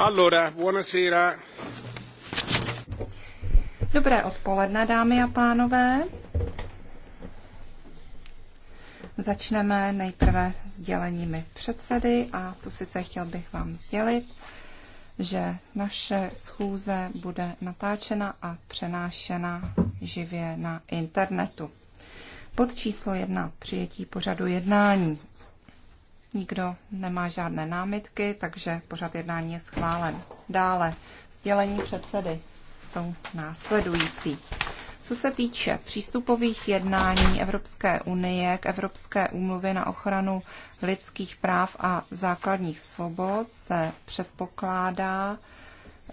Allora, buonasera. Dobré odpoledne, dámy a pánové. Začneme nejprve s děleními předsedy a tu sice chtěl bych vám sdělit, že naše schůze bude natáčena a přenášena živě na internetu. Pod číslo jedna přijetí pořadu jednání. Nikdo nemá žádné námitky, takže pořad jednání je schválen. Dále, sdělení předsedy jsou následující. Co se týče přístupových jednání Evropské unie k Evropské úmluvě na ochranu lidských práv a základních svobod, se předpokládá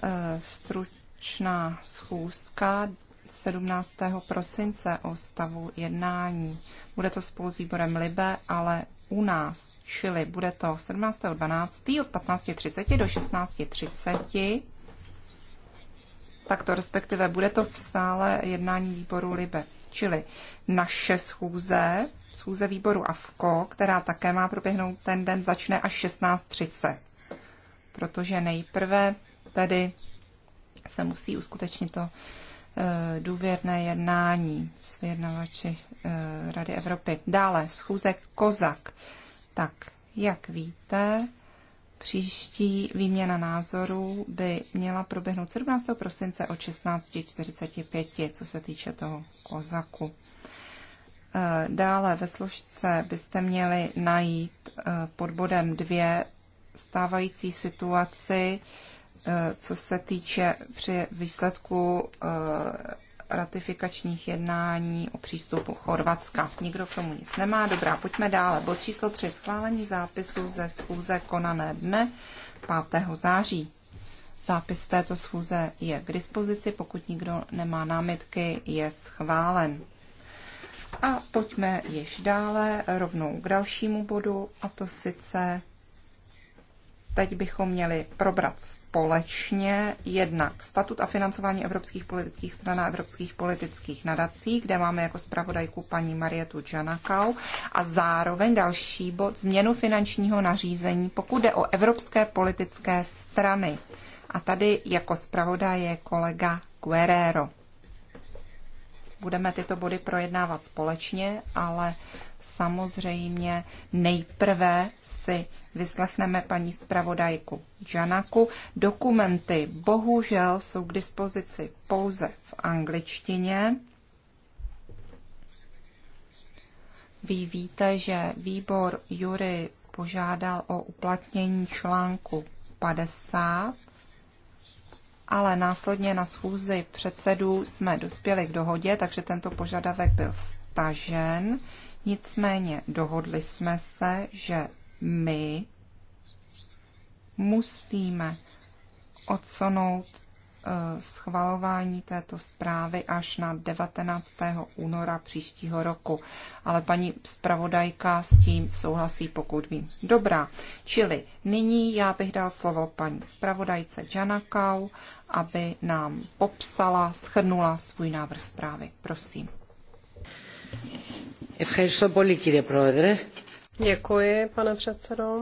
eh, stručná schůzka 17. prosince o stavu jednání. Bude to spolu s výborem Libe, ale u nás, čili bude to 17.12. od 15.30 do 16.30, tak to respektive bude to v sále jednání výboru Libe, čili naše schůze, schůze výboru AFKO, která také má proběhnout ten den, začne až 16.30, protože nejprve tedy se musí uskutečnit to Eh, důvěrné jednání s vyjednavači eh, Rady Evropy. Dále schůze Kozak. Tak, jak víte, příští výměna názorů by měla proběhnout 17. prosince o 16.45, co se týče toho Kozaku. Eh, dále ve složce byste měli najít pod bodem 2 stávající situaci Eh, co se týče při výsledku eh, ratifikačních jednání o přístupu Chorvatska. Nikdo k tomu nic nemá. Dobrá, pojďme dále. Bod číslo 3. Schválení zápisu ze schůze konané dne 5. září. Zápis této schůze je k dispozici, pokud nikdo nemá námitky, je schválen. A pojďme již dále rovnou k dalšímu bodu, a to sice teď bychom měli probrat společně jednak statut a financování evropských politických stran a evropských politických nadací, kde máme jako zpravodajku paní Marietu Janakau a zároveň další bod změnu finančního nařízení, pokud jde o evropské politické strany. A tady jako zpravodaj je kolega Guerrero. Budeme tyto body projednávat společně, ale samozřejmě nejprve si vyslechneme paní zpravodajku Janaku. Dokumenty bohužel jsou k dispozici pouze v angličtině. Vy víte, že výbor Jury požádal o uplatnění článku 50, ale následně na schůzi předsedů jsme dospěli k dohodě, takže tento požadavek byl vstažen. Nicméně dohodli jsme se, že my musíme odsunout eh, schvalování této zprávy až na 19. února příštího roku. Ale paní zpravodajka s tím souhlasí, pokud vím. Dobrá, čili nyní já bych dal slovo paní zpravodajce Janakau, aby nám popsala, schrnula svůj návrh zprávy. Prosím. Děkuji, πολύ Děkuji, pane předsedo.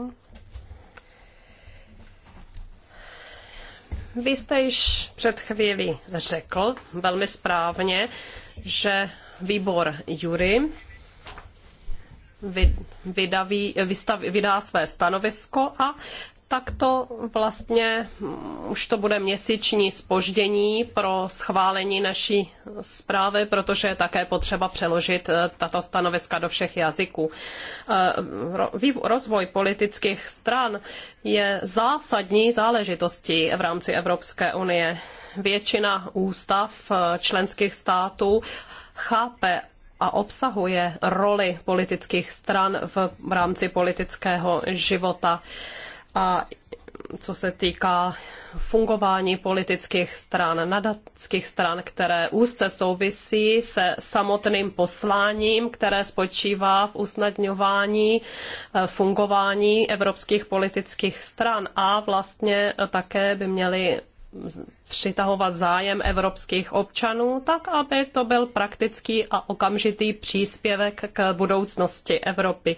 Vy jste již před chvíli řekl velmi správně, že výbor jury vydaví, vystav, vydá své stanovisko a tak to vlastně mm, už to bude měsíční spoždění pro schválení naší zprávy, protože je také potřeba přeložit eh, tato stanoviska do všech jazyků. Eh, rozvoj politických stran je zásadní záležitostí v rámci Evropské unie. Většina ústav eh, členských států chápe a obsahuje roli politických stran v rámci politického života a co se týká fungování politických stran, nadatských stran, které úzce souvisí se samotným posláním, které spočívá v usnadňování eh, fungování evropských politických stran a vlastně také by měly přitahovat zájem evropských občanů, tak aby to byl praktický a okamžitý příspěvek k budoucnosti Evropy.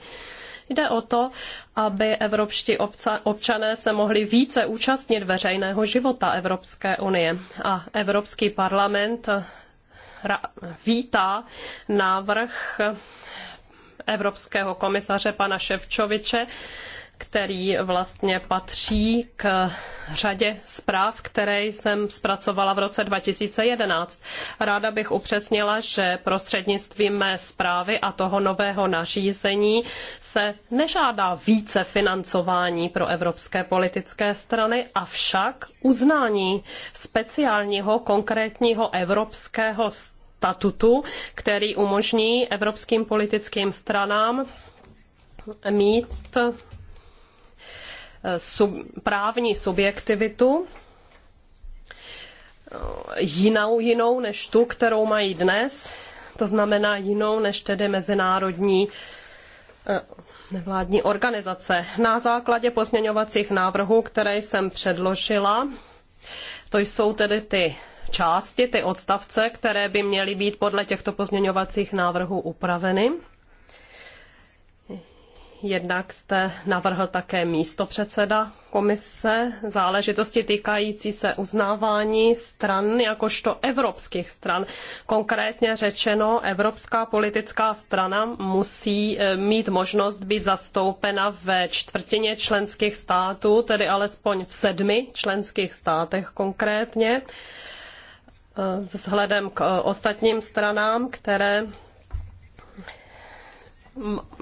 Jde o to, aby evropští občané se mohli více účastnit veřejného života Evropské unie. A Evropský parlament vítá návrh evropského komisaře pana Ševčoviče, který vlastně patří k řadě zpráv, které jsem zpracovala v roce 2011. Ráda bych upřesnila, že prostřednictvím mé zprávy a toho nového nařízení se nežádá více financování pro evropské politické strany, avšak uznání speciálního konkrétního evropského statutu, který umožní evropským politickým stranám mít sub, právní subjektivitu jinou, jinou než tu, kterou mají dnes, to znamená jinou než tedy mezinárodní eh, nevládní organizace. Na základě pozměňovacích návrhů, které jsem předložila, to jsou tedy ty části, ty odstavce, které by měly být podle těchto pozměňovacích návrhů upraveny. Jednak jste navrhl také místo předseda komise záležitosti týkající se uznávání stran jakožto evropských stran. Konkrétně řečeno, evropská politická strana musí e, mít možnost být zastoupena ve čtvrtině členských států, tedy alespoň v sedmi členských státech konkrétně, e, vzhledem k e, ostatním stranám, které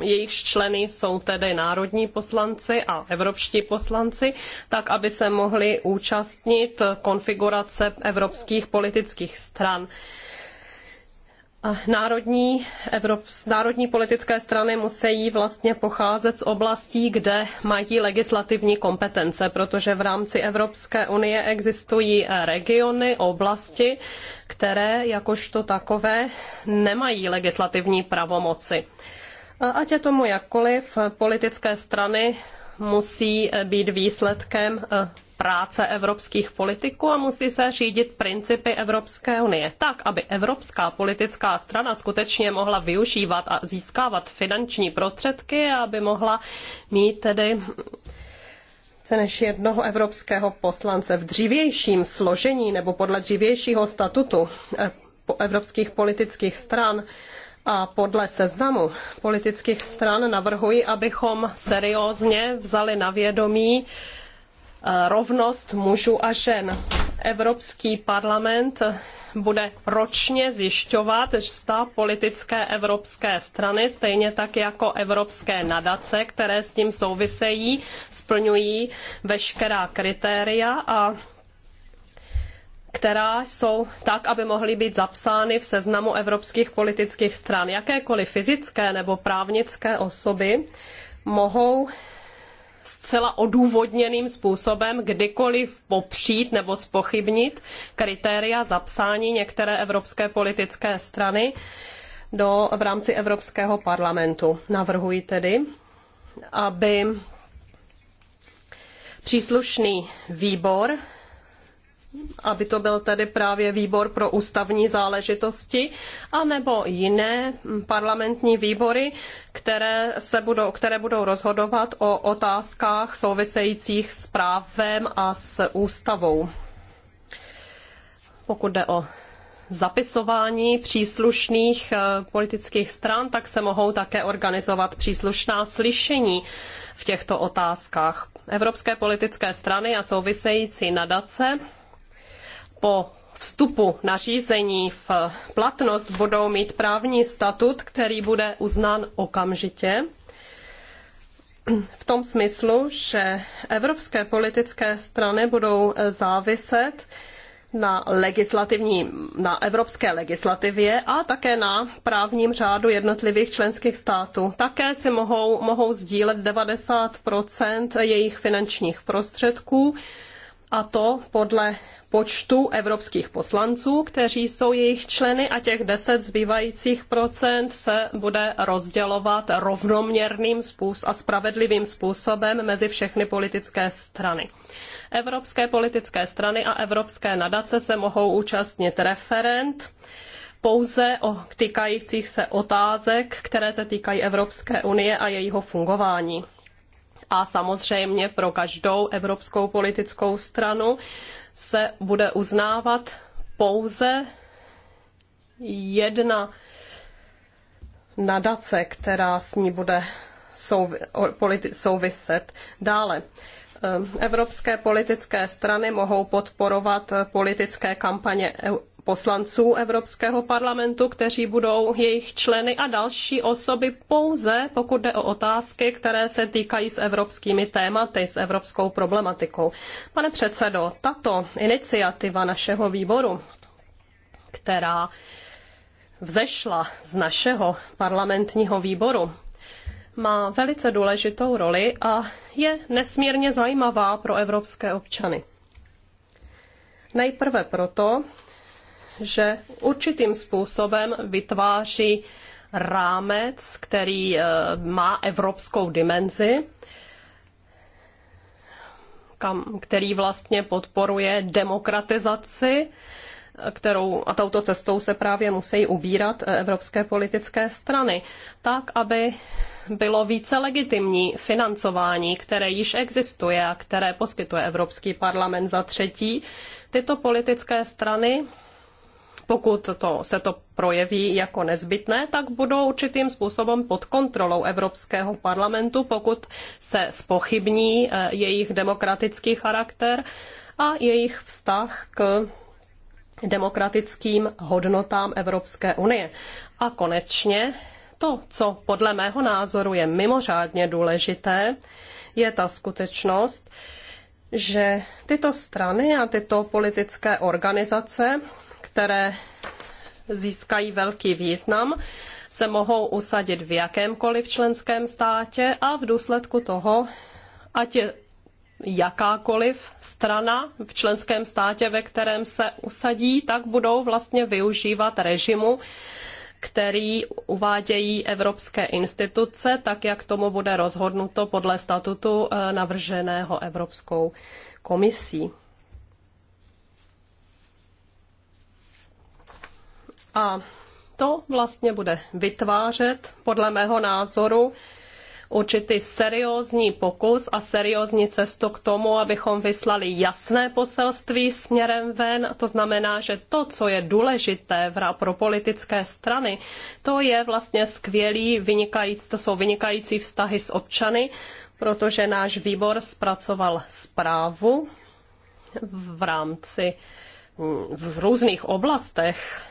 jejich členy jsou tedy národní poslanci a evropští poslanci, tak aby se mohli účastnit konfigurace evropských politických stran. Národní, Evrops, národní politické strany musí vlastně pocházet z oblastí, kde mají legislativní kompetence, protože v rámci Evropské unie existují regiony, oblasti, které jakožto takové nemají legislativní pravomoci. Ať je tomu jakkoliv, politické strany musí eh, být výsledkem eh, práce evropských politiků a musí se řídit principy Evropské unie. Tak, aby evropská politická strana skutečně mohla využívat a získávat finanční prostředky a aby mohla mít tedy více než jednoho evropského poslance v dřívějším složení nebo podle dřívějšího statutu eh, evropských politických stran a podle seznamu politických stran navrhuji, abychom seriózně vzali na vědomí eh, rovnost mužů a žen. Evropský parlament bude ročně zjišťovat zda politické evropské strany, stejně tak jako evropské nadace, které s tím souvisejí, splňují veškerá kritéria a která jsou tak, aby mohly být zapsány v seznamu evropských politických stran. Jakékoliv fyzické nebo právnické osoby mohou zcela odůvodněným způsobem kdykoliv popřít nebo spochybnit kritéria zapsání některé evropské politické strany do, v rámci Evropského parlamentu. Navrhuji tedy, aby příslušný výbor aby to byl tedy právě výbor pro ústavní záležitosti, anebo jiné parlamentní výbory, které, se budou, které budou rozhodovat o otázkách souvisejících s právem a s ústavou. Pokud jde o zapisování příslušných eh, politických stran, tak se mohou také organizovat příslušná slyšení v těchto otázkách. Evropské politické strany a související nadace po vstupu nařízení v platnost budou mít právní statut, který bude uznán okamžitě. V tom smyslu, že evropské politické strany budou záviset na, legislativní, na evropské legislativě a také na právním řádu jednotlivých členských států. Také si mohou, mohou sdílet 90 jejich finančních prostředků a to podle počtu evropských poslanců, kteří jsou jejich členy a těch 10 zbývajících procent se bude rozdělovat rovnoměrným a spravedlivým způsobem mezi všechny politické strany. Evropské politické strany a evropské nadace se mohou účastnit referent pouze o týkajících se otázek, které se týkají Evropské unie a jejího fungování a samozřejmě pro každou evropskou politickou stranu se bude uznávat pouze jedna nadace, která s ní bude souviset. Dále, eh, evropské politické strany mohou podporovat politické kampaně poslanců Evropského parlamentu, kteří budou jejich členy a další osoby pouze, pokud jde o otázky, které se týkají s evropskými tématy, s evropskou problematikou. Pane předsedo, tato iniciativa našeho výboru, která vzešla z našeho parlamentního výboru, má velice důležitou roli a je nesmírně zajímavá pro evropské občany. Nejprve proto, že určitým způsobem vytváří rámec, který eh, má evropskou dimenzi, kam, který vlastně podporuje demokratizaci, kterou a touto cestou se právě musí ubírat eh, evropské politické strany, tak, aby bylo více legitimní financování, které již existuje a které poskytuje Evropský parlament za třetí. Tyto politické strany pokud to, se to projeví jako nezbytné, tak budou určitým způsobem pod kontrolou Evropského parlamentu, pokud se spochybní eh, jejich demokratický charakter a jejich vztah k demokratickým hodnotám Evropské unie. A konečně to, co podle mého názoru je mimořádně důležité, je ta skutečnost, že tyto strany a tyto politické organizace které získají velký význam, se mohou usadit v jakémkoliv členském státě a v důsledku toho, ať je jakákoliv strana v členském státě, ve kterém se usadí, tak budou vlastně využívat režimu, který uvádějí evropské instituce, tak jak tomu bude rozhodnuto podle statutu eh, navrženého Evropskou komisí. A to vlastně bude vytvářet, podle mého názoru, určitý seriózní pokus a seriózní cestu k tomu, abychom vyslali jasné poselství směrem ven. To znamená, že to, co je důležité pro politické strany, to je vlastně skvělý, vynikající, to jsou vynikající vztahy s občany, protože náš výbor zpracoval zprávu v rámci v různých oblastech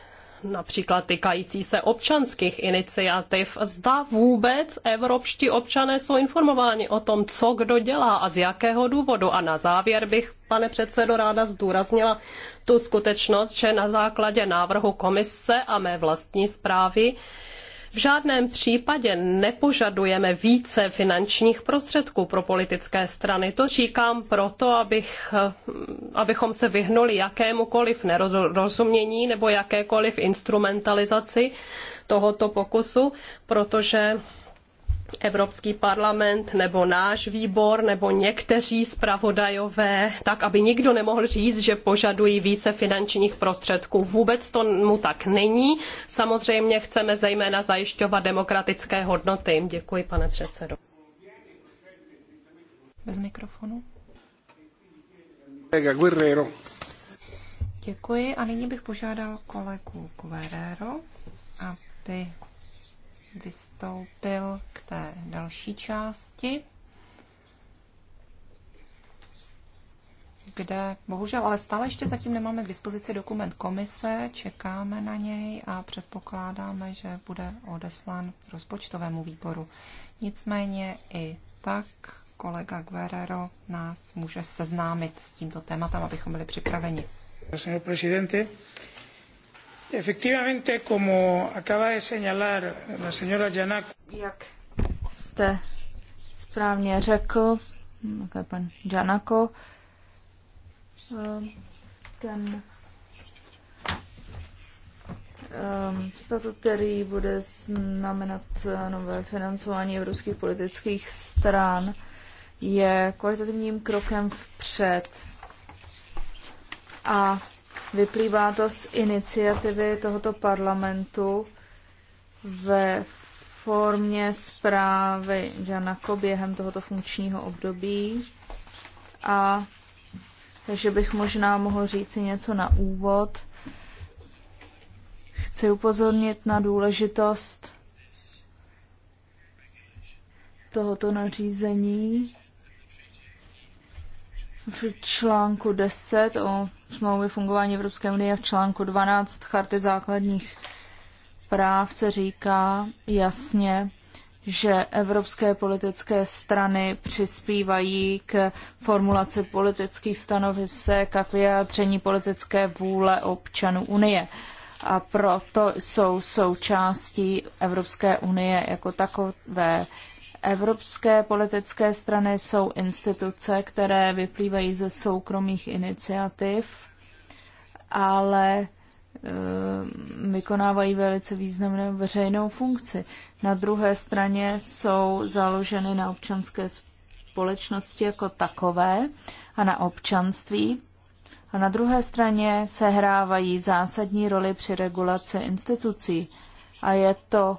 například týkající se občanských iniciativ, zda vůbec evropští občané jsou informováni o tom, co kdo dělá a z jakého důvodu. A na závěr bych, pane předsedo, ráda zdůraznila tu skutečnost, že na základě návrhu komise a mé vlastní zprávy v žádném případě nepožadujeme více finančních prostředků pro politické strany. To říkám proto, abych, abychom se vyhnuli jakémukoliv nerozumění nebo jakékoliv instrumentalizaci tohoto pokusu, protože Evropský parlament nebo náš výbor nebo někteří zpravodajové, tak aby nikdo nemohl říct, že požadují více finančních prostředků. Vůbec tomu tak není. Samozřejmě chceme zejména zajišťovat demokratické hodnoty. Děkuji, pane předsedo. Bez mikrofonu. Děkuji a nyní bych požádal kolegu Guerrero, aby vystoupil k té další části, kde bohužel ale stále ještě zatím nemáme k dispozici dokument komise, čekáme na něj a předpokládáme, že bude odeslán rozpočtovému výboru. Nicméně i tak kolega Guerrero nás může seznámit s tímto tématem, abychom byli připraveni. Pane Efectivamente, como acaba de señalar la señora Jak jste správně řekl, pan Janako, eh, ten eh, statut, který bude znamenat eh, nové financování evropských politických stran, je kvalitativním krokem vpřed a Vyplývá to z iniciativy tohoto parlamentu ve formě zprávy Janako během tohoto funkčního období. A takže bych možná mohl říci něco na úvod. Chci upozornit na důležitost tohoto nařízení v článku 10 o smlouvy fungování Evropské unie v článku 12 Charty základních práv se říká jasně, že evropské politické strany přispívají k formulaci politických stanovisek a k vyjádření politické vůle občanů Unie. A proto jsou součástí Evropské unie jako takové Evropské politické strany jsou instituce, které vyplývají ze soukromých iniciativ, ale eh, vykonávají velice významnou veřejnou funkci. Na druhé straně jsou založeny na občanské společnosti jako takové a na občanství. A na druhé straně sehrávají zásadní roli při regulaci institucí. A je to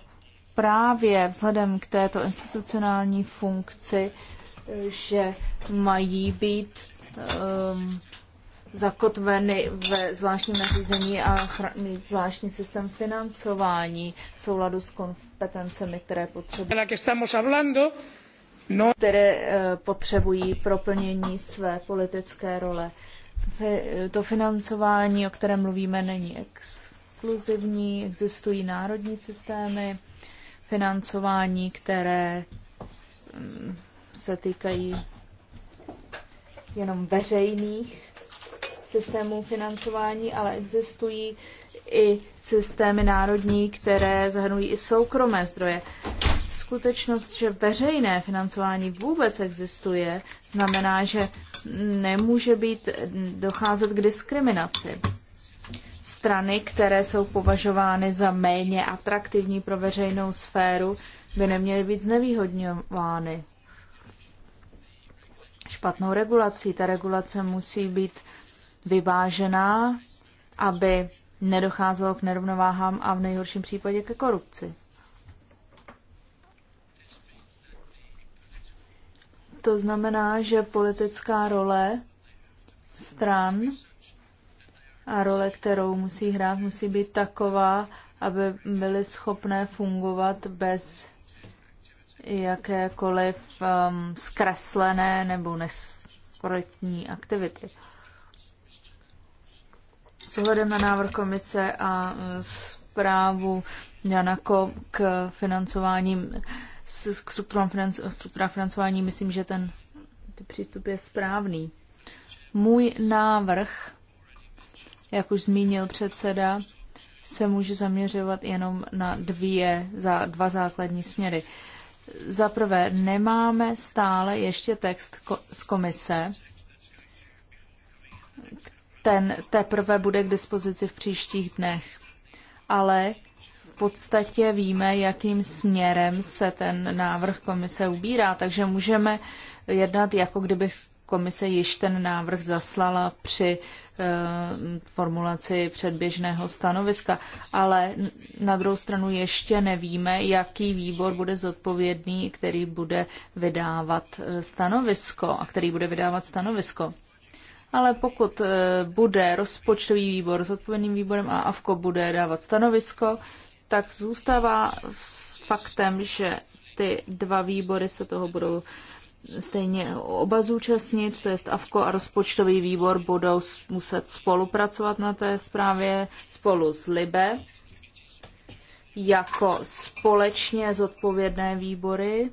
právě vzhledem k této institucionální funkci, že mají být um, zakotveny ve zvláštním nařízení a mít zvláštní systém financování v souladu s kompetencemi, které potřebují, no- které eh, potřebují proplnění své politické role. To financování, o kterém mluvíme, není exkluzivní, existují národní systémy financování, které mm, se týkají jenom veřejných systémů financování, ale existují i systémy národní, které zahrnují i soukromé zdroje. Skutečnost, že veřejné financování vůbec existuje, znamená, že nemůže být docházet k diskriminaci strany, které jsou považovány za méně atraktivní pro veřejnou sféru, by neměly být znevýhodňovány špatnou regulací. Ta regulace musí být vyvážená, aby nedocházelo k nerovnováhám a v nejhorším případě ke korupci. To znamená, že politická role stran a role, kterou musí hrát, musí být taková, aby byly schopné fungovat bez jakékoliv um, zkreslené nebo neskorektní aktivity. S ohledem na návrh komise a eh, zprávu Janako k financování, k strukturám, financování, strukturám financování, myslím, že ten, ten přístup je správný. Můj návrh jak už zmínil předseda, se může zaměřovat jenom na dvě, za dva základní směry. Za prvé, nemáme stále ještě text ko- z komise. Ten teprve bude k dispozici v příštích dnech. Ale v podstatě víme, jakým směrem se ten návrh komise ubírá, takže můžeme jednat, jako kdybych Komise již ten návrh zaslala při eh, formulaci předběžného stanoviska, ale na druhou stranu ještě nevíme, jaký výbor bude zodpovědný, který bude vydávat eh, stanovisko a který bude vydávat stanovisko. Ale pokud eh, bude rozpočtový výbor s odpovědným výborem a AFKO bude dávat stanovisko, tak zůstává s faktem, že ty dva výbory se toho budou stejně oba zúčastnit, to je AVKO a rozpočtový výbor budou muset spolupracovat na té zprávě spolu s LIBE jako společně zodpovědné výbory.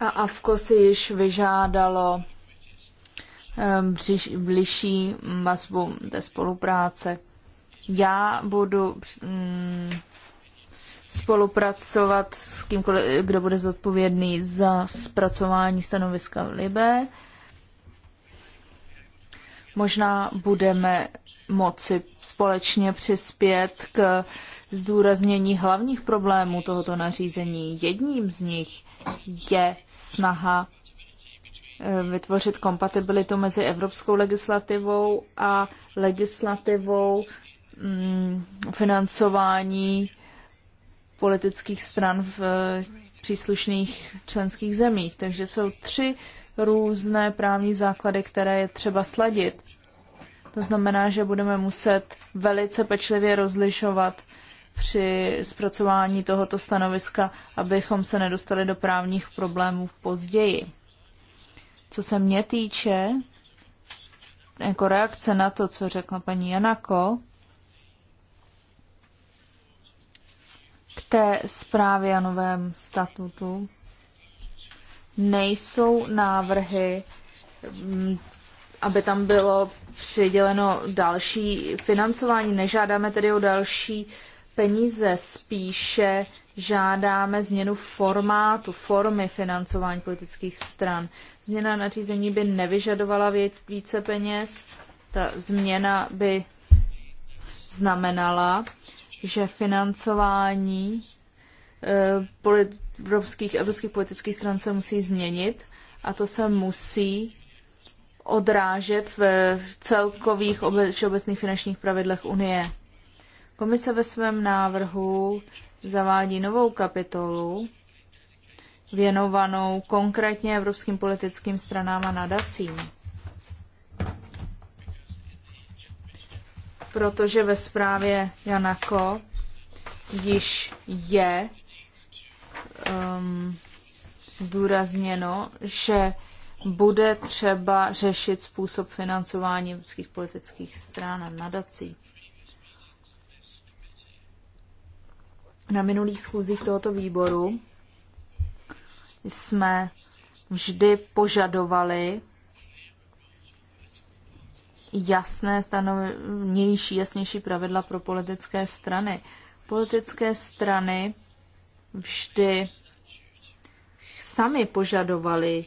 A AVKO si již vyžádalo ehm, bližší vazbu té spolupráce. Já budu mm, spolupracovat s kýmkoliv, kdo bude zodpovědný za zpracování stanoviska v Libe. Možná budeme moci společně přispět k zdůraznění hlavních problémů tohoto nařízení. Jedním z nich je snaha eh, vytvořit kompatibilitu mezi evropskou legislativou a legislativou Mm, financování politických stran v eh, příslušných členských zemích. Takže jsou tři různé právní základy, které je třeba sladit. To znamená, že budeme muset velice pečlivě rozlišovat při zpracování tohoto stanoviska, abychom se nedostali do právních problémů později. Co se mě týče, jako reakce na to, co řekla paní Janako, k té zprávě a novém statutu nejsou návrhy, mm, aby tam bylo přiděleno další financování. Nežádáme tedy o další peníze, spíše žádáme změnu formátu, formy financování politických stran. Změna nařízení by nevyžadovala více peněz, ta změna by znamenala, že financování eh, polit, evropských, evropských politických stran se musí změnit a to se musí odrážet v celkových všeobecných finančních pravidlech Unie. Komise ve svém návrhu zavádí novou kapitolu věnovanou konkrétně evropským politickým stranám a nadacím. protože ve zprávě Janako již je um, důrazněno, že bude třeba řešit způsob financování evropských politických stran a nadací. Na minulých schůzích tohoto výboru jsme vždy požadovali jasné, stanovnější, jasnější pravidla pro politické strany. Politické strany vždy sami požadovali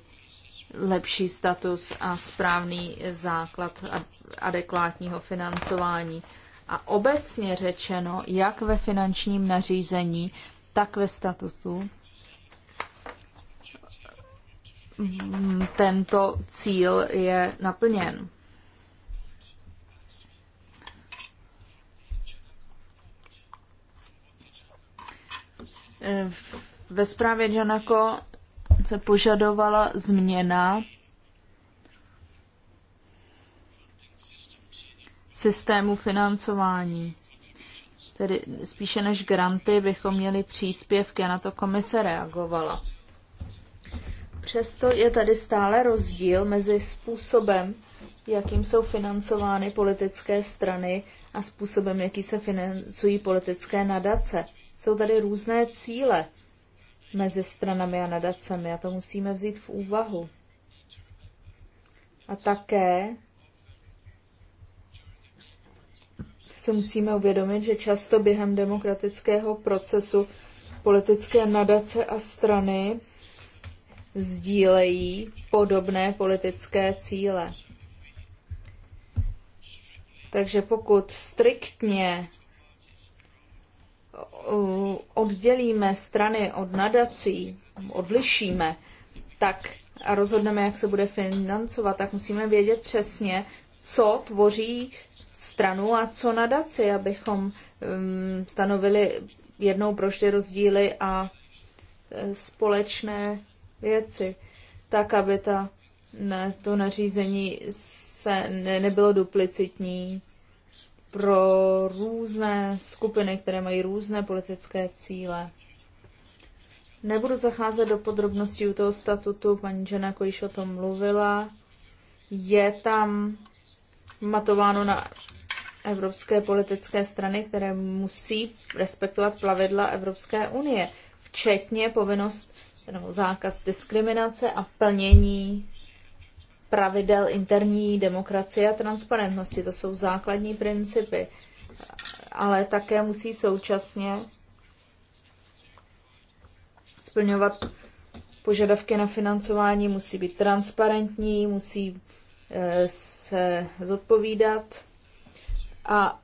lepší status a správný základ adekvátního financování. A obecně řečeno, jak ve finančním nařízení, tak ve statutu, tento cíl je naplněn. Ve zprávě Janako se požadovala změna systému financování. Tedy spíše než granty bychom měli příspěvky a na to komise reagovala. Přesto je tady stále rozdíl mezi způsobem, jakým jsou financovány politické strany a způsobem, jaký se financují politické nadace. Jsou tady různé cíle mezi stranami a nadacemi a to musíme vzít v úvahu. A také se musíme uvědomit, že často během demokratického procesu politické nadace a strany sdílejí podobné politické cíle. Takže pokud striktně oddělíme strany od nadací, odlišíme, tak a rozhodneme, jak se bude financovat, tak musíme vědět přesně, co tvoří stranu a co nadaci, abychom um, stanovili jednou proště rozdíly a e, společné věci, tak aby ta, ne, to nařízení se ne, nebylo duplicitní pro různé skupiny, které mají různé politické cíle. Nebudu zacházet do podrobností u toho statutu, paní jako již o tom mluvila. Je tam matováno na evropské politické strany, které musí respektovat plavidla Evropské unie, včetně povinnost nebo zákaz diskriminace a plnění pravidel interní demokracie a transparentnosti. To jsou základní principy, ale také musí současně splňovat požadavky na financování, musí být transparentní, musí eh, se zodpovídat a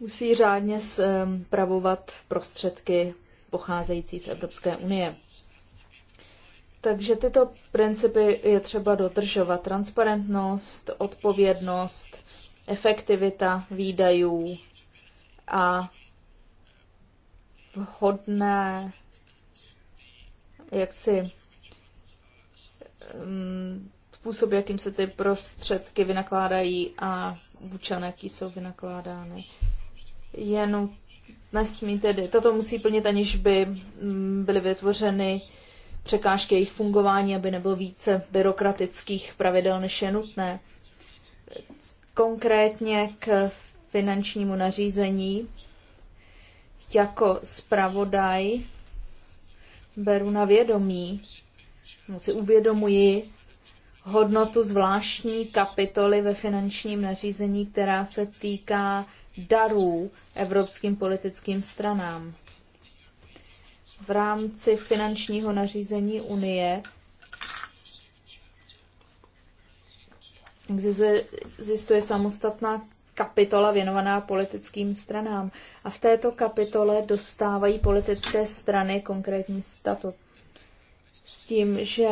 musí řádně spravovat eh, prostředky pocházející z Evropské unie. Takže tyto principy je třeba dodržovat. Transparentnost, odpovědnost, efektivita výdajů a vhodné jak si mm, způsob, jakým se ty prostředky vynakládají a vůči jaký jsou vynakládány. Je nesmí tedy, tato musí plnit, aniž by mm, byly vytvořeny překážky jejich fungování, aby nebylo více byrokratických pravidel, než je nutné. Konkrétně k finančnímu nařízení jako zpravodaj beru na vědomí, si uvědomuji hodnotu zvláštní kapitoly ve finančním nařízení, která se týká darů evropským politickým stranám. V rámci finančního nařízení Unie existuje, samostatná kapitola věnovaná politickým stranám. A v této kapitole dostávají politické strany konkrétní statut. S tím, že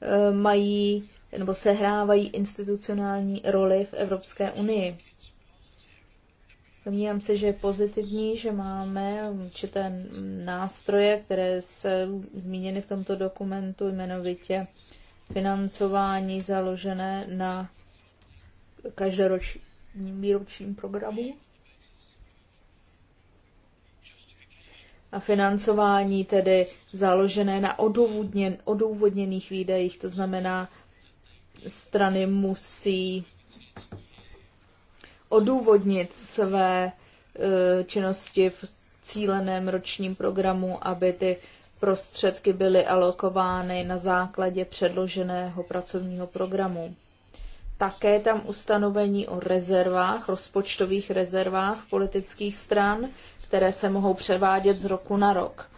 eh, mají nebo sehrávají institucionální roli v Evropské unii. Domnívám se, že je pozitivní, že máme určité nástroje, které jsou zmíněny v tomto dokumentu, jmenovitě financování založené na každoročním výročním programu a financování tedy založené na odůvodněn, odůvodněných výdajích, to znamená, strany musí odůvodnit své e, činnosti v cíleném ročním programu, aby ty prostředky byly alokovány na základě předloženého pracovního programu. Také tam ustanovení o rezervách, rozpočtových rezervách politických stran, které se mohou převádět z roku na rok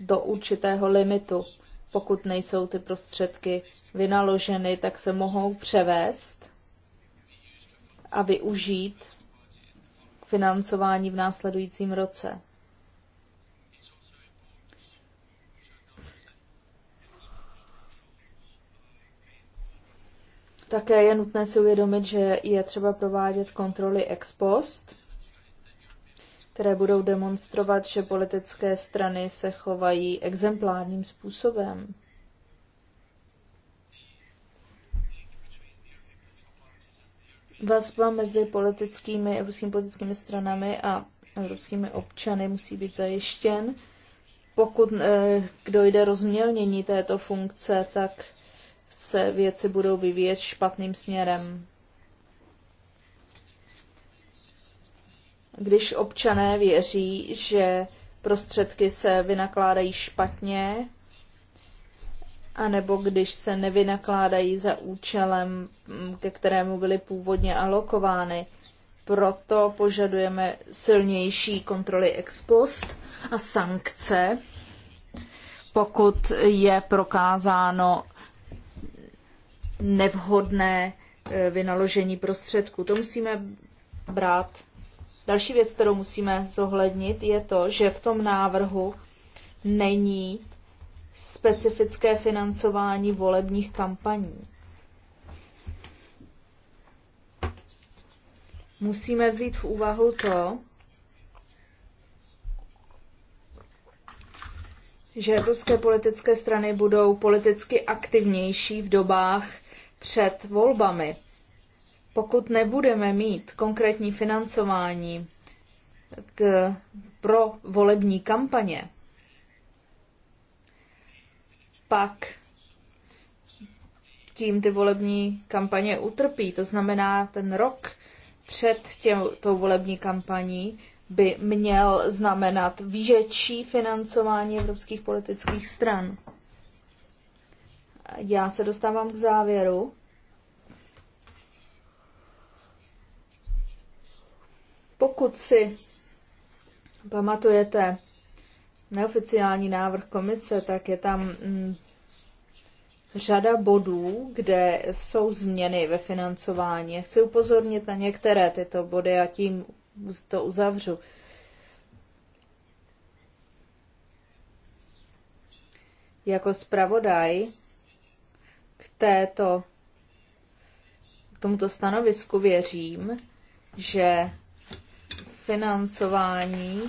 do určitého limitu. Pokud nejsou ty prostředky vynaloženy, tak se mohou převést a využít financování v následujícím roce. Také je nutné si uvědomit, že je třeba provádět kontroly ex post, které budou demonstrovat, že politické strany se chovají exemplárním způsobem. vazba mezi politickými, evropskými politickými stranami a evropskými občany musí být zajištěn. Pokud eh, dojde rozmělnění této funkce, tak se věci budou vyvíjet špatným směrem. Když občané věří, že prostředky se vynakládají špatně, anebo když se nevynakládají za účelem, mm, ke kterému byly původně alokovány. Proto požadujeme silnější kontroly ex post a sankce, pokud je prokázáno nevhodné e, vynaložení prostředků. To musíme brát. Další věc, kterou musíme zohlednit, je to, že v tom návrhu není specifické financování volebních kampaní. Musíme vzít v úvahu to, že ruské politické strany budou politicky aktivnější v dobách před volbami. Pokud nebudeme mít konkrétní financování k, pro volební kampaně, pak tím ty volební kampaně utrpí. To znamená, ten rok před těm, tou volební kampaní by měl znamenat větší financování evropských politických stran. Já se dostávám k závěru. Pokud si pamatujete neoficiální návrh komise, tak je tam mm, řada bodů, kde jsou změny ve financování. Chci upozornit na některé tyto body a tím to uzavřu. Jako zpravodaj k této k tomuto stanovisku věřím, že financování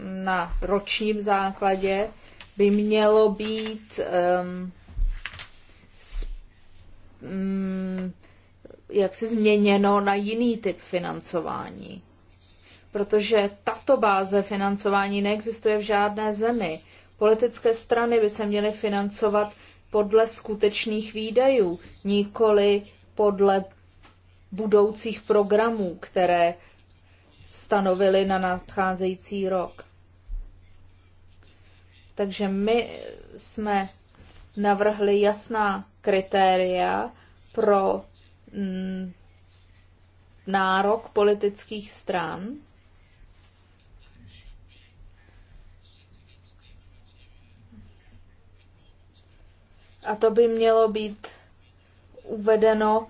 na ročním základě by mělo být um, um, jak se změněno na jiný typ financování. Protože tato báze financování neexistuje v žádné zemi. Politické strany by se měly financovat podle skutečných výdajů, nikoli podle budoucích programů, které stanovili na nadcházející rok. Takže my jsme navrhli jasná kritéria pro mm, nárok politických stran. A to by mělo být uvedeno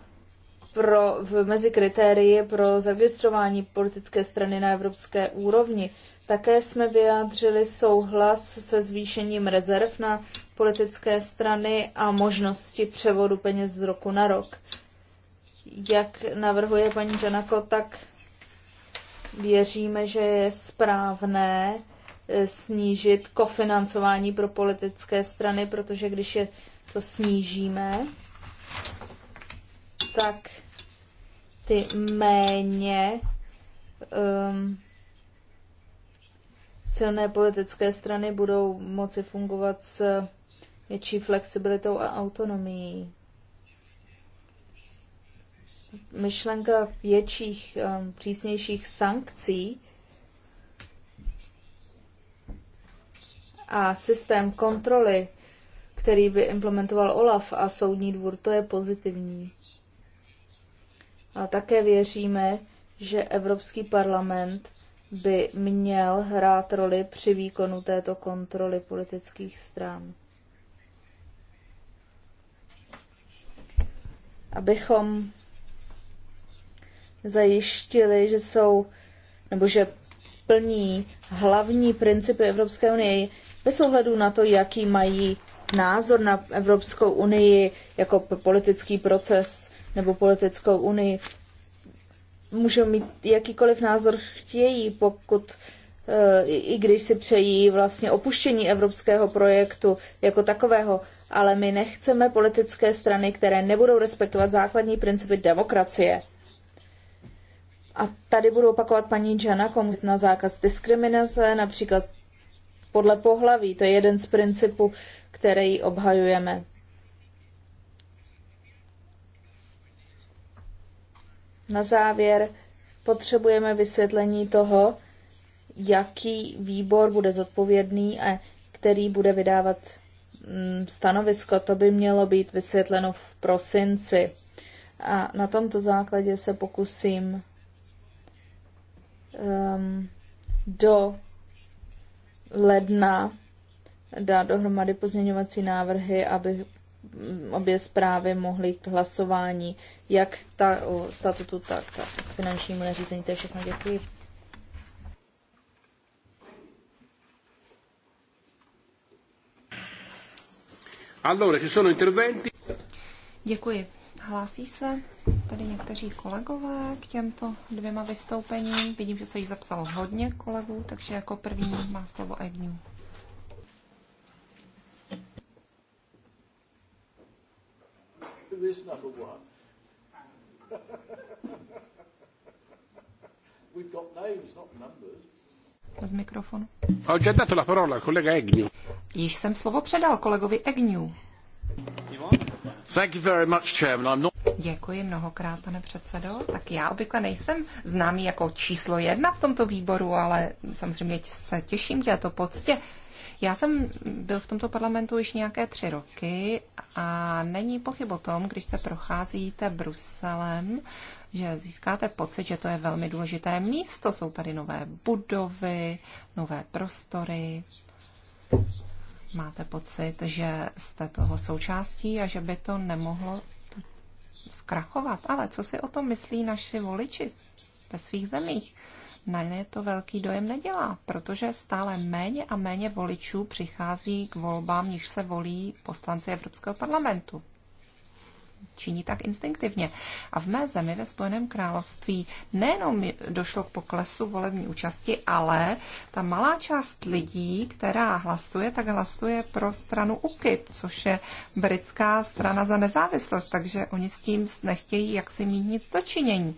pro, v, mezi kritérii pro zaregistrování politické strany na evropské úrovni. Také jsme vyjádřili souhlas se zvýšením rezerv na politické strany a možnosti převodu peněz z roku na rok. Jak navrhuje paní Janako, tak věříme, že je správné eh, snížit kofinancování pro politické strany, protože když je to snížíme, tak ty méně um, silné politické strany budou moci fungovat s větší flexibilitou a autonomií. Myšlenka větších, um, přísnějších sankcí a systém kontroly, který by implementoval OLAF a soudní dvůr, to je pozitivní. A také věříme, že Evropský parlament by měl hrát roli při výkonu této kontroly politických stran. Abychom zajištili, že jsou, nebo že plní hlavní principy Evropské unie bez ohledu na to, jaký mají názor na Evropskou unii jako politický proces, nebo politickou unii. Můžou mít jakýkoliv názor chtějí, pokud eh, i když si přejí vlastně opuštění evropského projektu jako takového, ale my nechceme politické strany, které nebudou respektovat základní principy demokracie. A tady budu opakovat paní Jana Komit na zákaz diskriminace, například podle pohlaví. To je jeden z principů, který obhajujeme. Na závěr potřebujeme vysvětlení toho, jaký výbor bude zodpovědný a který bude vydávat mm, stanovisko. To by mělo být vysvětleno v prosinci. A na tomto základě se pokusím um, do ledna dát dohromady pozměňovací návrhy, aby obě zprávy mohly k hlasování, jak ta, o statutu, tak k finančnímu nařízení. To je všechno. Děkuji. Allora, ci sono interventi. Děkuji. Hlásí se tady někteří kolegové k těmto dvěma vystoupením. Vidím, že se již zapsalo hodně kolegů, takže jako první má slovo Agnew. this number one. We've got names, not numbers. Z mikrofonu. la parola al collega Již jsem slovo předal kolegovi Egnew. Thank you very much, Chairman. I'm not... Děkuji mnohokrát, pane předsedo. Tak já obvykle nejsem známý jako číslo jedna v tomto výboru, ale samozřejmě se těším této poctě. Já jsem byl v tomto parlamentu již nějaké tři roky a není pochyb o tom, když se procházíte Bruselem, že získáte pocit, že to je velmi důležité místo. Jsou tady nové budovy, nové prostory. Máte pocit, že jste toho součástí a že by to nemohlo zkrachovat. Ale co si o tom myslí naši voliči ve svých zemích? na ně to velký dojem nedělá, protože stále méně a méně voličů přichází k volbám, níž se volí poslanci Evropského parlamentu. Činí tak instinktivně. A v mé zemi ve Spojeném království nejenom došlo k poklesu volební účasti, ale ta malá část lidí, která hlasuje, tak hlasuje pro stranu UKIP, což je britská strana za nezávislost, takže oni s tím nechtějí jaksi mít nic dočinění. činění.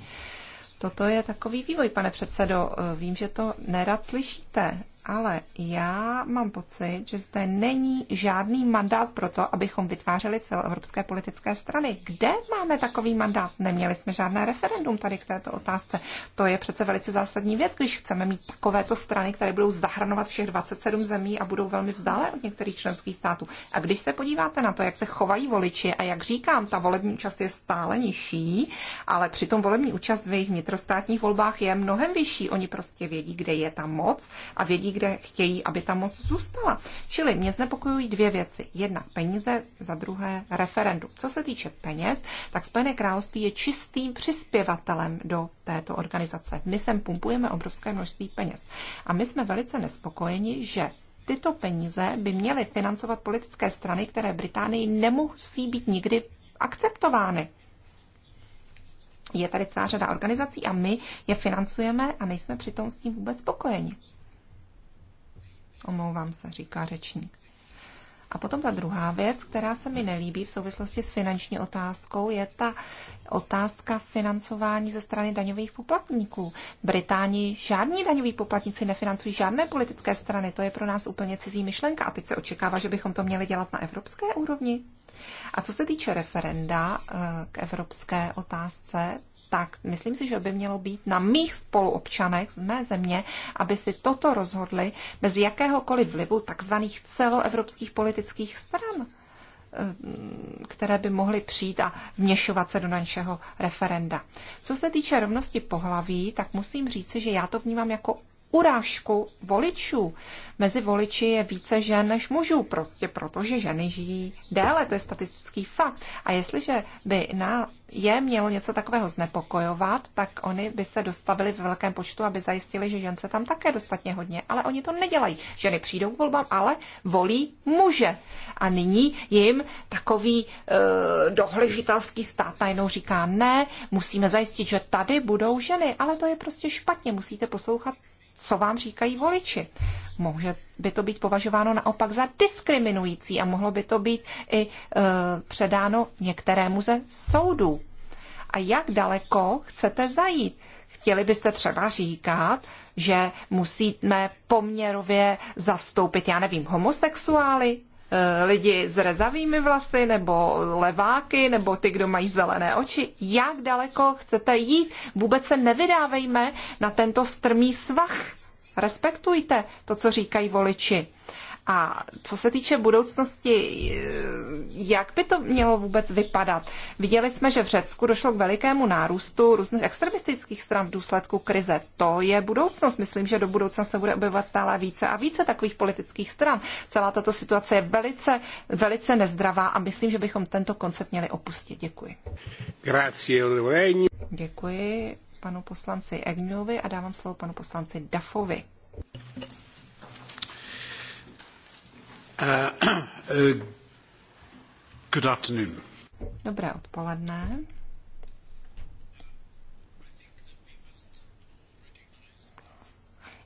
Toto je takový vývoj, pane předsedo. Vím, že to nerad slyšíte, ale já mám pocit, že zde není žádný mandát pro to, abychom vytvářeli celoevropské politické strany. Kde máme takový mandát? Neměli jsme žádné referendum tady k této otázce. To je přece velice zásadní věc, když chceme mít takovéto strany, které budou zahrnovat všech 27 zemí a budou velmi vzdálené od některých členských států. A když se podíváte na to, jak se chovají voliči a jak říkám, ta volební účast je stále nižší, ale přitom volební účast v jejich vnitrostátních volbách je mnohem vyšší. Oni prostě vědí, kde je ta moc a vědí, kde chtějí, aby ta moc zůstala. Čili mě znepokojují dvě věci. Jedna peníze, za druhé referendum. Co se týče peněz, tak Spojené království je čistým přispěvatelem do této organizace. My sem pumpujeme obrovské množství peněz. A my jsme velice nespokojeni, že tyto peníze by měly financovat politické strany, které Británii nemusí být nikdy akceptovány. Je tady celá řada organizací a my je financujeme a nejsme přitom s tím vůbec spokojeni. Omlouvám se, říká řečník. A potom ta druhá věc, která se mi nelíbí v souvislosti s finanční otázkou, je ta otázka financování ze strany daňových poplatníků. Británii žádní daňoví poplatníci nefinancují žádné politické strany, to je pro nás úplně cizí myšlenka a teď se očekává, že bychom to měli dělat na evropské úrovni. A co se týče referenda eh, k evropské otázce, tak myslím si, že by mělo být na mých spoluobčanech z mé země, aby si toto rozhodli bez jakéhokoliv vlivu takzvaných celoevropských politických stran eh, které by mohly přijít a vměšovat se do našeho referenda. Co se týče rovnosti pohlaví, tak musím říci, že já to vnímám jako urážku voličů. Mezi voliči je více žen než mužů, prostě protože ženy žijí déle, to je statistický fakt. A jestliže by na je mělo něco takového znepokojovat, tak oni by se dostavili ve velkém počtu, aby zajistili, že žen se tam také dostatně hodně. Ale oni to nedělají. Ženy přijdou k volbám, ale volí muže. A nyní jim takový e, dohležitelský stát najednou říká, ne, musíme zajistit, že tady budou ženy. Ale to je prostě špatně, musíte poslouchat co vám říkají voliči. Může by to být považováno naopak za diskriminující a mohlo by to být i e, předáno některému ze soudů. A jak daleko chcete zajít? Chtěli byste třeba říkat, že musíme poměrově zastoupit, já nevím, homosexuály? Eh, lidi s rezavými vlasy, nebo leváky, nebo ty, kdo mají zelené oči. Jak daleko chcete jít? Vůbec se nevydávejme na tento strmý svah. Respektujte to, co říkají voliči. A co se týče budoucnosti, jak by to mělo vůbec vypadat? Viděli jsme, že v Řecku došlo k velikému nárůstu různých extremistických stran v důsledku krize. To je budoucnost. Myslím, že do budoucna se bude objevovat stále více a více takových politických stran. Celá tato situace je velice, velice nezdravá a myslím, že bychom tento koncept měli opustit. Děkuji. Grazie, Děkuji panu poslanci Egnovi a dávám slovo panu poslanci Dafovi. Eh, good afternoon. Dobré odpoledne.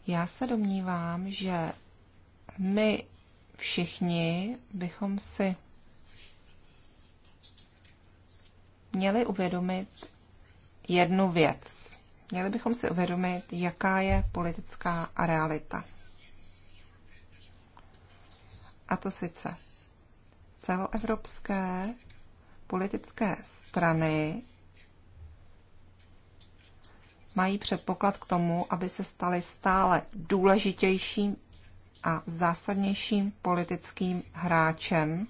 Já se domnívám, že my všichni bychom si měli uvědomit jednu věc. Měli bychom si uvědomit, jaká je politická realita a to sice celoevropské politické strany mají předpoklad k tomu, aby se staly stále důležitějším a zásadnějším politickým hráčem.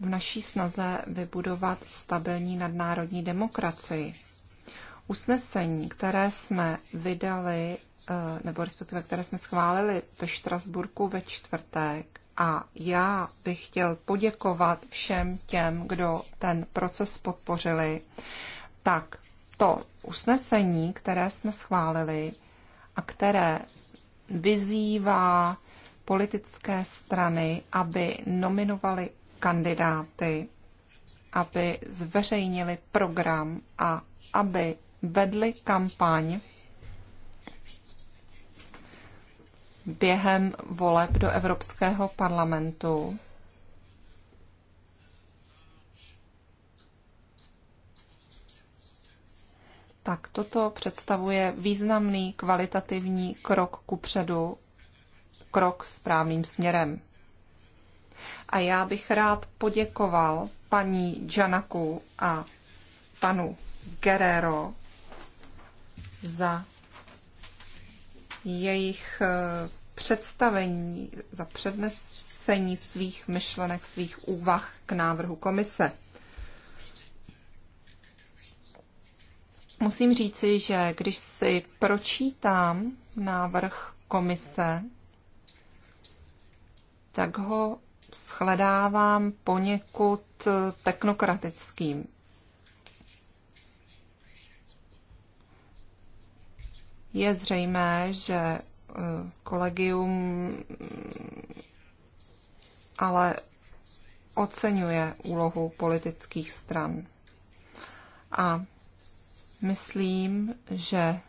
V naší snaze vybudovat stabilní nadnárodní demokracii usnesení, které jsme vydali, eh, nebo respektive které jsme schválili ve Štrasburku ve čtvrtek, a já bych chtěl poděkovat všem těm, kdo ten proces podpořili, tak to usnesení, které jsme schválili a které vyzývá politické strany, aby nominovali kandidáty, aby zveřejnili program a aby vedli kampaň během voleb do Evropského parlamentu. Tak toto představuje významný kvalitativní krok ku předu, krok správným směrem. A já bych rád poděkoval paní Janaku a panu Guerrero za jejich eh, představení, za přednesení svých myšlenek, svých úvah k návrhu komise. Musím říci, že když si pročítám návrh komise, tak ho shledávám poněkud eh, technokratickým. Je zřejmé, že eh, kolegium ale oceňuje úlohu politických stran. A myslím, že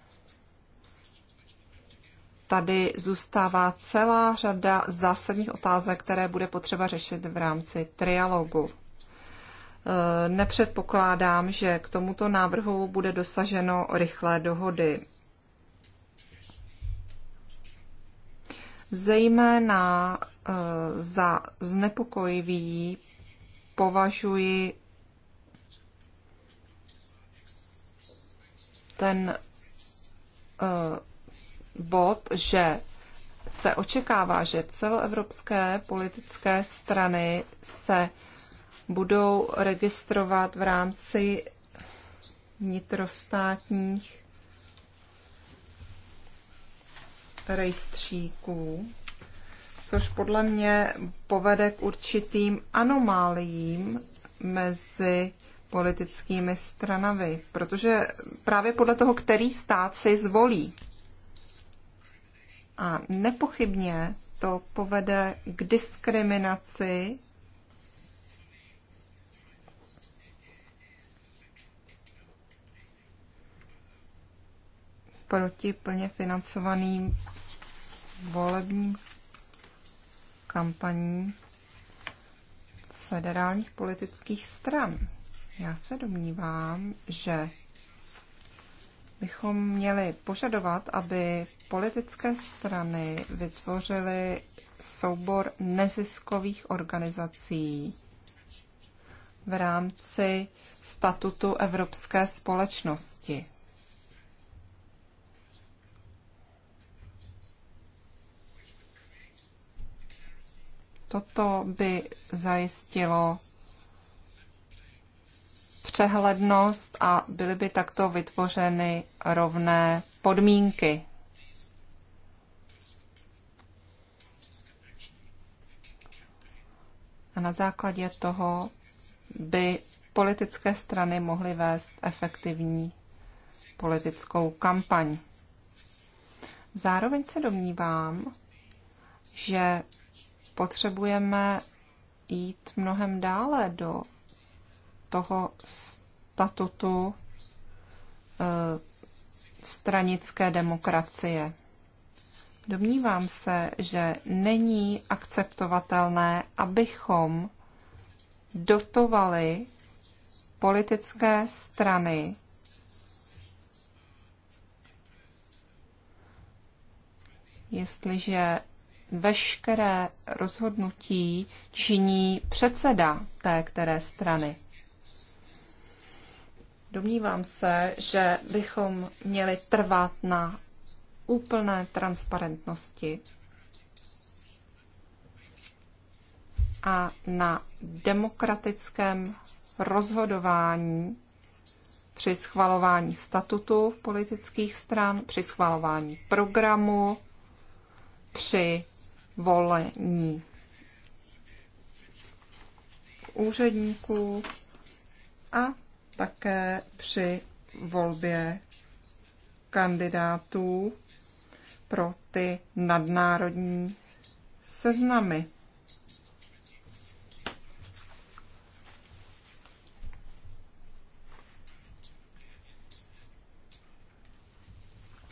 tady zůstává celá řada zásadních otázek, které bude potřeba řešit v rámci trialogu. Eh, nepředpokládám, že k tomuto návrhu bude dosaženo rychlé dohody. Zejména eh, za znepokojivý považuji ten eh, bod, že se očekává, že celoevropské politické strany se budou registrovat v rámci vnitrostátních rejstříků, což podle mě povede k určitým anomáliím mezi politickými stranami, protože právě podle toho, který stát si zvolí. A nepochybně to povede k diskriminaci proti plně financovaným volebním kampaním federálních politických stran. Já se domnívám, že bychom měli požadovat, aby politické strany vytvořily soubor neziskových organizací v rámci statutu Evropské společnosti. Toto by zajistilo přehlednost a byly by takto vytvořeny rovné podmínky. A na základě toho by politické strany mohly vést efektivní politickou kampaň. Zároveň se domnívám, že potřebujeme jít mnohem dále do toho statutu eh, stranické demokracie. Domnívám se, že není akceptovatelné, abychom dotovali politické strany jestliže veškeré rozhodnutí činí předseda té které strany. Domnívám se, že bychom měli trvat na úplné transparentnosti a na demokratickém rozhodování při schvalování statutu politických stran, při schvalování programu při volení úředníků a také při volbě kandidátů pro ty nadnárodní seznamy.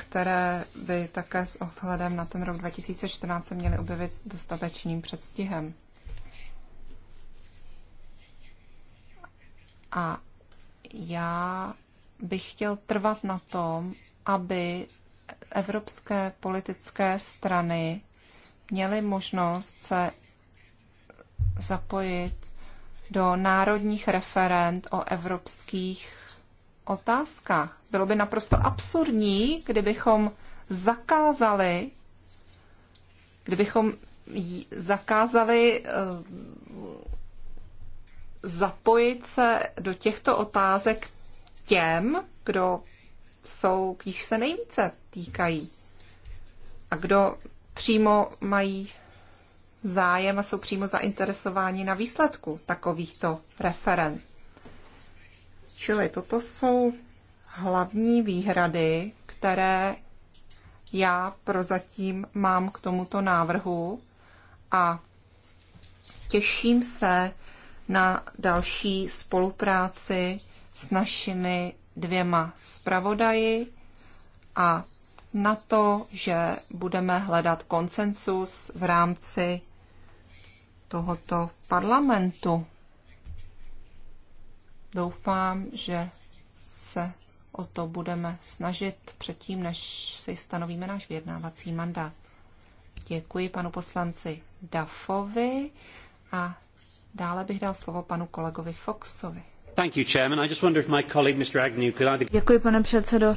které by také s ohledem na ten rok 2014 se měly objevit s dostatečným předstihem. A já bych chtěl trvat na tom, aby evropské politické strany měly možnost se zapojit do národních referent o evropských otázkách. Bylo by naprosto absurdní, kdybychom zakázali, kdybychom zakázali eh, zapojit se do těchto otázek těm, kdo jsou, když se nejvíce týkají a kdo přímo mají zájem a jsou přímo zainteresováni na výsledku takovýchto referent. Čili toto jsou hlavní výhrady, které já prozatím mám k tomuto návrhu a těším se na další spolupráci s našimi dvěma zpravodaji a na to, že budeme hledat konsensus v rámci tohoto parlamentu. Doufám, že se o to budeme snažit předtím, než si stanovíme náš vyjednávací mandát. Děkuji panu poslanci Dafovi a dále bych dal slovo panu kolegovi Foxovi. Děkuji, pane předsedo.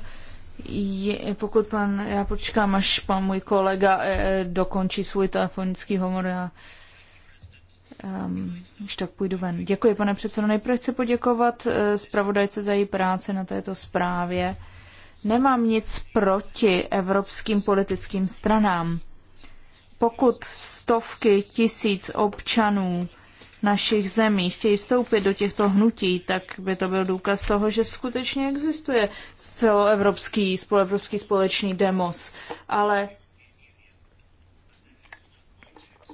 Je, pokud pan, já počkám, až pan můj kolega e, dokončí svůj telefonický hovor, já Um, když tak půjdu ven. Děkuji, pane předsedo. Nejprve chci poděkovat eh, zpravodajce za její práci na této zprávě. Nemám nic proti evropským politickým stranám. Pokud stovky tisíc občanů našich zemí chtějí vstoupit do těchto hnutí, tak by to byl důkaz toho, že skutečně existuje celoevropský, celoevropský společný demos. Ale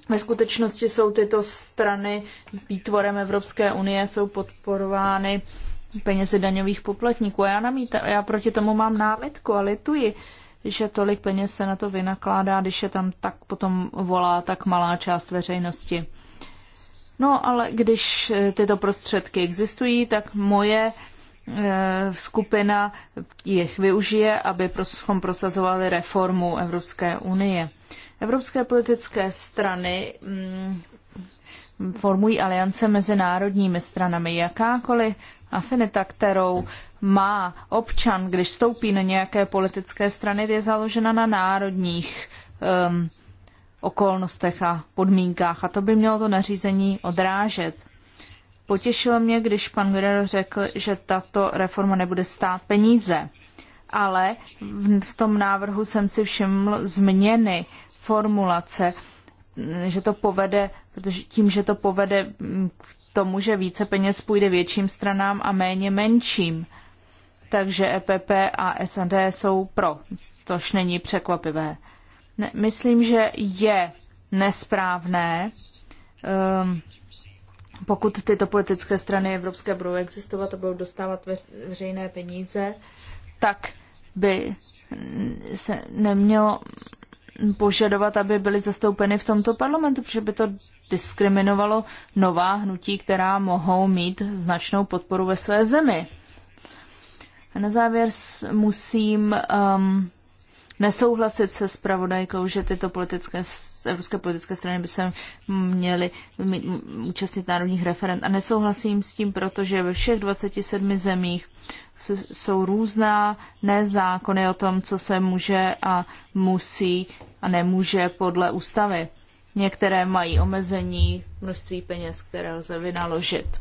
ve skutečnosti jsou tyto strany výtvorem Evropské unie, jsou podporovány penězi daňových poplatníků. Já, namíta, já proti tomu mám námitku a lituji, že tolik peněz se na to vynakládá, když je tam tak potom volá tak malá část veřejnosti. No ale když eh, tyto prostředky existují, tak moje eh, skupina jich využije, aby prosazovali reformu Evropské unie. Evropské politické strany mm, formují aliance mezi národními stranami. Jakákoliv afinita, kterou má občan, když vstoupí na nějaké politické strany, je založena na národních um, okolnostech a podmínkách. A to by mělo to nařízení odrážet. Potěšilo mě, když pan Guerrero řekl, že tato reforma nebude stát peníze. Ale v, v tom návrhu jsem si všiml změny formulace, že to povede, protože tím, že to povede k tomu, že více peněz půjde větším stranám a méně menším. Takže EPP a SND jsou pro, tož není překvapivé. Ne, myslím, že je nesprávné, um, pokud tyto politické strany evropské budou existovat a budou dostávat ve, veřejné peníze, tak by se nemělo požadovat, aby byly zastoupeny v tomto parlamentu, protože by to diskriminovalo nová hnutí, která mohou mít značnou podporu ve své zemi. A na závěr musím um, nesouhlasit se spravodajkou, že tyto politické, evropské politické strany by se měly účastnit národních referent. A nesouhlasím s tím, protože ve všech 27 zemích jsou různá nezákony o tom, co se může a musí a nemůže podle ústavy. Některé mají omezení množství peněz, které lze vynaložit.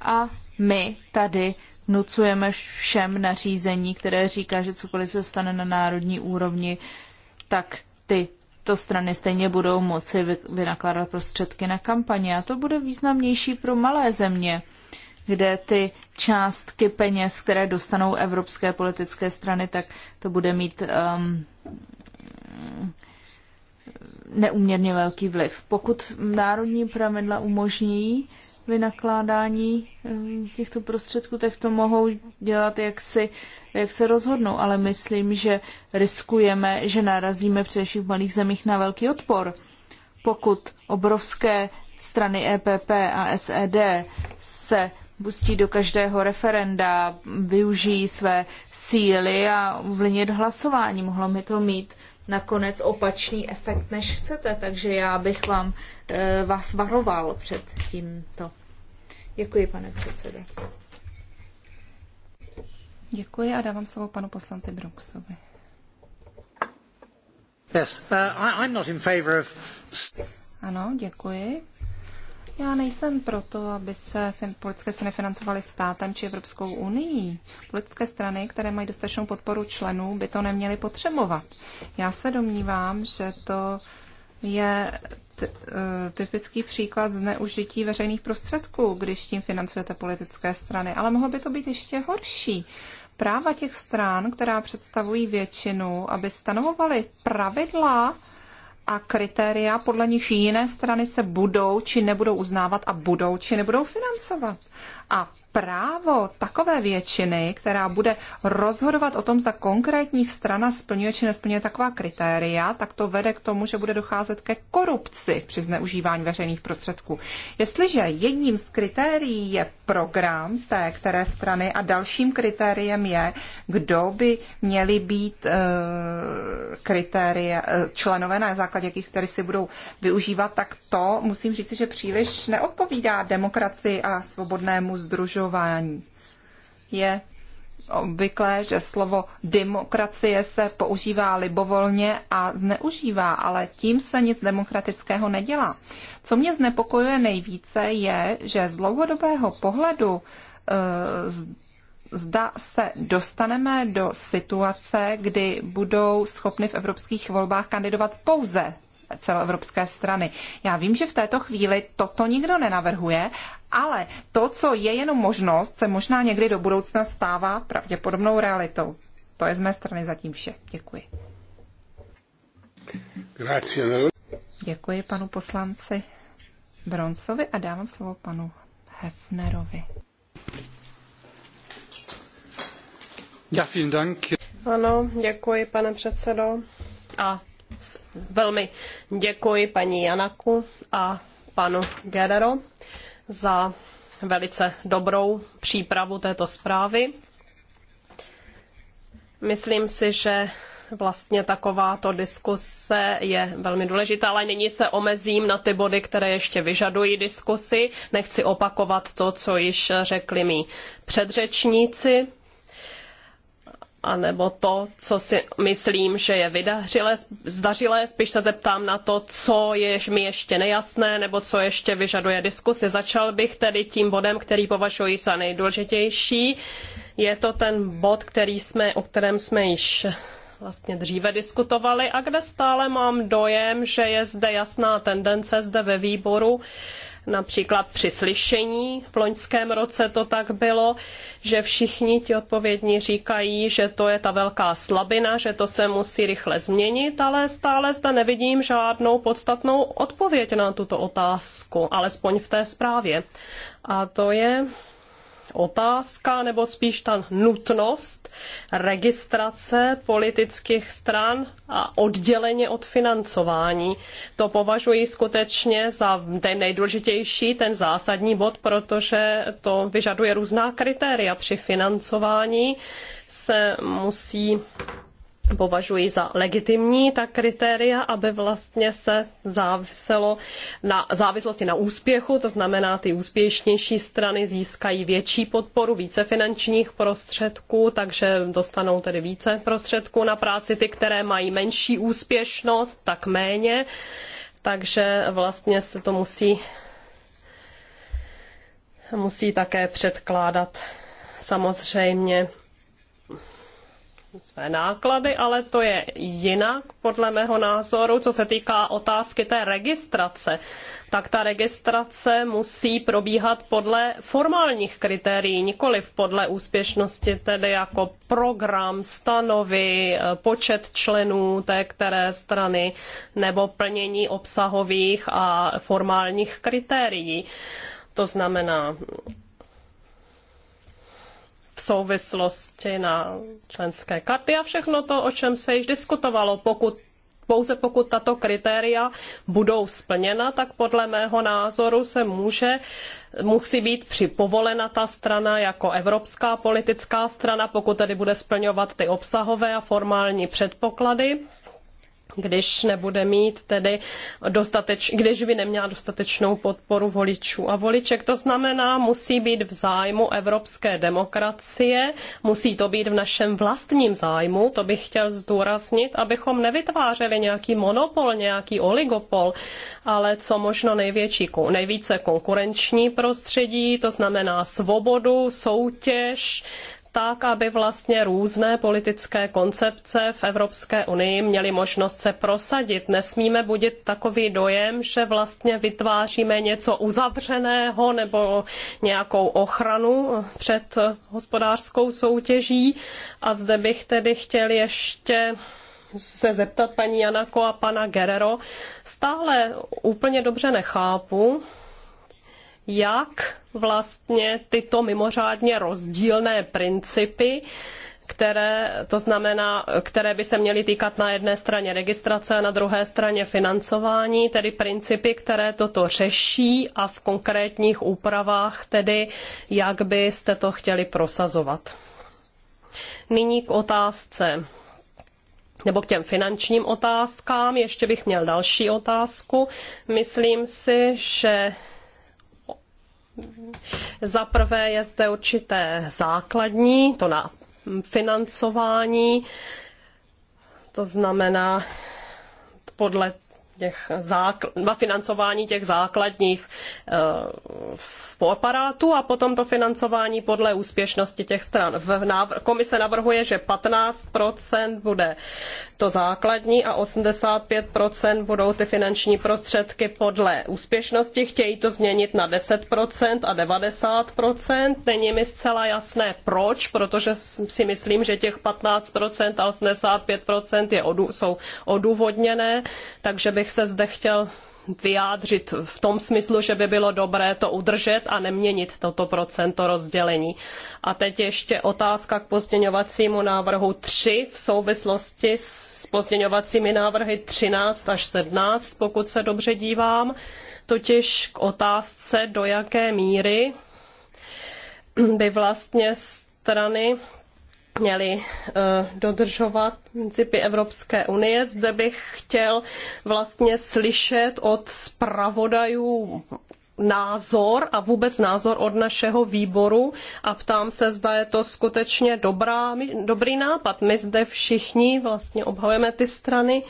A my tady nucujeme všem nařízení, které říká, že cokoliv se stane na národní úrovni, tak ty to strany stejně budou moci vynakládat prostředky na kampaně. A to bude významnější pro malé země, kde ty částky peněz, které dostanou evropské politické strany, tak to bude mít um, neuměrně velký vliv. Pokud národní pravidla umožní vynakládání eh, těchto prostředků, tak to mohou dělat, jak, si, jak se rozhodnou. Ale myslím, že riskujeme, že narazíme především v malých zemích na velký odpor. Pokud obrovské strany EPP a SED se pustí do každého referenda, využijí své síly a ovlivnit hlasování. Mohlo by to mít nakonec opačný efekt, než chcete. Takže já bych vám, eh, vás varoval před tímto. Děkuji, pane předsedo. Děkuji a dávám slovo panu poslanci Brooksovi. Yes, uh, I, I'm not in favor of... Ano, děkuji. Já nejsem proto, aby se politické strany financovaly státem či Evropskou unii. Politické strany, které mají dostatečnou podporu členů, by to neměly potřebovat. Já se domnívám, že to je eh, typický příklad zneužití veřejných prostředků, když tím financujete politické strany, ale mohlo by to být ještě horší. Práva těch stran, která představují většinu, aby stanovovaly pravidla, a kritéria, podle nich jiné strany se budou či nebudou uznávat a budou či nebudou financovat. A právo takové většiny, která bude rozhodovat o tom, zda konkrétní strana splňuje či nesplňuje taková kritéria, tak to vede k tomu, že bude docházet ke korupci při zneužívání veřejných prostředků. Jestliže jedním z kritérií je program té které strany a dalším kritériem je, kdo by měli být e, eh, kritéria, e, eh, členové na základě jakých které si budou využívat, tak to musím říct, že příliš neodpovídá demokracii a svobodnému združování. Je obvyklé, že slovo demokracie se používá libovolně a zneužívá, ale tím se nic demokratického nedělá. Co mě znepokojuje nejvíce je, že z dlouhodobého pohledu eh, zda se dostaneme do situace, kdy budou schopny v evropských volbách kandidovat pouze celoevropské strany. Já vím, že v této chvíli toto nikdo nenavrhuje, ale to, co je jenom možnost, se možná někdy do budoucna stává pravděpodobnou realitou. To je z mé strany zatím vše. Děkuji. Děkuji panu poslanci Bronsovi a dávám slovo panu Hefnerovi. Ja, vielen Dank. Ano, děkuji, pane předsedo. A velmi děkuji paní Janaku a panu Gerero za velice dobrou přípravu této zprávy. Myslím si, že vlastně takováto diskuse je velmi důležitá, ale nyní se omezím na ty body, které ještě vyžadují diskusy. Nechci opakovat to, co již řekli mý předřečníci anebo to, co si myslím, že je vydařilé, zdařilé, spíš se zeptám na to, co je mi ještě nejasné, nebo co ještě vyžaduje diskusi. Začal bych tedy tím bodem, který považuji za nejdůležitější. Je to ten bod, který jsme, o kterém jsme již vlastně dříve diskutovali a kde stále mám dojem, že je zde jasná tendence zde ve výboru, Například při slyšení v loňském roce to tak bylo, že všichni ti odpovědní říkají, že to je ta velká slabina, že to se musí rychle změnit, ale stále zde nevidím žádnou podstatnou odpověď na tuto otázku, alespoň v té zprávě. A to je otázka, nebo spíš ta nutnost registrace politických stran a odděleně od financování. To považuji skutečně za ten nejdůležitější, ten zásadní bod, protože to vyžaduje různá kritéria při financování se musí považují za legitimní ta kritéria, aby vlastně se záviselo na závislosti na úspěchu, to znamená, ty úspěšnější strany získají větší podporu, více finančních prostředků, takže dostanou tedy více prostředků na práci, ty, které mají menší úspěšnost, tak méně, takže vlastně se to musí musí také předkládat samozřejmě své náklady, ale to je jinak podle mého názoru, co se týká otázky té registrace. Tak ta registrace musí probíhat podle formálních kritérií, nikoliv podle úspěšnosti, tedy jako program, stanovy, počet členů té které strany nebo plnění obsahových a formálních kritérií. To znamená, souvislosti na členské karty a všechno to, o čem se již diskutovalo, pokud pouze pokud tato kritéria budou splněna, tak podle mého názoru se může musí být připovolena ta strana jako evropská politická strana, pokud tedy bude splňovat ty obsahové a formální předpoklady když nebude mít tedy dostateč, když by neměla dostatečnou podporu voličů a voliček. To znamená, musí být v zájmu evropské demokracie, musí to být v našem vlastním zájmu, to bych chtěl zdůraznit, abychom nevytvářeli nějaký monopol, nějaký oligopol, ale co možno největší, nejvíce konkurenční prostředí, to znamená svobodu, soutěž, tak, aby vlastně různé politické koncepce v Evropské unii měly možnost se prosadit. Nesmíme budit takový dojem, že vlastně vytváříme něco uzavřeného nebo nějakou ochranu před hospodářskou soutěží. A zde bych tedy chtěl ještě se zeptat paní Janako a pana Gerero. Stále úplně dobře nechápu, jak vlastně tyto mimořádně rozdílné principy které, to znamená, které by se měly týkat na jedné straně registrace a na druhé straně financování, tedy principy, které toto řeší a v konkrétních úpravách, tedy jak byste to chtěli prosazovat. Nyní k otázce nebo k těm finančním otázkám. Ještě bych měl další otázku. Myslím si, že za prvé je zde určité základní, to na financování, to znamená podle těch zákl- na financování těch základních uh, aparátů a potom to financování podle úspěšnosti těch stran. V návr- komise navrhuje, že 15% bude to základní a 85% budou ty finanční prostředky podle úspěšnosti. Chtějí to změnit na 10% a 90%. Není mi zcela jasné proč, protože si myslím, že těch 15% a 85% je odů- jsou odůvodněné, takže bych bych se zde chtěl vyjádřit v tom smyslu, že by bylo dobré to udržet a neměnit toto procento rozdělení. A teď ještě otázka k pozměňovacímu návrhu 3 v souvislosti s pozměňovacími návrhy 13 až 17, pokud se dobře dívám, totiž k otázce, do jaké míry by vlastně strany měli eh, dodržovat principy Evropské unie. Zde bych chtěl vlastně slyšet od zpravodajů názor a vůbec názor od našeho výboru a ptám se, zda je to skutečně dobrá, dobrý nápad. My zde všichni vlastně obhajujeme ty strany.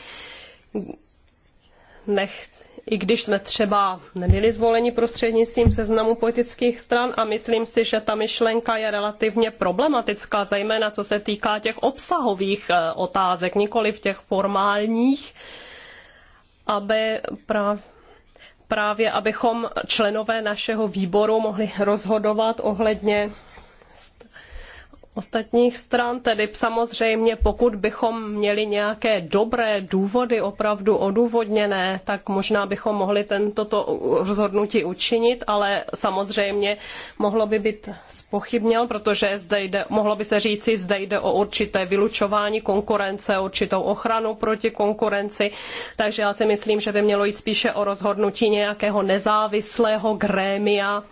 Nechci i když jsme třeba nebyli zvoleni prostřednictvím seznamu politických stran a myslím si, že ta myšlenka je relativně problematická, zejména co se týká těch obsahových eh, otázek, nikoli v těch formálních, aby právě právě abychom členové našeho výboru mohli rozhodovat ohledně ostatních stran, tedy samozřejmě pokud bychom měli nějaké dobré důvody, opravdu odůvodněné, tak možná bychom mohli tento rozhodnutí učinit, ale samozřejmě mohlo by být spochybněl, protože zde jde, mohlo by se říci, zde jde o určité vylučování konkurence, o určitou ochranu proti konkurenci, takže já si myslím, že by mělo jít spíše o rozhodnutí nějakého nezávislého grémia,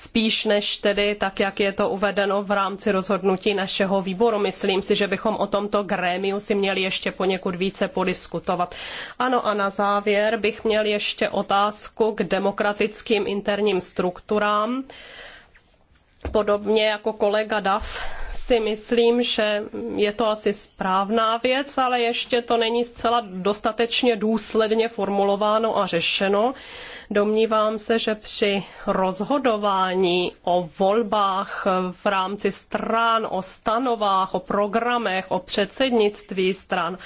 spíš než tedy tak, jak je to uvedeno v rámci rozhodnutí našeho výboru. Myslím si, že bychom o tomto grémiu si měli ještě poněkud více podiskutovat. Ano a na závěr bych měl ještě otázku k demokratickým interním strukturám. Podobně jako kolega Duff si myslím, že je to asi správná věc, ale ještě to není zcela dostatečně důsledně formulováno a řešeno. Domnívám se, že při rozhodování o volbách v rámci stran, o stanovách, o programech, o předsednictví stran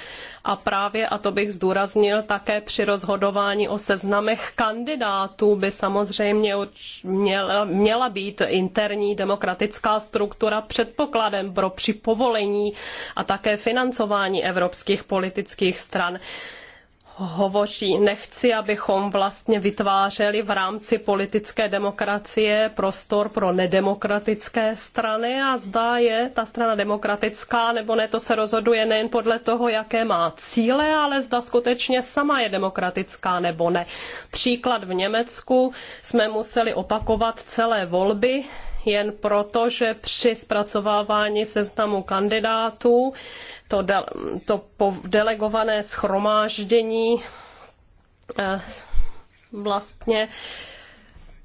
a právě, a to bych zdůraznil, také při rozhodování o seznamech kandidátů by samozřejmě měla, měla být interní demokratická struktura předpokladem pro při povolení a také financování evropských politických stran hovoří, nechci, abychom vlastně vytvářeli v rámci politické demokracie prostor pro nedemokratické strany a zdá je ta strana demokratická nebo ne, to se rozhoduje nejen podle toho, jaké má cíle, ale zda skutečně sama je demokratická nebo ne. Příklad v Německu jsme museli opakovat celé volby, jen proto, že při zpracovávání seznamu kandidátů to, de, to delegované schromáždění eh, vlastně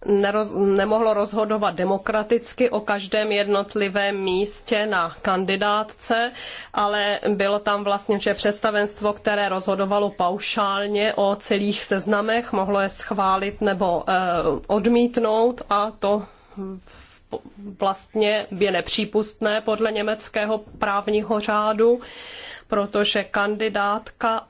neroz, nemohlo rozhodovat demokraticky o každém jednotlivém místě na kandidátce, ale bylo tam vlastně že představenstvo, které rozhodovalo paušálně o celých seznamech, mohlo je schválit nebo eh, odmítnout a to vlastně je nepřípustné podle německého právního řádu, protože kandidátka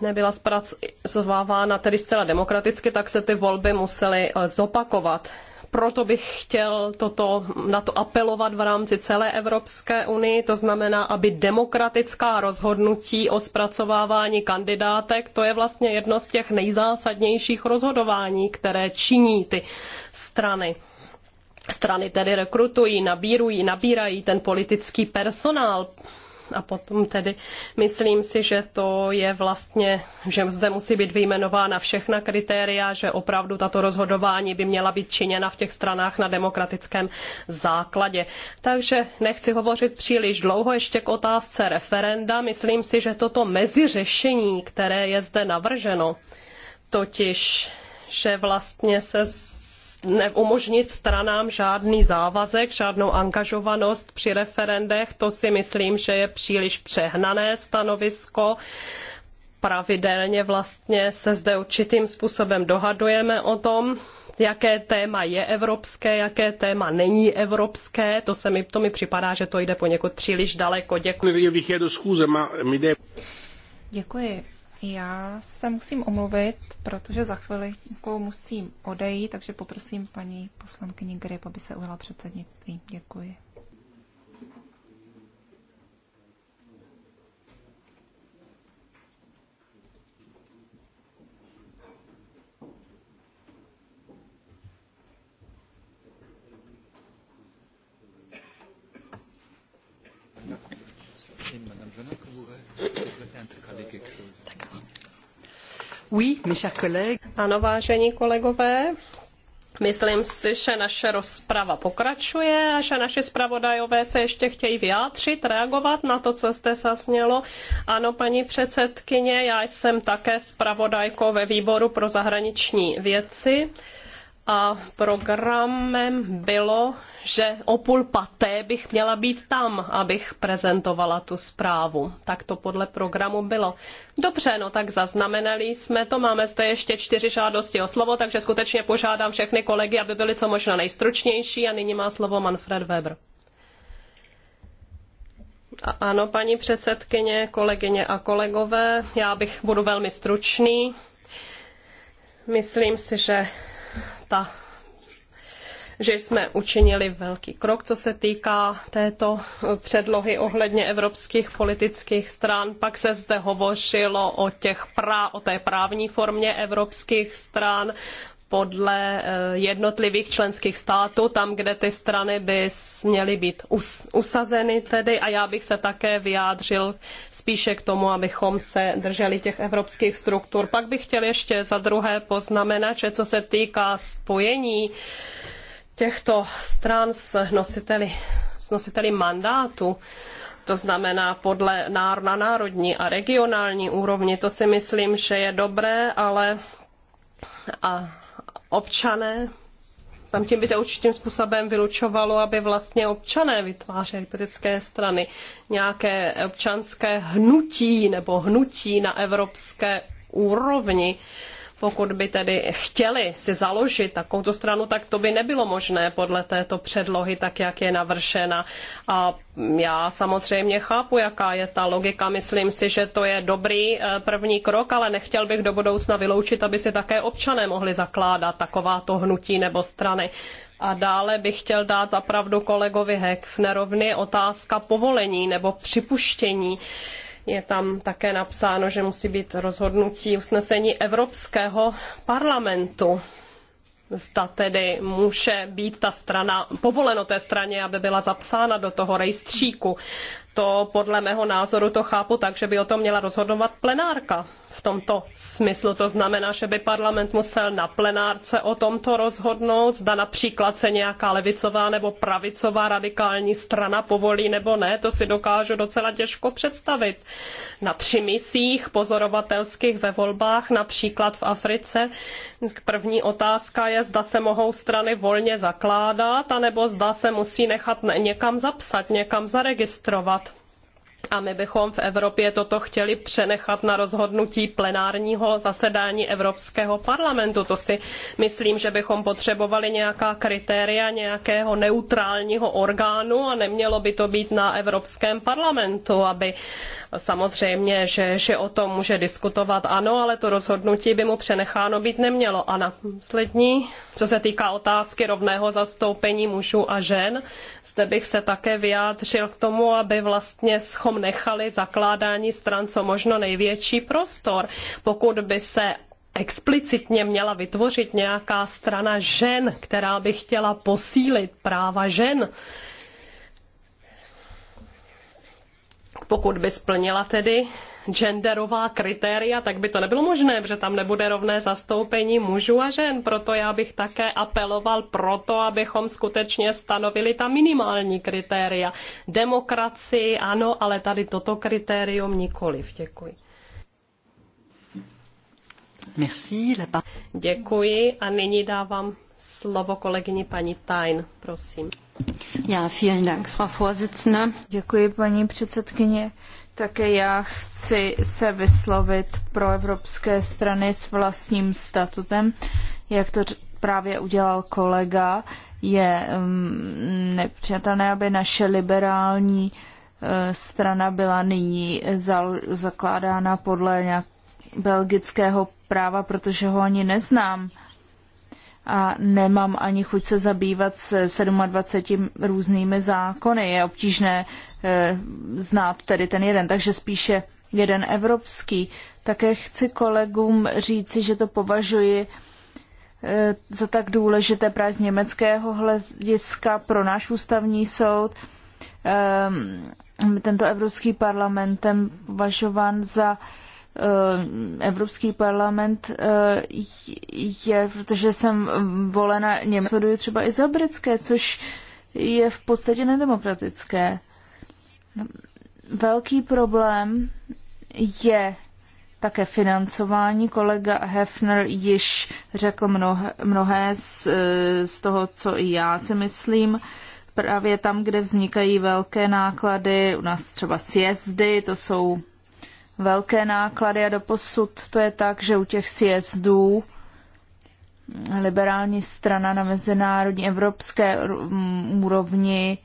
nebyla zpracovávána tedy zcela demokraticky, tak se ty volby musely eh, zopakovat proto bych chtěl toto, na to apelovat v rámci celé Evropské unie, to znamená, aby demokratická rozhodnutí o zpracovávání kandidátek, to je vlastně jedno z těch nejzásadnějších rozhodování, které činí ty strany strany tedy rekrutují, nabírují, nabírají ten politický personál a potom tedy myslím si, že to je vlastně, že zde musí být vyjmenována všechna kritéria, že opravdu tato rozhodování by měla být činěna v těch stranách na demokratickém základě. Takže nechci hovořit příliš dlouho ještě k otázce referenda. Myslím si, že toto meziřešení, které je zde navrženo, totiž že vlastně se neumožnit stranám žádný závazek, žádnou angažovanost při referendech. To si myslím, že je příliš přehnané stanovisko pravidelně vlastně se zde určitým způsobem dohadujeme o tom, jaké téma je evropské, jaké téma není evropské. To, se mi, to mi připadá, že to jde poněkud příliš daleko. Děkuji. Děkuji. Já se musím omluvit, protože za chvíli musím odejít, takže poprosím paní poslankyni Grip, aby se ujela předsednictví. Děkuji. Madame Jeanne, que vous voulez intercaler quelque chose ano, vážení kolegové, Myslím si, že naše rozprava pokračuje a že naši zpravodajové se ještě chtějí vyjádřit, reagovat na to, co jste zasnělo. Ano, paní předsedkyně, já jsem také zpravodajkou ve výboru pro zahraniční věci a programem bylo, že o půl paté bych měla být tam, abych prezentovala tu zprávu. Tak to podle programu bylo. Dobře, no tak zaznamenali jsme to. Máme zde ještě čtyři žádosti o slovo, takže skutečně požádám všechny kolegy, aby byli co možná nejstručnější. A nyní má slovo Manfred Weber. A ano, paní předsedkyně, kolegyně a kolegové, já bych budu velmi stručný. Myslím si, že data, že jsme učinili velký krok, co se týká této předlohy ohledně evropských politických stran. Pak se zde hovořilo o, těch prá, o té právní formě evropských stran podle eh, jednotlivých členských států, tam, kde ty strany by měly být usazeny tedy. A já bych se také vyjádřil spíše k tomu, abychom se drželi těch evropských struktur. Pak bych chtěl ještě za druhé poznamenat, že co se týká spojení těchto stran s nositeli, s nositeli mandátu, to znamená podle nár, na národní a regionální úrovni. To si myslím, že je dobré, ale a občané, tam tím by se určitým způsobem vylučovalo, aby vlastně občané vytvářeli politické strany, nějaké občanské hnutí nebo hnutí na evropské úrovni. Uh, pokud by tedy chtěli si založit takovouto stranu, tak to by nebylo možné podle této předlohy, tak jak je navržena. A já samozřejmě chápu, jaká je ta logika. Myslím si, že to je dobrý eh, první krok, ale nechtěl bych do budoucna vyloučit, aby si také občané mohli zakládat takováto hnutí nebo strany. A dále bych chtěl dát zapravdu kolegovi Hekfnerovny otázka povolení nebo připuštění. Je tam také napsáno, že musí být rozhodnutí usnesení Evropského parlamentu. Zda tedy může být ta strana, povoleno té straně, aby byla zapsána do toho rejstříku to podle mého názoru to chápu tak, že by o tom měla rozhodovat plenárka. V tomto smyslu to znamená, že by parlament musel na plenárce o tomto rozhodnout, zda například se nějaká levicová nebo pravicová radikální strana povolí nebo ne, to si dokážu docela těžko představit. Na přimisích pozorovatelských ve volbách, například v Africe, první otázka je, zda se mohou strany volně zakládat, anebo zda se musí nechat někam zapsat, někam zaregistrovat a my bychom v Evropě toto chtěli přenechat na rozhodnutí plenárního zasedání Evropského parlamentu. To si myslím, že bychom potřebovali nějaká kritéria nějakého neutrálního orgánu a nemělo by to být na Evropském parlamentu, aby samozřejmě, že, že o tom může diskutovat ano, ale to rozhodnutí by mu přenecháno být nemělo. A na poslední, co se týká otázky rovného zastoupení mužů a žen, zde bych se také vyjádřil k tomu, aby vlastně schopnost bychom nechali zakládání stran co možno největší prostor. Pokud by se explicitně měla vytvořit nějaká strana žen, která by chtěla posílit práva žen, pokud by splnila tedy genderová kritéria, tak by to nebylo možné, protože tam nebude rovné zastoupení mužů a žen. Proto já bych také apeloval proto, abychom skutečně stanovili ta minimální kritéria. Demokracii ano, ale tady toto kritérium nikoliv. Děkuji. Merci, Děkuji a nyní dávám slovo kolegyni paní Tajn, prosím vielen Dank, Frau Vorsitzende. Děkuji, paní předsedkyně. Také já chci se vyslovit pro evropské strany s vlastním statutem. Jak to právě udělal kolega, je um, nepřijatelné, aby naše liberální eh, strana byla nyní zakládána podle nějak belgického práva, protože ho ani neznám a nemám ani chuť se zabývat s 27 různými zákony. Je obtížné e, znát tedy ten jeden, takže spíše jeden evropský. Také chci kolegům říci, že to považuji e, za tak důležité právě z německého hlediska pro náš ústavní soud. E, tento Evropský parlamentem považován za e, Eh, Evropský parlament eh, je, protože jsem volena Němce, sleduju třeba i za britské, což je v podstatě nedemokratické. Velký problém je také financování. Kolega Hefner již řekl mnohé z, eh, z toho, co i já si myslím. Právě tam, kde vznikají velké náklady, u nás třeba sjezdy, to jsou velké náklady a doposud to je tak, že u těch sjezdů liberální strana na mezinárodní evropské úrovni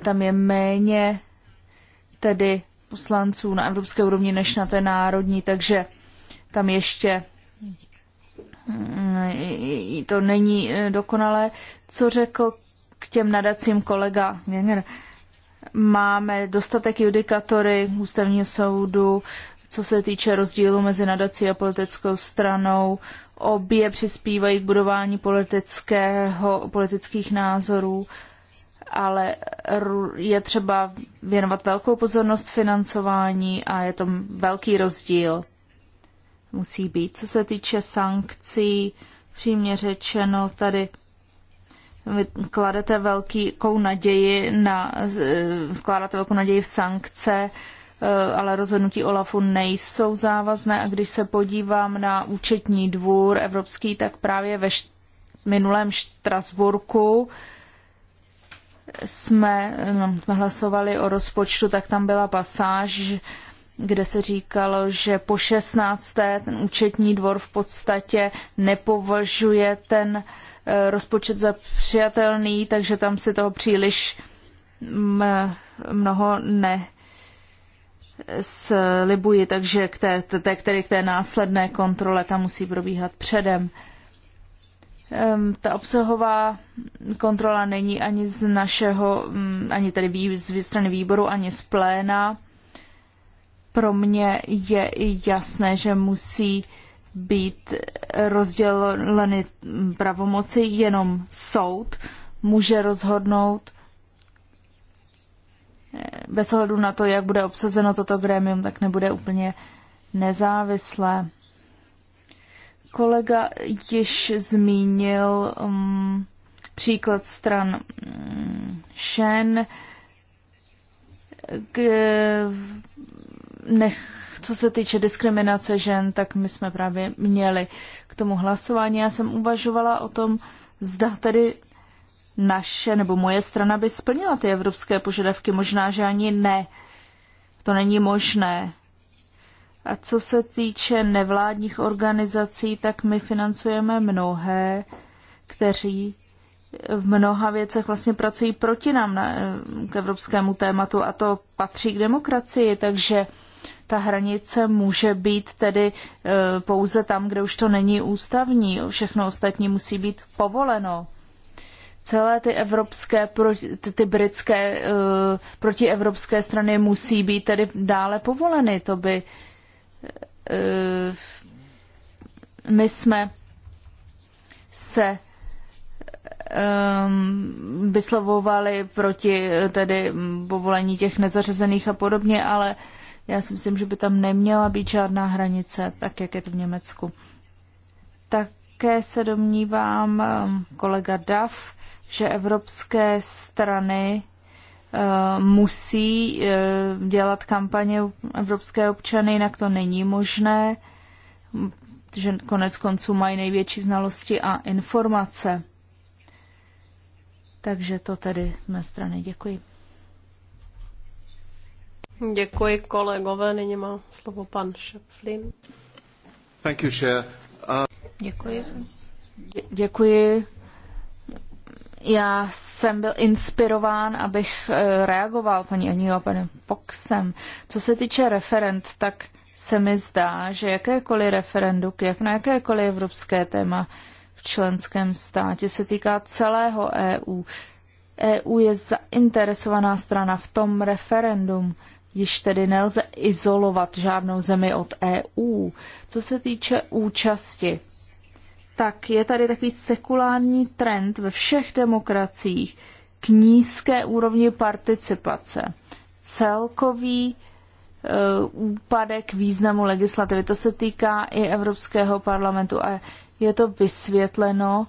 tam je méně tedy poslanců na evropské úrovni než na té národní, takže tam ještě mm, to není e, dokonalé. Co řekl k těm nadacím kolega Gänger? máme dostatek judikatory ústavního soudu, co se týče rozdílu mezi nadací a politickou stranou. Obě přispívají k budování politického, politických názorů, ale je třeba věnovat velkou pozornost financování a je tam velký rozdíl. Musí být. Co se týče sankcí, přímě řečeno, tady vy kladete velkou naději na, eh, skládáte velkou naději v sankce, eh, ale rozhodnutí Olafu nejsou závazné a když se podívám na účetní dvůr evropský, tak právě ve št- minulém Štrasburku jsme, no, hlasovali o rozpočtu, tak tam byla pasáž, kde se říkalo, že po 16. ten účetní dvor v podstatě nepovažuje ten uh, Eh, rozpočet za přijatelný, takže tam si toho příliš mnoho ne eh, slibuji, takže k té, té, které k té následné kontrole tam musí probíhat předem. Ta obsahová kontrola není ani z našeho, ani tedy z strany výboru, ani z pléna. Pro mě je i jasné, že musí být rozděleny pravomoci, jenom soud může rozhodnout eh, bez ohledu na to, jak bude obsazeno toto grémium, tak nebude úplně nezávislé. Kolega již zmínil um, příklad stran mm, Shen, Um, nech, co se týče diskriminace žen, tak my jsme právě měli k tomu hlasování. Já jsem uvažovala o tom, zda tedy naše nebo moje strana by splnila ty evropské požadavky. Možná, že ani ne. To není možné. A co se týče nevládních organizací, tak my financujeme mnohé, kteří v mnoha věcech vlastně pracují proti nám na, eh, k evropskému tématu a to patří k demokracii, takže ta hranice může být tedy e, pouze tam, kde už to není ústavní. Všechno ostatní musí být povoleno. Celé ty evropské, ty, britské e, protievropské strany musí být tedy dále povoleny. To by e, my jsme se um, vyslovovali proti tedy povolení těch nezařazených a podobně, ale já si myslím, že by tam neměla být žádná hranice, tak jak je to v Německu. Také se domnívám, um, kolega Duff, že evropské strany uh, musí uh, dělat kampaně evropské občany, jinak to není možné, že konec konců mají největší znalosti a informace. Takže to tedy z mé strany. Děkuji. Děkuji kolegové, nyní má slovo pan Šeflin. Thank you, Chair. Uh... Děkuji. Dě- děkuji. Já jsem byl inspirován, abych eh, reagoval paní Anio a panem Foxem. Co se týče referent, tak se mi zdá, že jakékoliv referendum, jak na jakékoliv evropské téma v členském státě se týká celého EU. EU je zainteresovaná strana v tom referendum již tedy nelze izolovat žádnou zemi od EU. Co se týče účasti, tak je tady takový sekulární trend ve všech demokraciích k nízké úrovni participace. Celkový eh, úpadek významu legislativy. To se týká i Evropského parlamentu a je to vysvětleno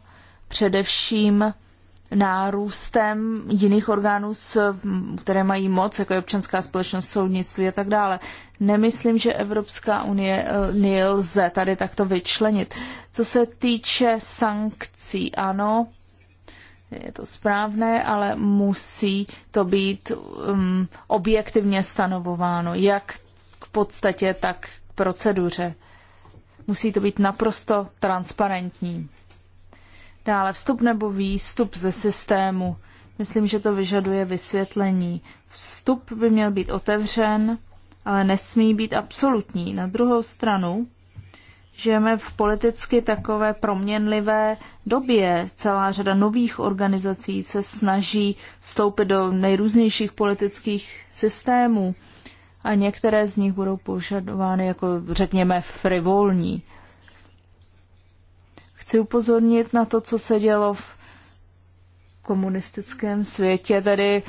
především nárůstem jiných orgánů, které mají moc, jako je občanská společnost, soudnictví a tak dále. Nemyslím, že Evropská eh, unie lze tady takto vyčlenit. Co se týče sankcí, ano, je to správné, ale musí to být um, objektivně stanovováno, jak k podstatě, tak k proceduře. Musí to být naprosto transparentní. Dále vstup nebo výstup ze systému. Myslím, že to vyžaduje vysvětlení. Vstup by měl být otevřen, ale nesmí být absolutní. Na druhou stranu, žijeme v politicky takové proměnlivé době. Celá řada nových organizací se snaží vstoupit do nejrůznějších politických systémů a některé z nich budou požadovány jako, řekněme, frivolní chci upozornit na to, co se dělo v komunistickém světě, tedy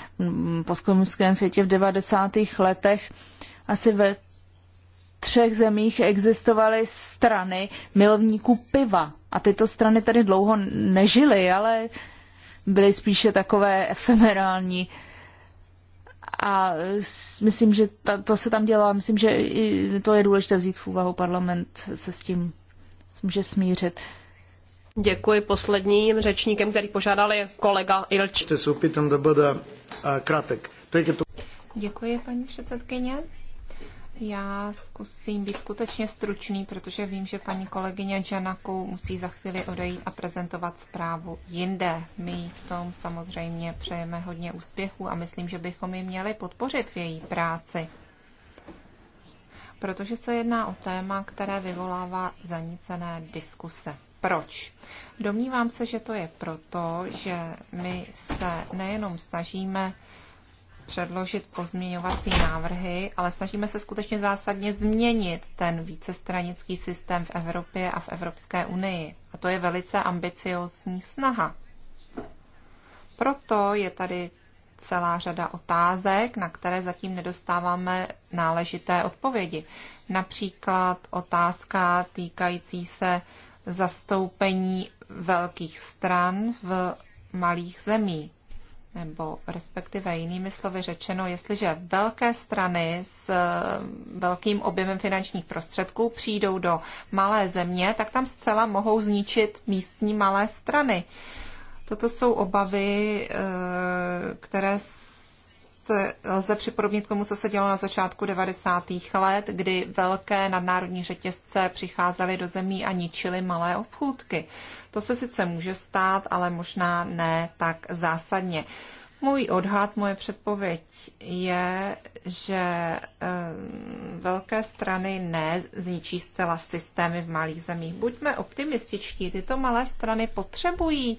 postkomunistickém světě v 90. letech. Asi ve třech zemích existovaly strany milovníků piva. A tyto strany tady dlouho nežily, ale byly spíše takové efemerální. A myslím, že ta, to se tam dělá, myslím, že to je důležité vzít v úvahu. Parlament se s tím může smířit. Děkuji posledním řečníkem, který požádal je kolega Ilč. se bude eh, Děkuji, paní předsedkyně. Já zkusím být skutečně stručný, protože vím, že paní kolegyně Janaku musí za chvíli odejít a prezentovat zprávu jinde. My v tom samozřejmě přejeme hodně úspěchů a myslím, že bychom ji měli podpořit v její práci. Protože se jedná o téma, které vyvolává zanícené diskuse. Proč? Domnívám se, že to je proto, že my se nejenom snažíme předložit pozměňovací návrhy, ale snažíme se skutečně zásadně změnit ten vícestranický systém v Evropě a v Evropské unii. A to je velice ambiciozní snaha. Proto je tady celá řada otázek, na které zatím nedostáváme náležité odpovědi. Například otázka týkající se zastoupení velkých stran v malých zemí. Nebo respektive jinými slovy řečeno, jestliže velké strany s eh, velkým objemem finančních prostředků přijdou do malé země, tak tam zcela mohou zničit místní malé strany. Toto jsou obavy, eh, které se lze připodobnit tomu, co se dělo na začátku 90. let, kdy velké nadnárodní řetězce přicházely do zemí a ničily malé obchůdky. To se sice může stát, ale možná ne tak zásadně. Můj odhad, moje předpověď je, že ehm, velké strany nezničí zcela systémy v malých zemích. Buďme optimističtí, tyto malé strany potřebují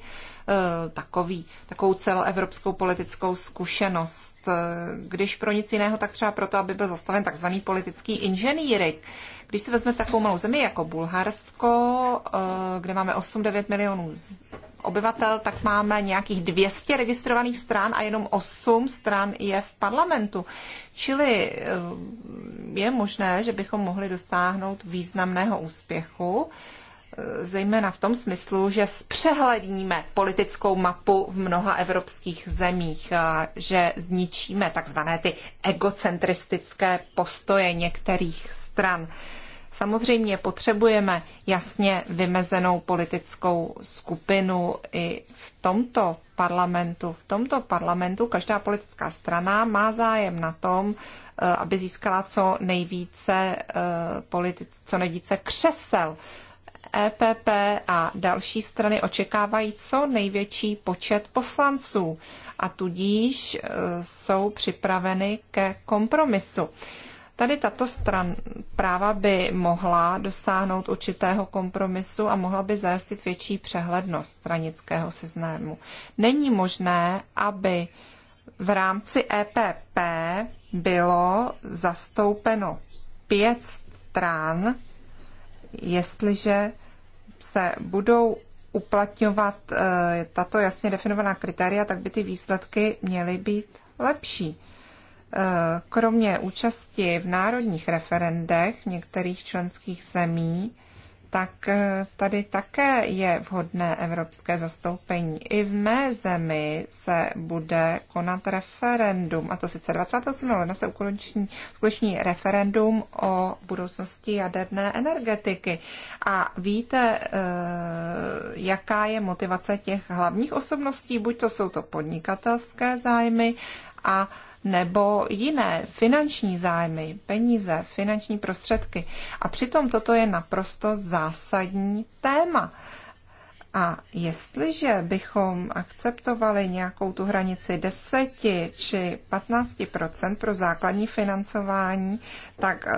eh, takový, takovou celoevropskou politickou zkušenost. Eh, když pro nic jiného, tak třeba proto, aby byl zastaven takzvaný politický inženýrik. Když si vezme takovou malou zemi jako Bulharsko, eh, kde máme 8-9 milionů obyvatel, tak máme nějakých 200 registrovaných stran a jenom 8 stran je v parlamentu. Čili eh, je možné, že bychom mohli dosáhnout významného úspěchu eh, zejména v tom smyslu, že zpřehledníme politickou mapu v mnoha evropských zemích, že zničíme takzvané ty egocentristické postoje některých stran. Samozřejmě potřebujeme jasně vymezenou politickou skupinu i v tomto parlamentu. V tomto parlamentu každá politická strana má zájem na tom, eh, aby získala co nejvíce, eh, politic, co nejvíce křesel. EPP a další strany očekávají co největší počet poslanců a tudíž eh, jsou připraveny ke kompromisu. Tady tato stran práva by mohla dosáhnout určitého kompromisu a mohla by zajistit větší přehlednost stranického seznému. Není možné, aby v rámci EPP bylo zastoupeno pět stran, jestliže se budou uplatňovat eh, tato jasně definovaná kritéria, tak by ty výsledky měly být lepší kromě účasti v národních referendech některých členských zemí, tak eh, tady také je vhodné evropské zastoupení. I v mé zemi se bude konat referendum, a to sice 28. ledna se ukončí, ukončí referendum o budoucnosti jaderné energetiky. A víte, eh, jaká je motivace těch hlavních osobností? Buď to jsou to podnikatelské zájmy a nebo jiné finanční zájmy, peníze, finanční prostředky. A přitom toto je naprosto zásadní téma. A jestliže bychom akceptovali nějakou tu hranici 10 či 15 pro základní financování, tak e,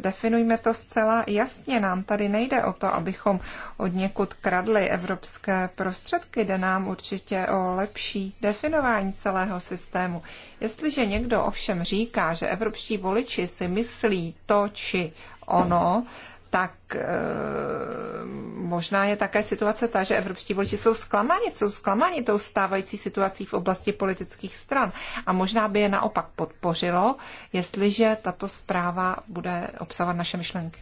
definujme to zcela jasně. Nám tady nejde o to, abychom od někud kradli evropské prostředky, jde nám určitě o lepší definování celého systému. Jestliže někdo ovšem říká, že evropští voliči si myslí to či ono, hmm tak e, možná je také situace ta, že evropští voliči jsou zklamáni, jsou zklamáni tou stávající situací v oblasti politických stran. A možná by je naopak podpořilo, jestliže tato zpráva bude obsahovat naše myšlenky.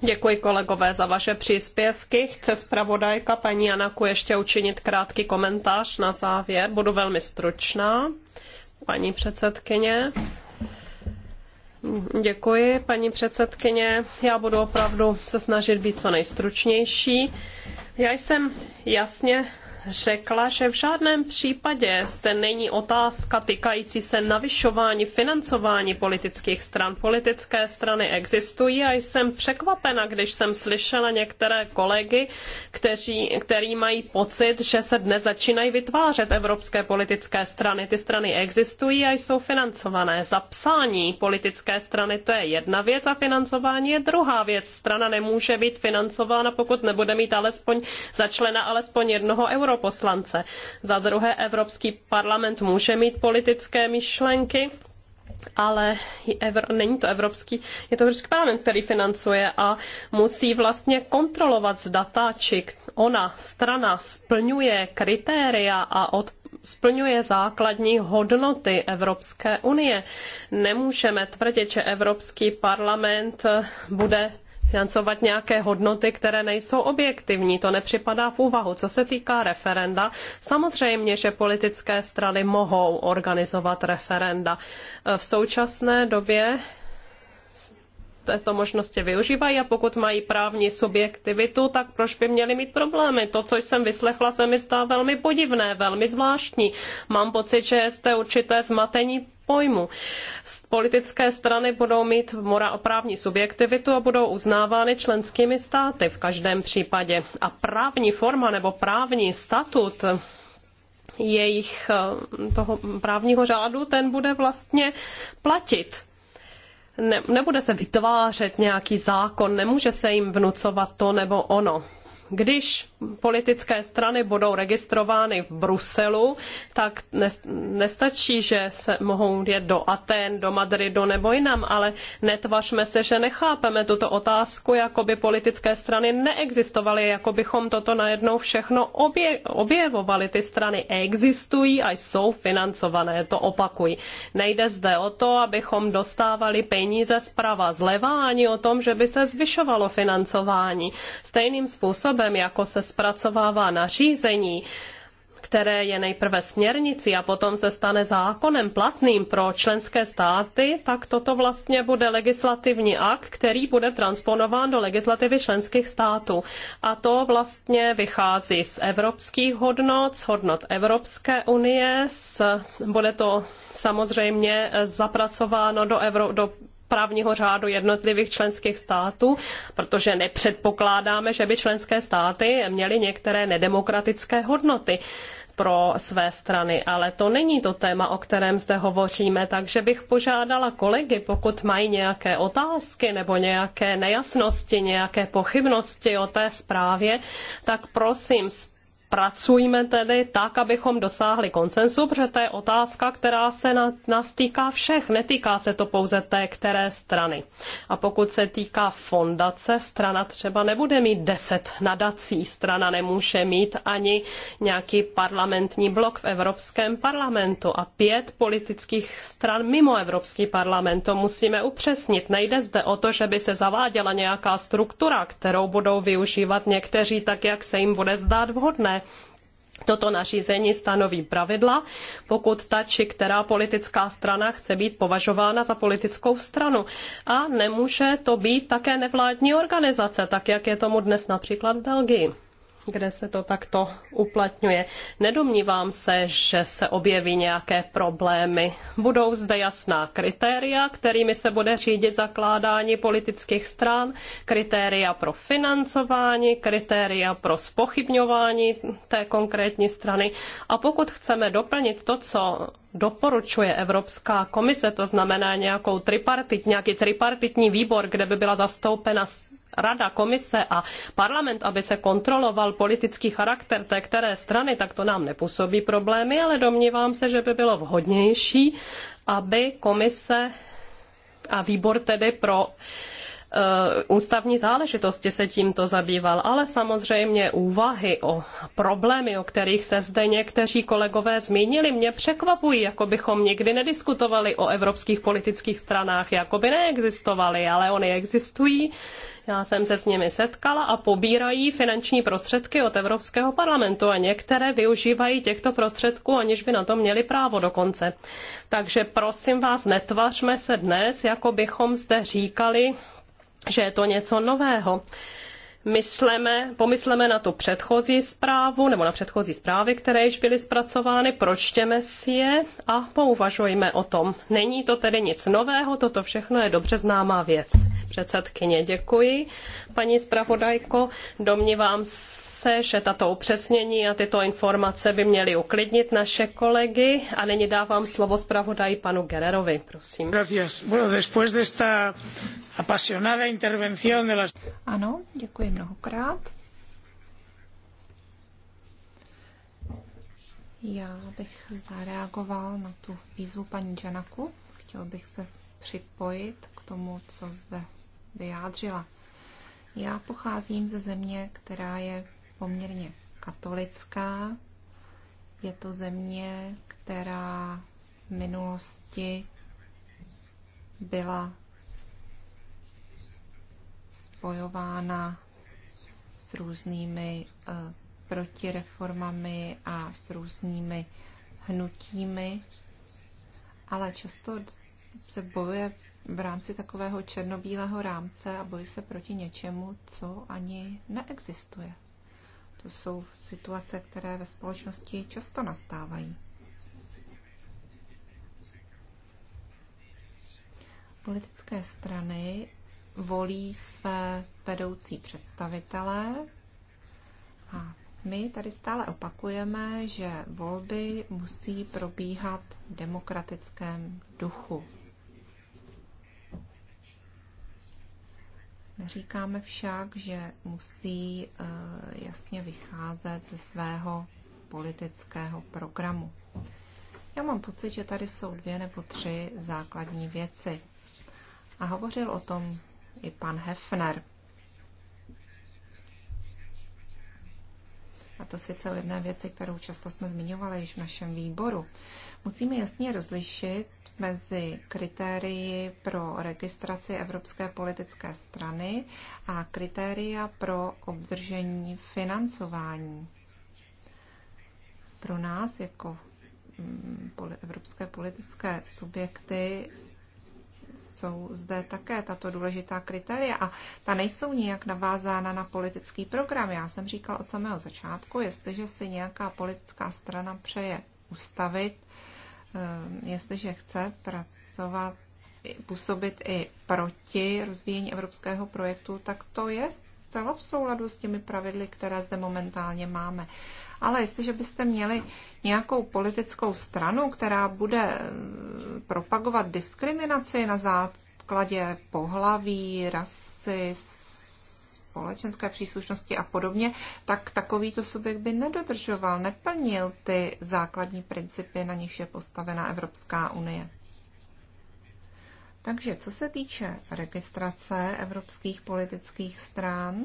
Děkuji kolegové za vaše příspěvky. Chce zpravodajka paní Janaku ještě učinit krátký komentář na závěr. Budu velmi stručná, paní předsedkyně. Děkuji, paní předsedkyně. Já budu opravdu se snažit být co nejstručnější. Já jsem jasně řekla, že v žádném případě zde není otázka týkající se navyšování financování politických stran. Politické strany existují a jsem překvapena, když jsem slyšela některé kolegy, kteří, který mají pocit, že se dnes začínají vytvářet evropské politické strany. Ty strany existují a jsou financované. Zapsání politické strany to je jedna věc a financování je druhá věc. Strana nemůže být financována, pokud nebude mít alespoň začlena alespoň jednoho euro europoslance. Za druhé, Evropský parlament může mít politické myšlenky, ale evr, není to evropský, je to evropský parlament, který financuje a musí vlastně kontrolovat z data, či ona strana splňuje kritéria a od, splňuje základní hodnoty Evropské unie. Nemůžeme tvrdit, že Evropský parlament bude financovat nějaké hodnoty, které nejsou objektivní. To nepřipadá v úvahu. Co se týká referenda, samozřejmě, že politické strany mohou organizovat referenda. V současné době této možnosti využívají a pokud mají právní subjektivitu, tak proč by měli mít problémy? To, co jsem vyslechla, se mi zdá velmi podivné, velmi zvláštní. Mám pocit, že jste určité zmatení pojmu. Politické strany budou mít právní subjektivitu a budou uznávány členskými státy v každém případě. A právní forma nebo právní statut jejich eh, toho právního řádu, ten bude vlastně platit ne, nebude se vytvářet nějaký zákon, nemůže se jim vnucovat to nebo ono. Když politické strany budou registrovány v Bruselu, tak nestačí, že se mohou jet do Aten, do Madridu nebo jinam, ale netvařme se, že nechápeme tuto otázku, jako by politické strany neexistovaly, jako bychom toto najednou všechno obje, objevovali. Ty strany existují a jsou financované, to opakují. Nejde zde o to, abychom dostávali peníze zprava zleva, ani o tom, že by se zvyšovalo financování. Stejným způsobem, jako se zpracovává nařízení, které je nejprve směrnicí a potom se stane zákonem platným pro členské státy, tak toto vlastně bude legislativní akt, který bude transponován do legislativy členských států. A to vlastně vychází z evropských hodnot, z hodnot Evropské unie, z, bude to samozřejmě zapracováno do, Evro, do právního řádu jednotlivých členských států, protože nepředpokládáme, že by členské státy měly některé nedemokratické hodnoty pro své strany, ale to není to téma, o kterém zde hovoříme, takže bych požádala kolegy, pokud mají nějaké otázky nebo nějaké nejasnosti, nějaké pochybnosti o té zprávě, tak prosím, pracujme tedy tak, abychom dosáhli konsensu, protože to je otázka, která se na, nás týká všech, netýká se to pouze té, které strany. A pokud se týká fondace, strana třeba nebude mít deset nadací, strana nemůže mít ani nějaký parlamentní blok v Evropském parlamentu a pět politických stran mimo Evropský parlament. To musíme upřesnit. Nejde zde o to, že by se zaváděla nějaká struktura, kterou budou využívat někteří tak, jak se jim bude zdát vhodné Toto nařízení stanoví pravidla, pokud ta či která politická strana chce být považována za politickou stranu. A nemůže to být také nevládní organizace, tak jak je tomu dnes například v Belgii kde se to takto uplatňuje. Nedomnívám se, že se objeví nějaké problémy. Budou zde jasná kritéria, kterými se bude řídit zakládání politických stran, kritéria pro financování, kritéria pro spochybňování té konkrétní strany. A pokud chceme doplnit to, co doporučuje Evropská komise, to znamená nějakou tripartit, nějaký tripartitní výbor, kde by byla zastoupena rada, komise a parlament, aby se kontroloval politický charakter té které strany, tak to nám nepůsobí problémy, ale domnívám se, že by bylo vhodnější, aby komise a výbor tedy pro eh, ústavní záležitosti se tímto zabýval, ale samozřejmě úvahy o problémy, o kterých se zde někteří kolegové zmínili, mě překvapují, jako bychom nikdy nediskutovali o evropských politických stranách, jako by neexistovaly, ale oni existují. Já jsem se s nimi setkala a pobírají finanční prostředky od Evropského parlamentu a některé využívají těchto prostředků, aniž by na to měli právo dokonce. Takže prosím vás, netvařme se dnes, jako bychom zde říkali, že je to něco nového mysleme, pomysleme na tu předchozí zprávu nebo na předchozí zprávy, které již byly zpracovány, pročtěme si je a pouvažujme o tom. Není to tedy nic nového, toto všechno je dobře známá věc. Předsedkyně, děkuji. Paní zpravodajko, domnívám se, se, že tato upřesnění a tyto informace by měly uklidnit naše kolegy. A nyní dávám slovo zpravodaji panu Gererovi, prosím. Ano, děkuji mnohokrát. Já bych zareagoval na tu výzvu paní Janaku. Chtěl bych se připojit k tomu, co zde vyjádřila. Já pocházím ze země, která je poměrně katolická. Je to země, která v minulosti byla spojována s různými eh, protireformami a s různými hnutími, ale často se bojuje v rámci takového černobílého rámce a bojí se proti něčemu, co ani neexistuje. To jsou situace, které ve společnosti často nastávají. Politické strany volí své vedoucí představitele a my tady stále opakujeme, že volby musí probíhat v demokratickém duchu. Říkáme však, že musí eh, jasně vycházet ze svého politického programu. Já mám pocit, že tady jsou dvě nebo tři základní věci. A hovořil o tom i pan Hefner. A to sice o jedné věci, kterou často jsme zmiňovali již v našem výboru. Musíme jasně rozlišit mezi kritérii pro registraci Evropské politické strany a kritéria pro obdržení financování. Pro nás jako mm, evropské politické subjekty jsou zde také tato důležitá kritéria a ta nejsou nijak navázána na politický program. Já jsem říkal od samého začátku, jestliže si nějaká politická strana přeje ustavit Ehm, jestliže chce pracovat, působit i proti rozvíjení evropského projektu, tak to je celo v souladu s těmi pravidly, které zde momentálně máme. Ale jestliže byste měli nějakou politickou stranu, která bude ehm, propagovat diskriminaci na základě pohlaví, rasy, společenské příslušnosti a podobně, tak takovýto subjekt by nedodržoval, neplnil ty základní principy, na nichž je postavena Evropská unie. Takže co se týče registrace evropských politických stran,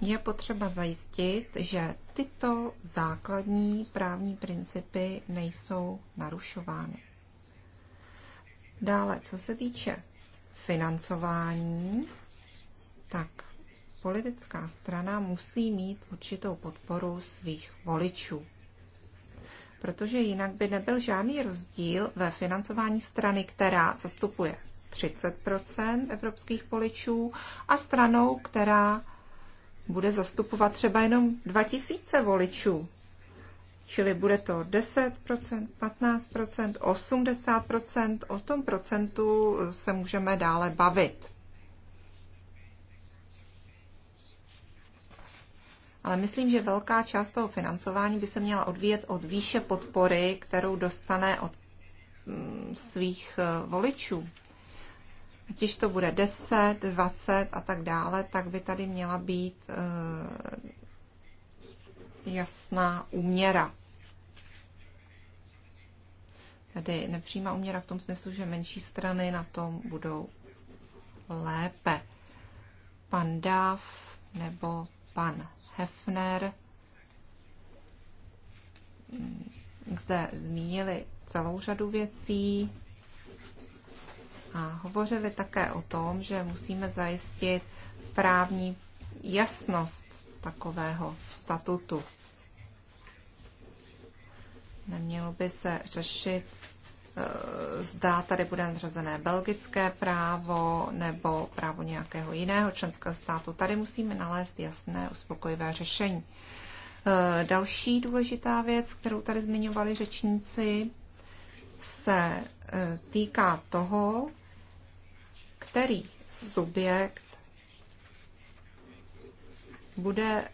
je potřeba zajistit, že tyto základní právní principy nejsou narušovány. Dále, co se týče financování, tak politická strana musí mít určitou podporu svých voličů. Protože jinak by nebyl žádný rozdíl ve financování strany, která zastupuje 30 evropských voličů a stranou, která bude zastupovat třeba jenom 2000 voličů. Čili bude to 10%, 15%, 80%, o tom procentu se můžeme dále bavit. ale myslím, že velká část toho financování by se měla odvíjet od výše podpory, kterou dostane od mm, svých eh, voličů. Ať již to bude 10, 20 a tak dále, tak by tady měla být eh, jasná úměra. Tedy nepřímá úměra v tom smyslu, že menší strany na tom budou lépe. Pan Dáv nebo pan Hefner zde zmínili celou řadu věcí a hovořili také o tom, že musíme zajistit právní jasnost takového statutu. Nemělo by se řešit zda tady bude nadřazené belgické právo nebo právo nějakého jiného členského státu. Tady musíme nalézt jasné, uspokojivé řešení. E, další důležitá věc, kterou tady zmiňovali řečníci, se e, týká toho, který subjekt bude e,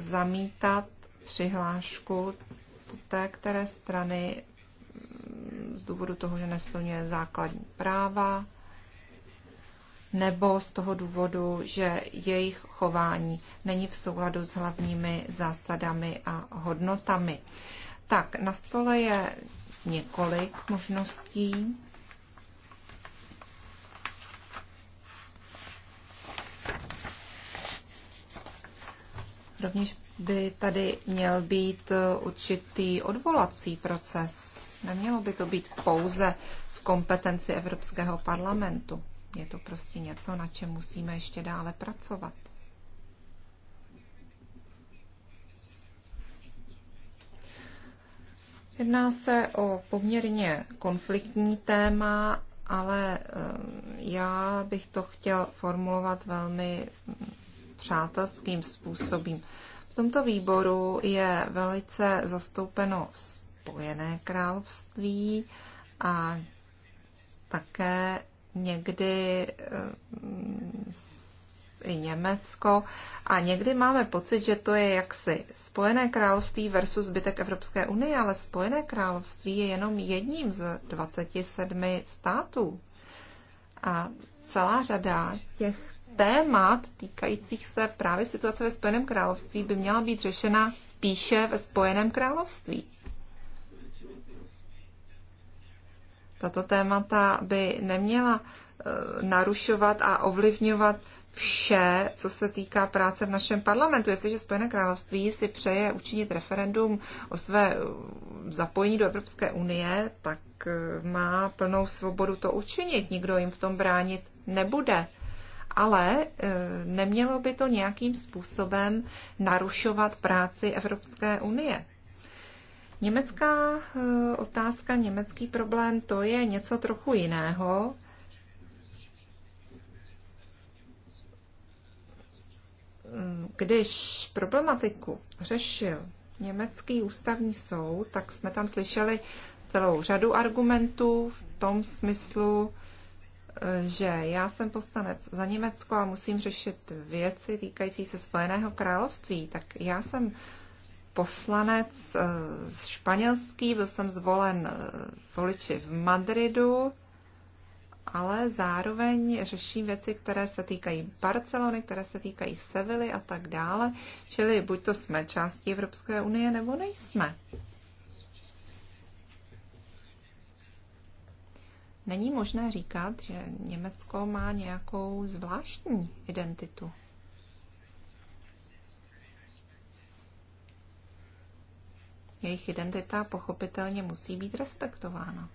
zamítat přihlášku té které strany z důvodu toho, že nesplňuje základní práva, nebo z toho důvodu, že jejich chování není v souladu s hlavními zásadami a hodnotami. Tak, na stole je několik možností. Rovněž by tady měl být určitý odvolací proces Nemělo by to být pouze v kompetenci Evropského parlamentu. Je to prostě něco, na čem musíme ještě dále pracovat. Jedná se o poměrně konfliktní téma, ale eh, já bych to chtěl formulovat velmi mm, přátelským způsobem. V tomto výboru je velice zastoupeno Spojené království a také někdy eh, i Německo. A někdy máme pocit, že to je jaksi Spojené království versus zbytek Evropské unie, ale Spojené království je jenom jedním z 27 států. A celá řada těch témat týkajících se právě situace ve Spojeném království by měla být řešena spíše ve Spojeném království. Tato témata by neměla e, narušovat a ovlivňovat vše, co se týká práce v našem parlamentu. Jestliže Spojené království si přeje učinit referendum o své e, zapojení do Evropské unie, tak e, má plnou svobodu to učinit. Nikdo jim v tom bránit nebude. Ale nemělo by to nějakým způsobem narušovat práci Evropské unie. Německá eh, otázka, německý problém, to je něco trochu jiného. Mm, když problematiku řešil německý ústavní soud, tak jsme tam slyšeli celou řadu argumentů v tom smyslu, eh, že já jsem poslanec za Německo a musím řešit věci týkající se Spojeného království, tak já jsem poslanec eh, španělský, byl jsem zvolen eh, voliči v Madridu, ale zároveň řeším věci, které se týkají Barcelony, které se týkají Sevily a tak dále. Čili buď to jsme částí Evropské unie, nebo nejsme. Není možné říkat, že Německo má nějakou zvláštní identitu. Jejich identita pochopitelně musí být respektována.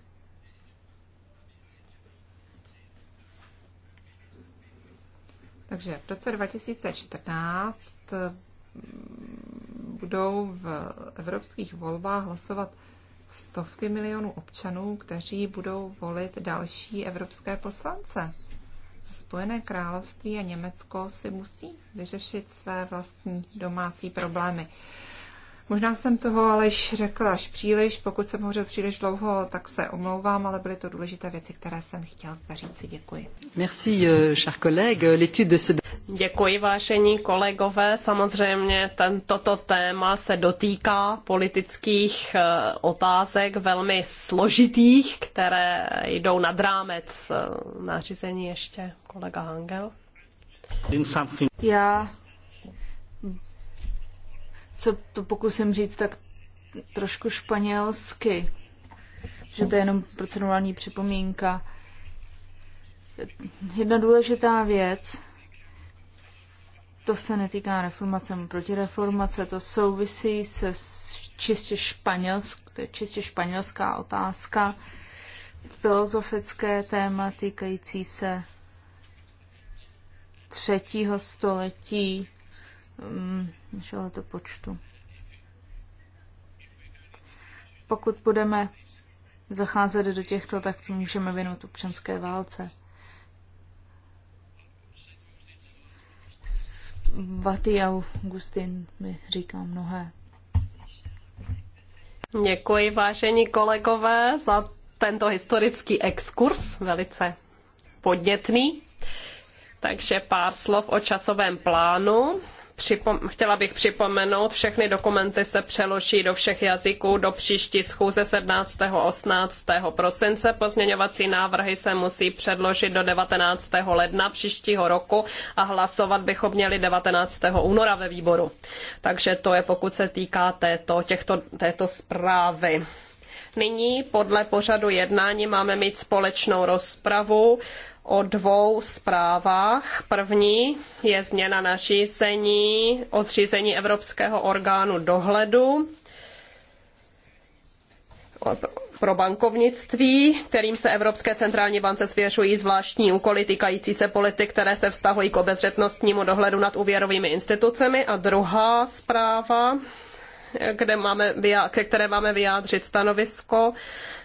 Takže v roce 2014 mm, budou v evropských volbách hlasovat stovky milionů občanů, kteří budou volit další evropské poslance. Spojené království a Německo si musí vyřešit své vlastní domácí problémy. Možná jsem toho ale již řekla až příliš, pokud jsem hovořil příliš dlouho, tak se omlouvám, ale byly to důležité věci, které jsem chtěl zde říct. Děkuji. Merci, euh, cher collègue. de ce... Děkuji, vážení kolegové. Samozřejmě tento toto téma se dotýká politických eh, otázek velmi složitých, které jdou nad rámec eh, nařízení ještě kolega Hangel. Já se to pokusím říct tak trošku španělsky, že to je jenom procedurální připomínka. Jedna důležitá věc, to se netýká reformace nebo protireformace, to souvisí se čistě španělsk, to je čistě španělská otázka, filozofické téma týkající se třetího století mm, našeho počtu. Pokud budeme zacházet do těchto, tak to můžeme vinout občanské válce. Vaty Augustin mi říká mnohé. Děkuji, vážení kolegové, za tento historický exkurs, velice podnětný. Takže pár slov o časovém plánu chtěla bych připomenout, všechny dokumenty se přeloží do všech jazyků do příští schůze 17. a 18. prosince. Pozměňovací návrhy se musí předložit do 19. ledna příštího roku a hlasovat bychom měli 19. února ve výboru. Takže to je pokud se týká této, těchto, této zprávy. Nyní podle pořadu jednání máme mít společnou rozpravu o dvou zprávách. První je změna nařízení o zřízení Evropského orgánu dohledu pro bankovnictví, kterým se Evropské centrální bance svěřují zvláštní úkoly týkající se politik, které se vztahují k obezřetnostnímu dohledu nad úvěrovými institucemi. A druhá zpráva, kde máme, ke které máme vyjádřit stanovisko,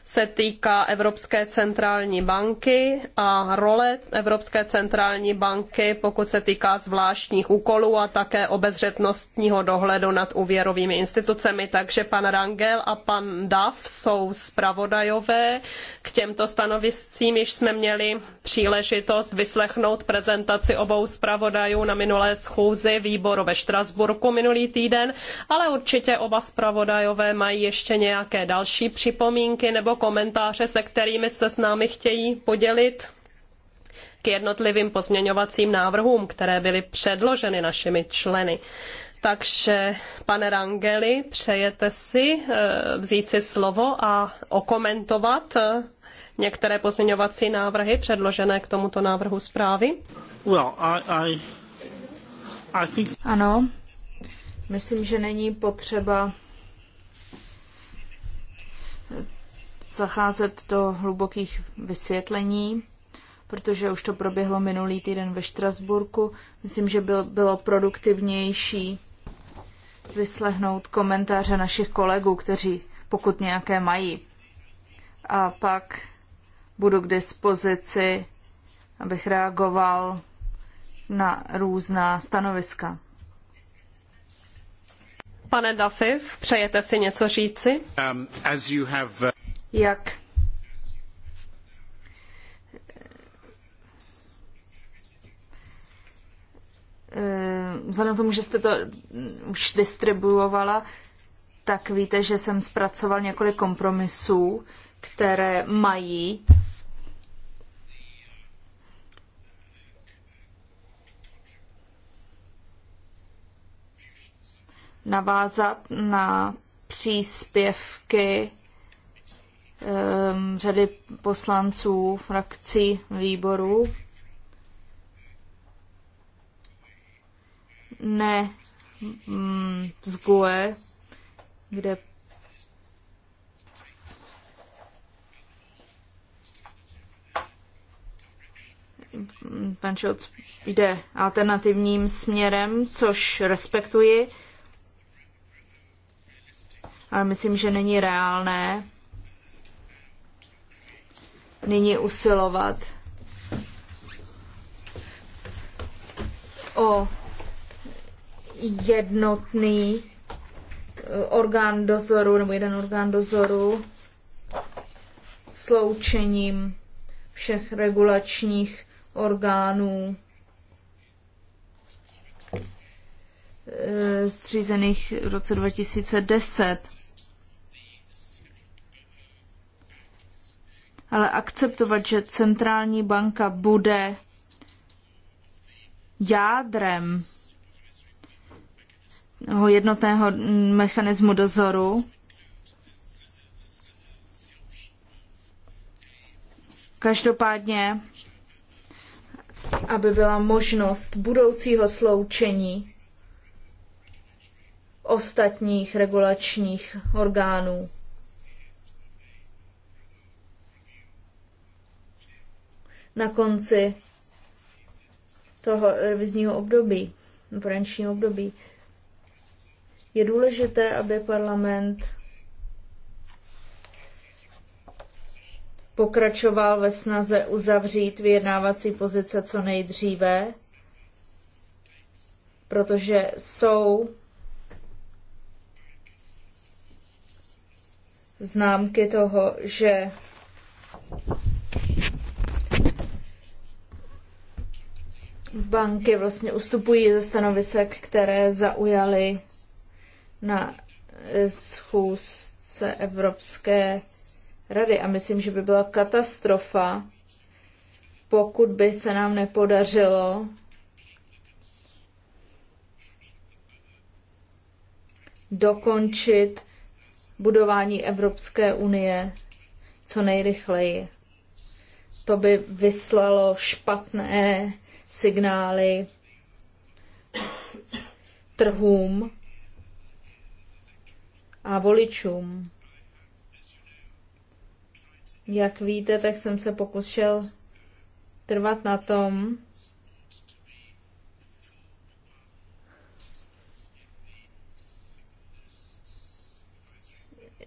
se týká Evropské centrální banky a role Evropské centrální banky, pokud se týká zvláštních úkolů a také obezřetnostního dohledu nad úvěrovými institucemi. Takže pan Rangel a pan Duff jsou zpravodajové. K těmto stanoviscím již jsme měli příležitost vyslechnout prezentaci obou zpravodajů na minulé schůzi výboru ve Štrasburku minulý týden, ale určitě oba zpravodajové mají ještě nějaké další připomínky nebo komentáře, se kterými se s námi chtějí podělit k jednotlivým pozměňovacím návrhům, které byly předloženy našimi členy. Takže, pane Rangeli, přejete si eh, vzít si slovo a okomentovat eh, některé pozměňovací návrhy předložené k tomuto návrhu zprávy? Well, I, I, I think... Ano, myslím, že není potřeba zacházet do hlubokých vysvětlení, protože už to proběhlo minulý týden ve Štrasburku. Myslím, že byl, bylo produktivnější vyslehnout komentáře našich kolegů, kteří pokud nějaké mají. A pak budu k dispozici, abych reagoval na různá stanoviska. Pane Dafiv, přejete si něco říci? Um, have... Uh, jak eh, vzhledem k tomu, že jste to už distribuovala, tak víte, že jsem zpracoval několik kompromisů, které mají navázat na příspěvky Ehm, řady poslanců frakcí výboru. Ne um, z GUE, kde pan Šoc jde alternativním směrem, což respektuji, ale myslím, že není reálné nyní usilovat o jednotný eh, orgán dozoru nebo jeden orgán dozoru sloučením všech regulačních orgánů eh, zřízených v roce 2010. ale akceptovat, že centrální banka bude jádrem jednotného mechanismu dozoru, Každopádně, aby byla možnost budoucího sloučení ostatních regulačních orgánů. na konci toho revizního období, finančního období. Je důležité, aby parlament pokračoval ve snaze uzavřít vyjednávací pozice co nejdříve, protože jsou známky toho, že banky vlastně ustupují ze stanovisek, které zaujaly na eh, schůzce Evropské rady. A myslím, že by byla katastrofa, pokud by se nám nepodařilo dokončit budování Evropské unie co nejrychleji. To by vyslalo špatné signály trhům a voličům. Jak víte, tak jsem se pokusil trvat na tom,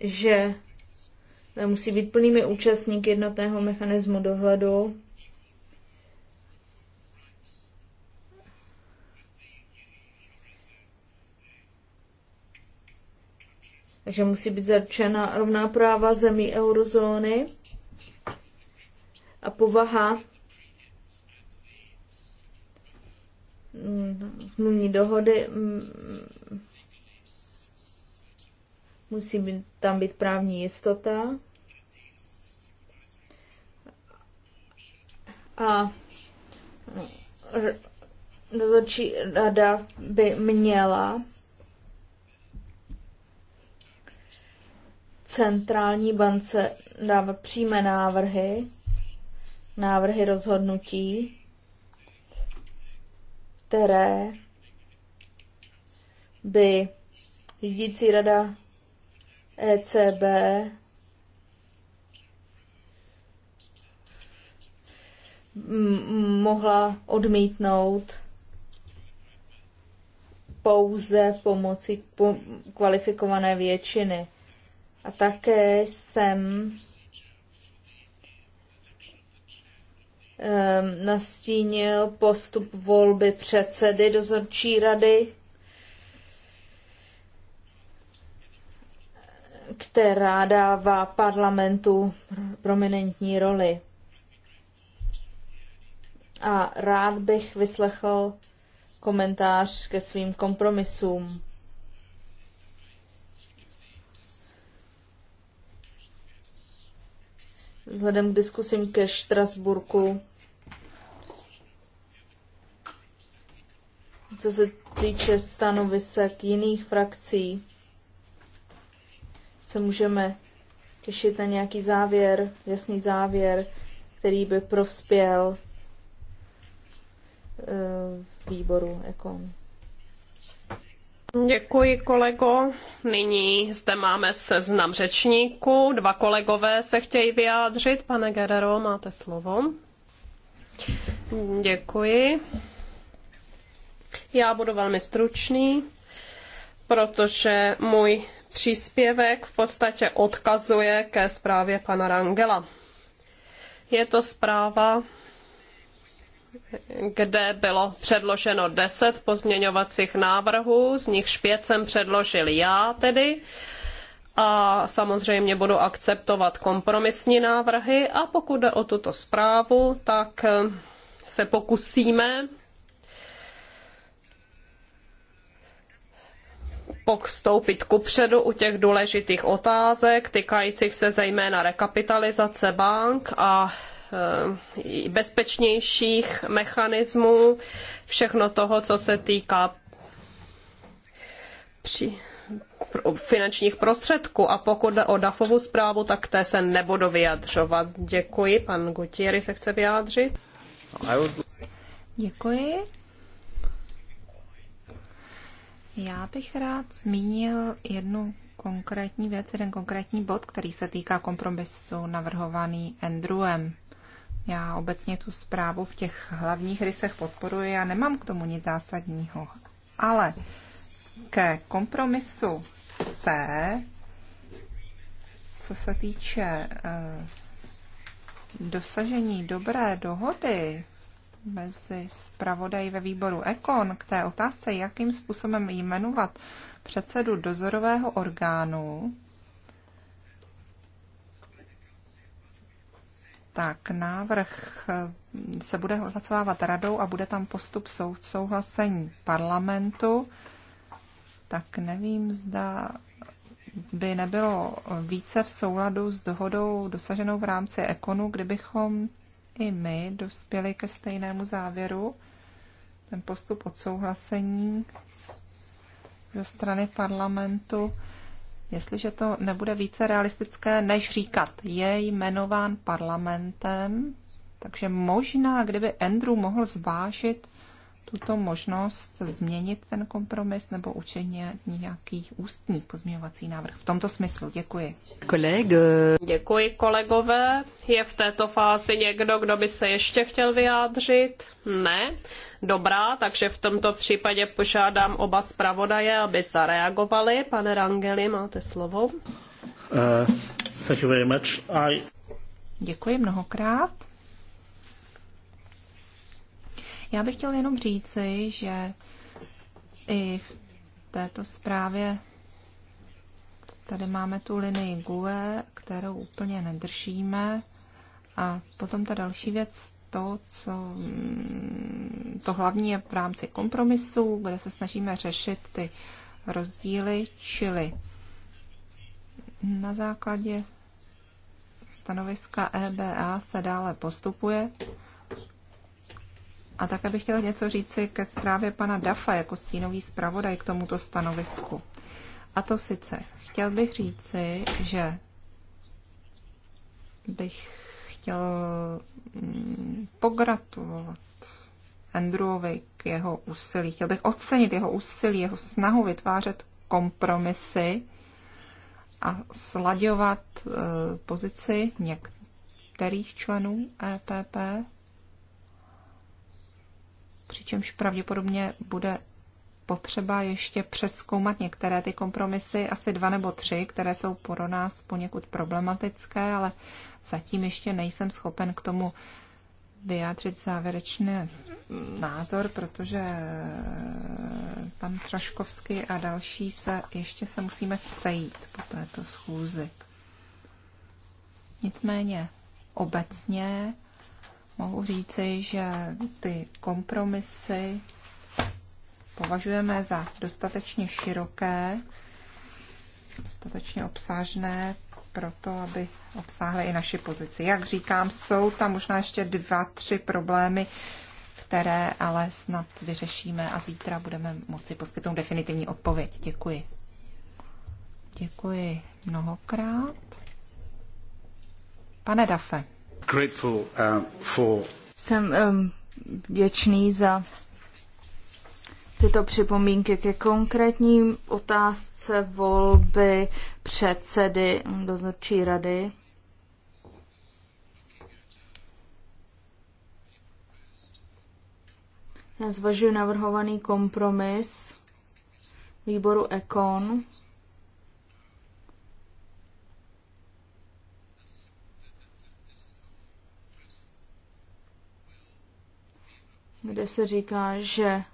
že musí být plnými účastníky jednotného mechanismu dohledu Takže musí být zaručena rovná práva zemí eurozóny a povaha mm, smluvní dohody mm, musí být, tam být právní jistota a dozorčí rada by měla centrální bance dávat přímé návrhy, návrhy rozhodnutí, které by řídící rada ECB mohla odmítnout pouze pomocí kvalifikované většiny. A také jsem ehm, nastínil postup volby předsedy dozorčí rady, která dává parlamentu prominentní roli. A rád bych vyslechl komentář ke svým kompromisům. vzhledem k diskusím ke Štrasburku. Co se týče stanovisek jiných frakcí, se můžeme těšit na nějaký závěr, jasný závěr, který by prospěl eh, výboru Ekon. Děkuji, kolego. Nyní zde máme seznam řečníků. Dva kolegové se chtějí vyjádřit. Pane Guerrero, máte slovo. Děkuji. Já budu velmi stručný, protože můj příspěvek v podstatě odkazuje ke zprávě pana Rangela. Je to zpráva, kde bylo předloženo deset pozměňovacích návrhů, z nichž pět jsem předložil já tedy a samozřejmě budu akceptovat kompromisní návrhy a pokud jde o tuto zprávu, tak eh, se pokusíme postoupit kupředu u těch důležitých otázek týkajících se zejména rekapitalizace bank a Eh, bezpečnějších mechanismů, všechno toho, co se týká při finančních prostředků. A pokud jde o DAFovou zprávu, tak té se nebudu vyjadřovat. Děkuji. Pan Gutieri se chce vyjádřit. Děkuji. Já bych rád zmínil jednu konkrétní věc, jeden konkrétní bod, který se týká kompromisu navrhovaný Andrewem. Já obecně tu zprávu v těch hlavních rysech podporuji a nemám k tomu nic zásadního. Ale ke kompromisu C, co se týče eh, dosažení dobré dohody mezi zpravodají ve výboru Ekon k té otázce, jakým způsobem jmenovat předsedu dozorového orgánu, tak návrh eh, se bude hlasovávat radou a bude tam postup souhlasení parlamentu, tak nevím, zda by nebylo více v souladu s dohodou dosaženou v rámci ekonu, kdybychom i my dospěli ke stejnému závěru. Ten postup odsouhlasení ze strany parlamentu Jestliže to nebude více realistické, než říkat, je jmenován parlamentem, takže možná, kdyby Andrew mohl zvážit tuto možnost změnit ten kompromis nebo učinit nějaký ústní pozměňovací návrh. V tomto smyslu děkuji. Koleg. Děkuji kolegové. Je v této fázi někdo, kdo by se ještě chtěl vyjádřit? Ne. Dobrá, takže v tomto případě požádám oba zpravodaje, aby zareagovali. Pane Rangeli, máte slovo. Uh, thank you very much. I... Děkuji mnohokrát. Já bych chtěl jenom říci, že i v této zprávě tady máme tu linii GUE, kterou úplně nedržíme. A potom ta další věc, to, co mm, to hlavní je v rámci kompromisu, kde se snažíme řešit ty rozdíly, čili na základě stanoviska EBA se dále postupuje a také bych chtěla něco říci ke zprávě pana Dafa jako stínový zpravodaj k tomuto stanovisku. A to sice, chtěl bych říci, že bych chtěl mm, pogratulovat Andrewovi k jeho úsilí. Chtěl bych ocenit jeho úsilí, jeho snahu vytvářet kompromisy a slaďovat eh, pozici některých členů EPP přičemž pravděpodobně bude potřeba ještě přeskoumat některé ty kompromisy, asi dva nebo tři, které jsou pro nás poněkud problematické, ale zatím ještě nejsem schopen k tomu vyjádřit závěrečný názor, protože pan Traškovský a další se ještě se musíme sejít po této schůzi. Nicméně obecně mohu říci, že ty kompromisy považujeme za dostatečně široké, dostatečně obsážné, proto, aby obsáhly i naši pozici. Jak říkám, jsou tam možná ještě dva, tři problémy, které ale snad vyřešíme a zítra budeme moci poskytnout definitivní odpověď. Děkuji. Děkuji mnohokrát. Pane Dafe. Uh, Jsem um, vděčný za tyto připomínky ke konkrétní otázce volby předsedy dozorčí rady. Já zvažuji navrhovaný kompromis výboru ECON. kde se říká, že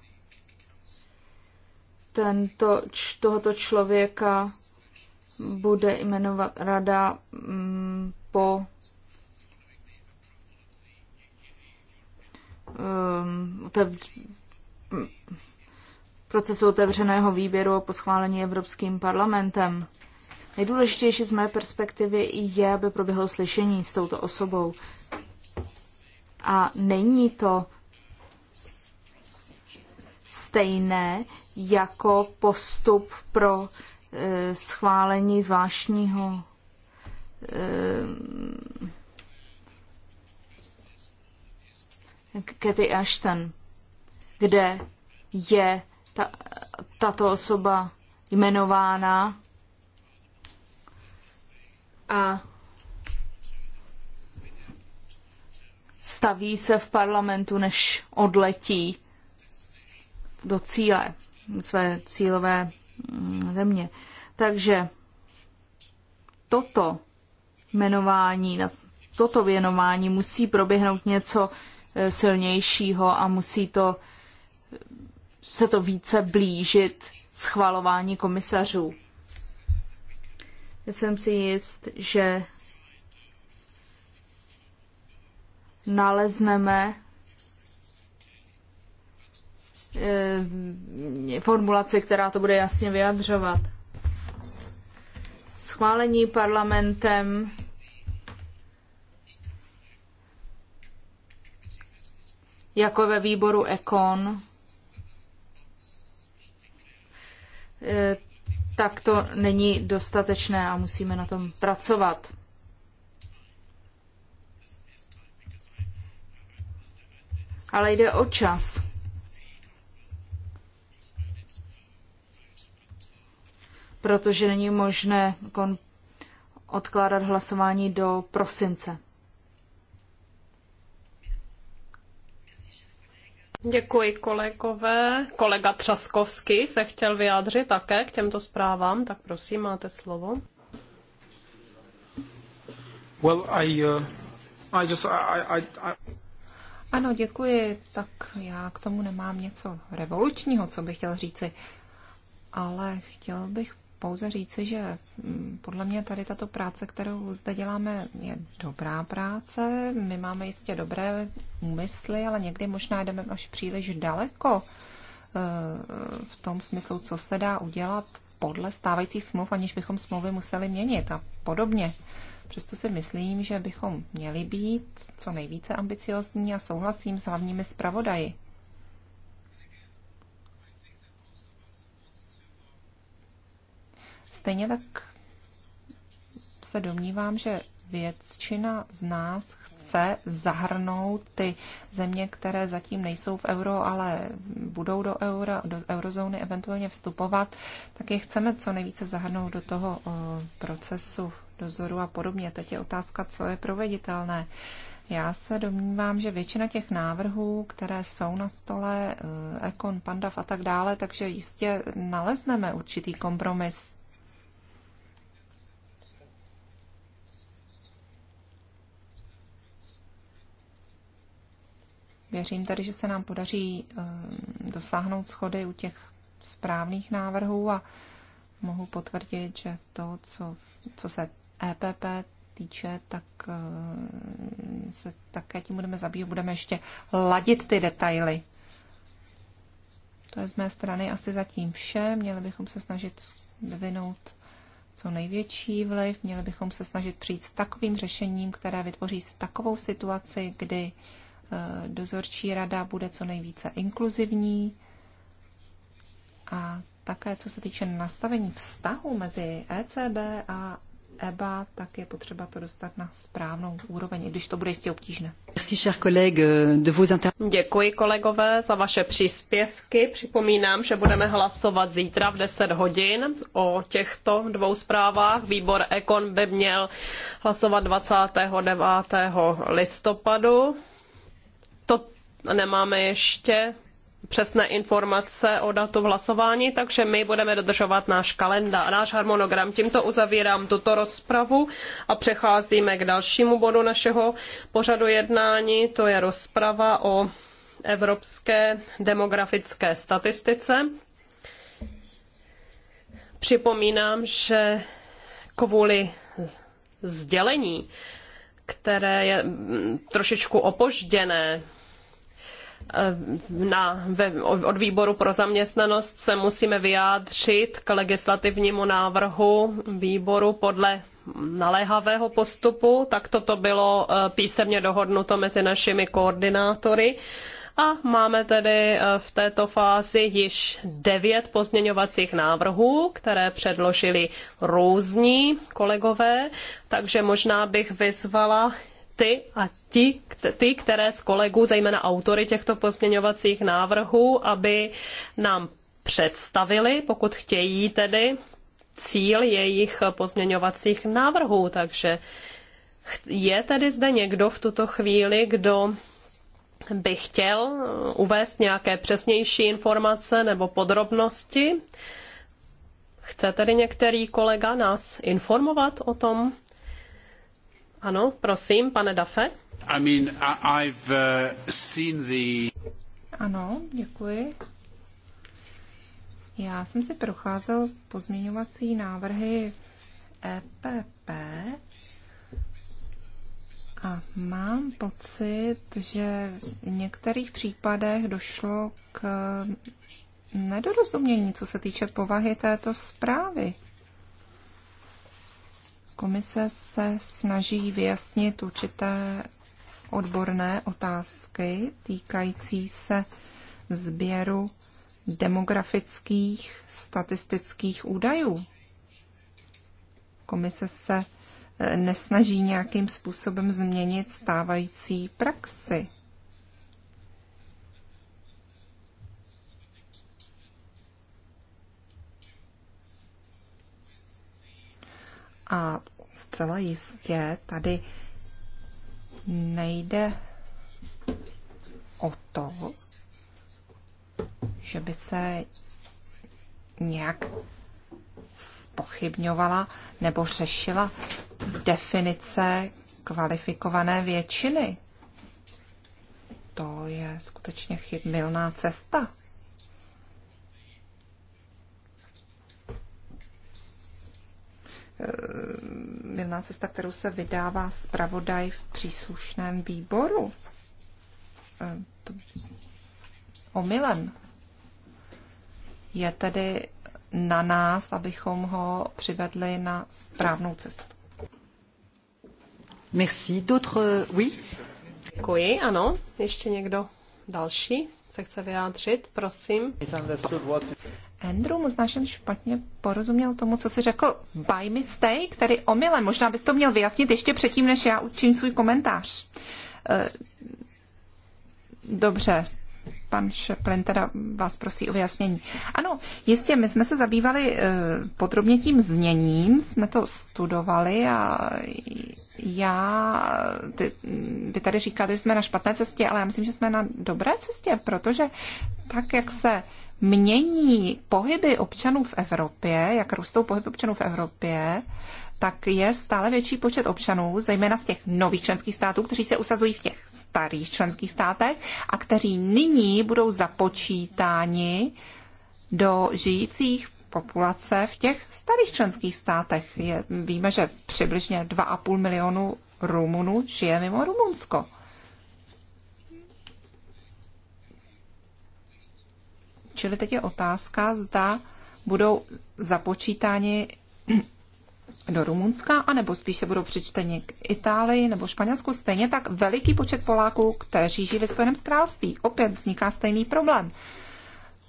tento, tohoto člověka bude jmenovat rada mm, po mm, otev, procesu otevřeného výběru a po schválení Evropským parlamentem. Nejdůležitější z mé perspektivy je, aby proběhlo slyšení s touto osobou. A není to stejné jako postup pro e, schválení zvláštního e, Kathy Ashton, kde je ta, tato osoba jmenována a staví se v parlamentu, než odletí do cíle, své cílové mm, země. Takže toto jmenování, na toto věnování musí proběhnout něco e, silnějšího a musí to se to více blížit schvalování komisařů. Já jsem si jist, že nalezneme Eh, formulaci, která to bude jasně vyjadřovat. Schválení parlamentem jako ve výboru Ekon, eh, tak to není dostatečné a musíme na tom pracovat. Ale jde o čas. protože není možné odkládat hlasování do prosince. Děkuji kolegové. Kolega Třaskovský se chtěl vyjádřit také k těmto zprávám, tak prosím, máte slovo. Well, I, uh, I just, I, I, I... Ano, děkuji. Tak já k tomu nemám něco revolučního, co bych chtěl říci, ale chtěl bych pouze říci, že mm, podle mě tady tato práce, kterou zde děláme, je dobrá práce. My máme jistě dobré úmysly, ale někdy možná jdeme až příliš daleko eh, v tom smyslu, co se dá udělat podle stávajících smluv, aniž bychom smlouvy museli měnit a podobně. Přesto si myslím, že bychom měli být co nejvíce ambiciozní a souhlasím s hlavními zpravodaji. Stejně tak se domnívám, že většina z nás chce zahrnout ty země, které zatím nejsou v euro, ale budou do, euro, do eurozóny eventuálně vstupovat, tak je chceme co nejvíce zahrnout do toho eh, procesu dozoru a podobně. Teď je otázka, co je proveditelné. Já se domnívám, že většina těch návrhů, které jsou na stole, Ekon, eh, Pandav a tak dále, takže jistě nalezneme určitý kompromis Věřím tedy, že se nám podaří eh, dosáhnout schody u těch správných návrhů a mohu potvrdit, že to, co, co se EPP týče, tak eh, se také tím budeme zabývat. Budeme ještě ladit ty detaily. To je z mé strany asi zatím vše. Měli bychom se snažit vyvinout co největší vliv, měli bychom se snažit přijít s takovým řešením, které vytvoří takovou situaci, kdy uh, Eh, dozorčí rada bude co nejvíce inkluzivní a také co se týče nastavení vztahu mezi ECB a EBA, tak je potřeba to dostat na správnou úroveň, i když to bude jistě obtížné. Děkuji kolegové za vaše příspěvky. Připomínám, že budeme hlasovat zítra v 10 hodin o těchto dvou zprávách. Výbor Ekon by měl hlasovat 29. listopadu to nemáme ještě přesné informace o datu hlasování, takže my budeme dodržovat náš kalendář, náš harmonogram. Tímto uzavírám tuto rozpravu a přecházíme k dalšímu bodu našeho pořadu jednání, to je rozprava o evropské demografické statistice. Připomínám, že kvůli sdělení, které je trošičku opožděné, Eh, na, ve, od výboru pro zaměstnanost se musíme vyjádřit k legislativnímu návrhu výboru podle naléhavého postupu, tak toto bylo eh, písemně dohodnuto mezi našimi koordinátory. A máme tedy eh, v této fázi již devět pozměňovacích návrhů, které předložili různí kolegové, takže možná bych vyzvala ty a ti, ty, které z kolegů, zejména autory těchto pozměňovacích návrhů, aby nám představili, pokud chtějí tedy, cíl jejich pozměňovacích návrhů. Takže je tedy zde někdo v tuto chvíli, kdo by chtěl uh, uvést nějaké přesnější informace nebo podrobnosti? Chce tedy některý kolega nás informovat o tom? Ano, prosím, pane Dafe. I mean, I've uh, seen the... Ano, děkuji. Já jsem si procházel pozměňovací návrhy EPP a mám pocit, že v některých případech došlo k nedorozumění, co se týče povahy této zprávy. Komise se snaží vyjasnit určité odborné otázky týkající se sběru demografických statistických údajů. Komise se eh, nesnaží nějakým způsobem změnit stávající praxi. A zcela jistě tady nejde o to, že by se nějak spochybňovala nebo řešila definice kvalifikované většiny. To je skutečně chybná cesta. milná eh, cesta, kterou se vydává zpravodaj v příslušném výboru. Eh, Omylem. Je tedy na nás, abychom ho přivedli na správnou cestu. Merci. D'autres, euh, oui? Děkuji, ano. Ještě někdo další se chce vyjádřit, prosím. Andrew mu značně špatně porozuměl tomu, co si řekl by mistake, tedy omylem. Možná bys to měl vyjasnit ještě předtím, než já učím svůj komentář. Eh, dobře, pan Šeplen teda vás prosí o vyjasnění. Ano, jistě, my jsme se zabývali eh, podrobně tím zněním, jsme to studovali a já, ty, vy tady říkali, že jsme na špatné cestě, ale já myslím, že jsme na dobré cestě, protože tak, jak se mění pohyby občanů v Evropě, jak rostou pohyby občanů v Evropě, tak je stále větší počet občanů, zejména z těch nových členských států, kteří se usazují v těch starých členských státech a kteří nyní budou započítáni do žijících populace v těch starých členských státech. Je, víme, že přibližně 2,5 milionu Rumunů žije mimo Rumunsko. Čili teď je otázka, zda budou započítáni do Rumunska, anebo spíše budou přičteni k Itálii nebo Španělsku. Stejně tak veliký počet Poláků, kteří žijí ve Spojeném království. Opět vzniká stejný problém.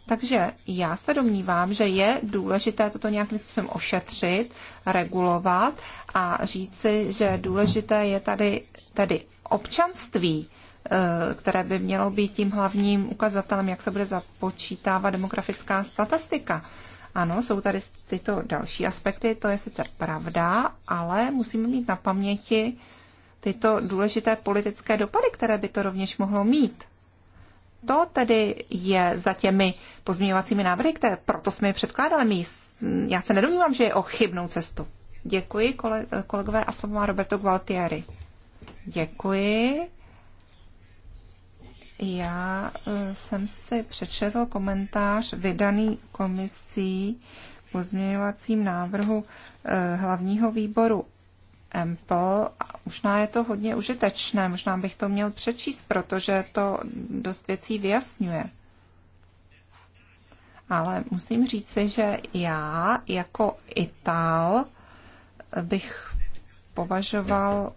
Takže já se domnívám, že je důležité toto nějakým způsobem ošetřit, regulovat a říci, že důležité je tady, tady občanství, Eh, které by mělo být tím hlavním ukazatelem, jak se bude započítávat demografická statistika. Ano, jsou tady tyto další aspekty, to je sice pravda, ale musíme mít na paměti tyto důležité politické dopady, které by to rovněž mohlo mít. To tedy je za těmi pozměňovacími návrhy, které proto jsme je předkládali. My, já se nedomnívám, že je o chybnou cestu. Děkuji, kolegové, a slovo má Roberto Gualtieri. Děkuji. Já eh, jsem si přečetl komentář vydaný komisí pozměňovacím návrhu eh, hlavního výboru Ample a možná je to hodně užitečné, možná bych to měl přečíst, protože to dost věcí vyjasňuje. Ale musím říci, že já jako Ital bych považoval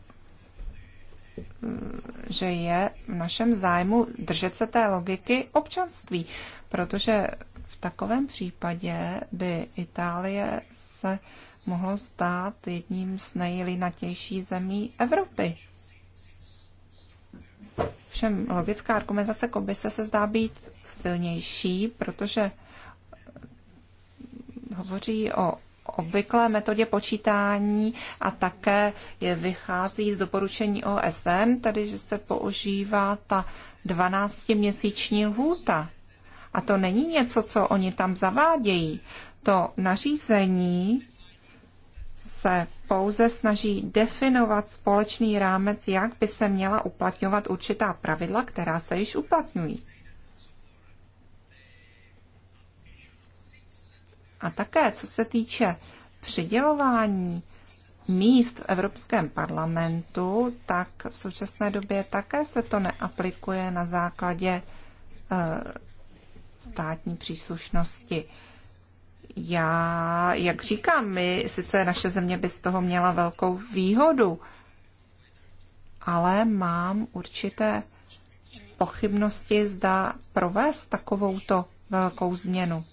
že je v našem zájmu držet se té logiky občanství, protože v takovém případě by Itálie se mohlo stát jedním z nejlinatější zemí Evropy. Všem logická argumentace komise se zdá být silnější, protože hovoří o obvyklé metodě počítání a také je vychází z doporučení OSN, tedy že se používá ta 12-měsíční lhůta. A to není něco, co oni tam zavádějí. To nařízení se pouze snaží definovat společný rámec, jak by se měla uplatňovat určitá pravidla, která se již uplatňují. A také, co se týče přidělování míst v Evropském parlamentu, tak v současné době také se to neaplikuje na základě eh, státní příslušnosti. Já, jak říkám, my, sice naše země by z toho měla velkou výhodu, ale mám určité pochybnosti, zda provést takovouto velkou změnu.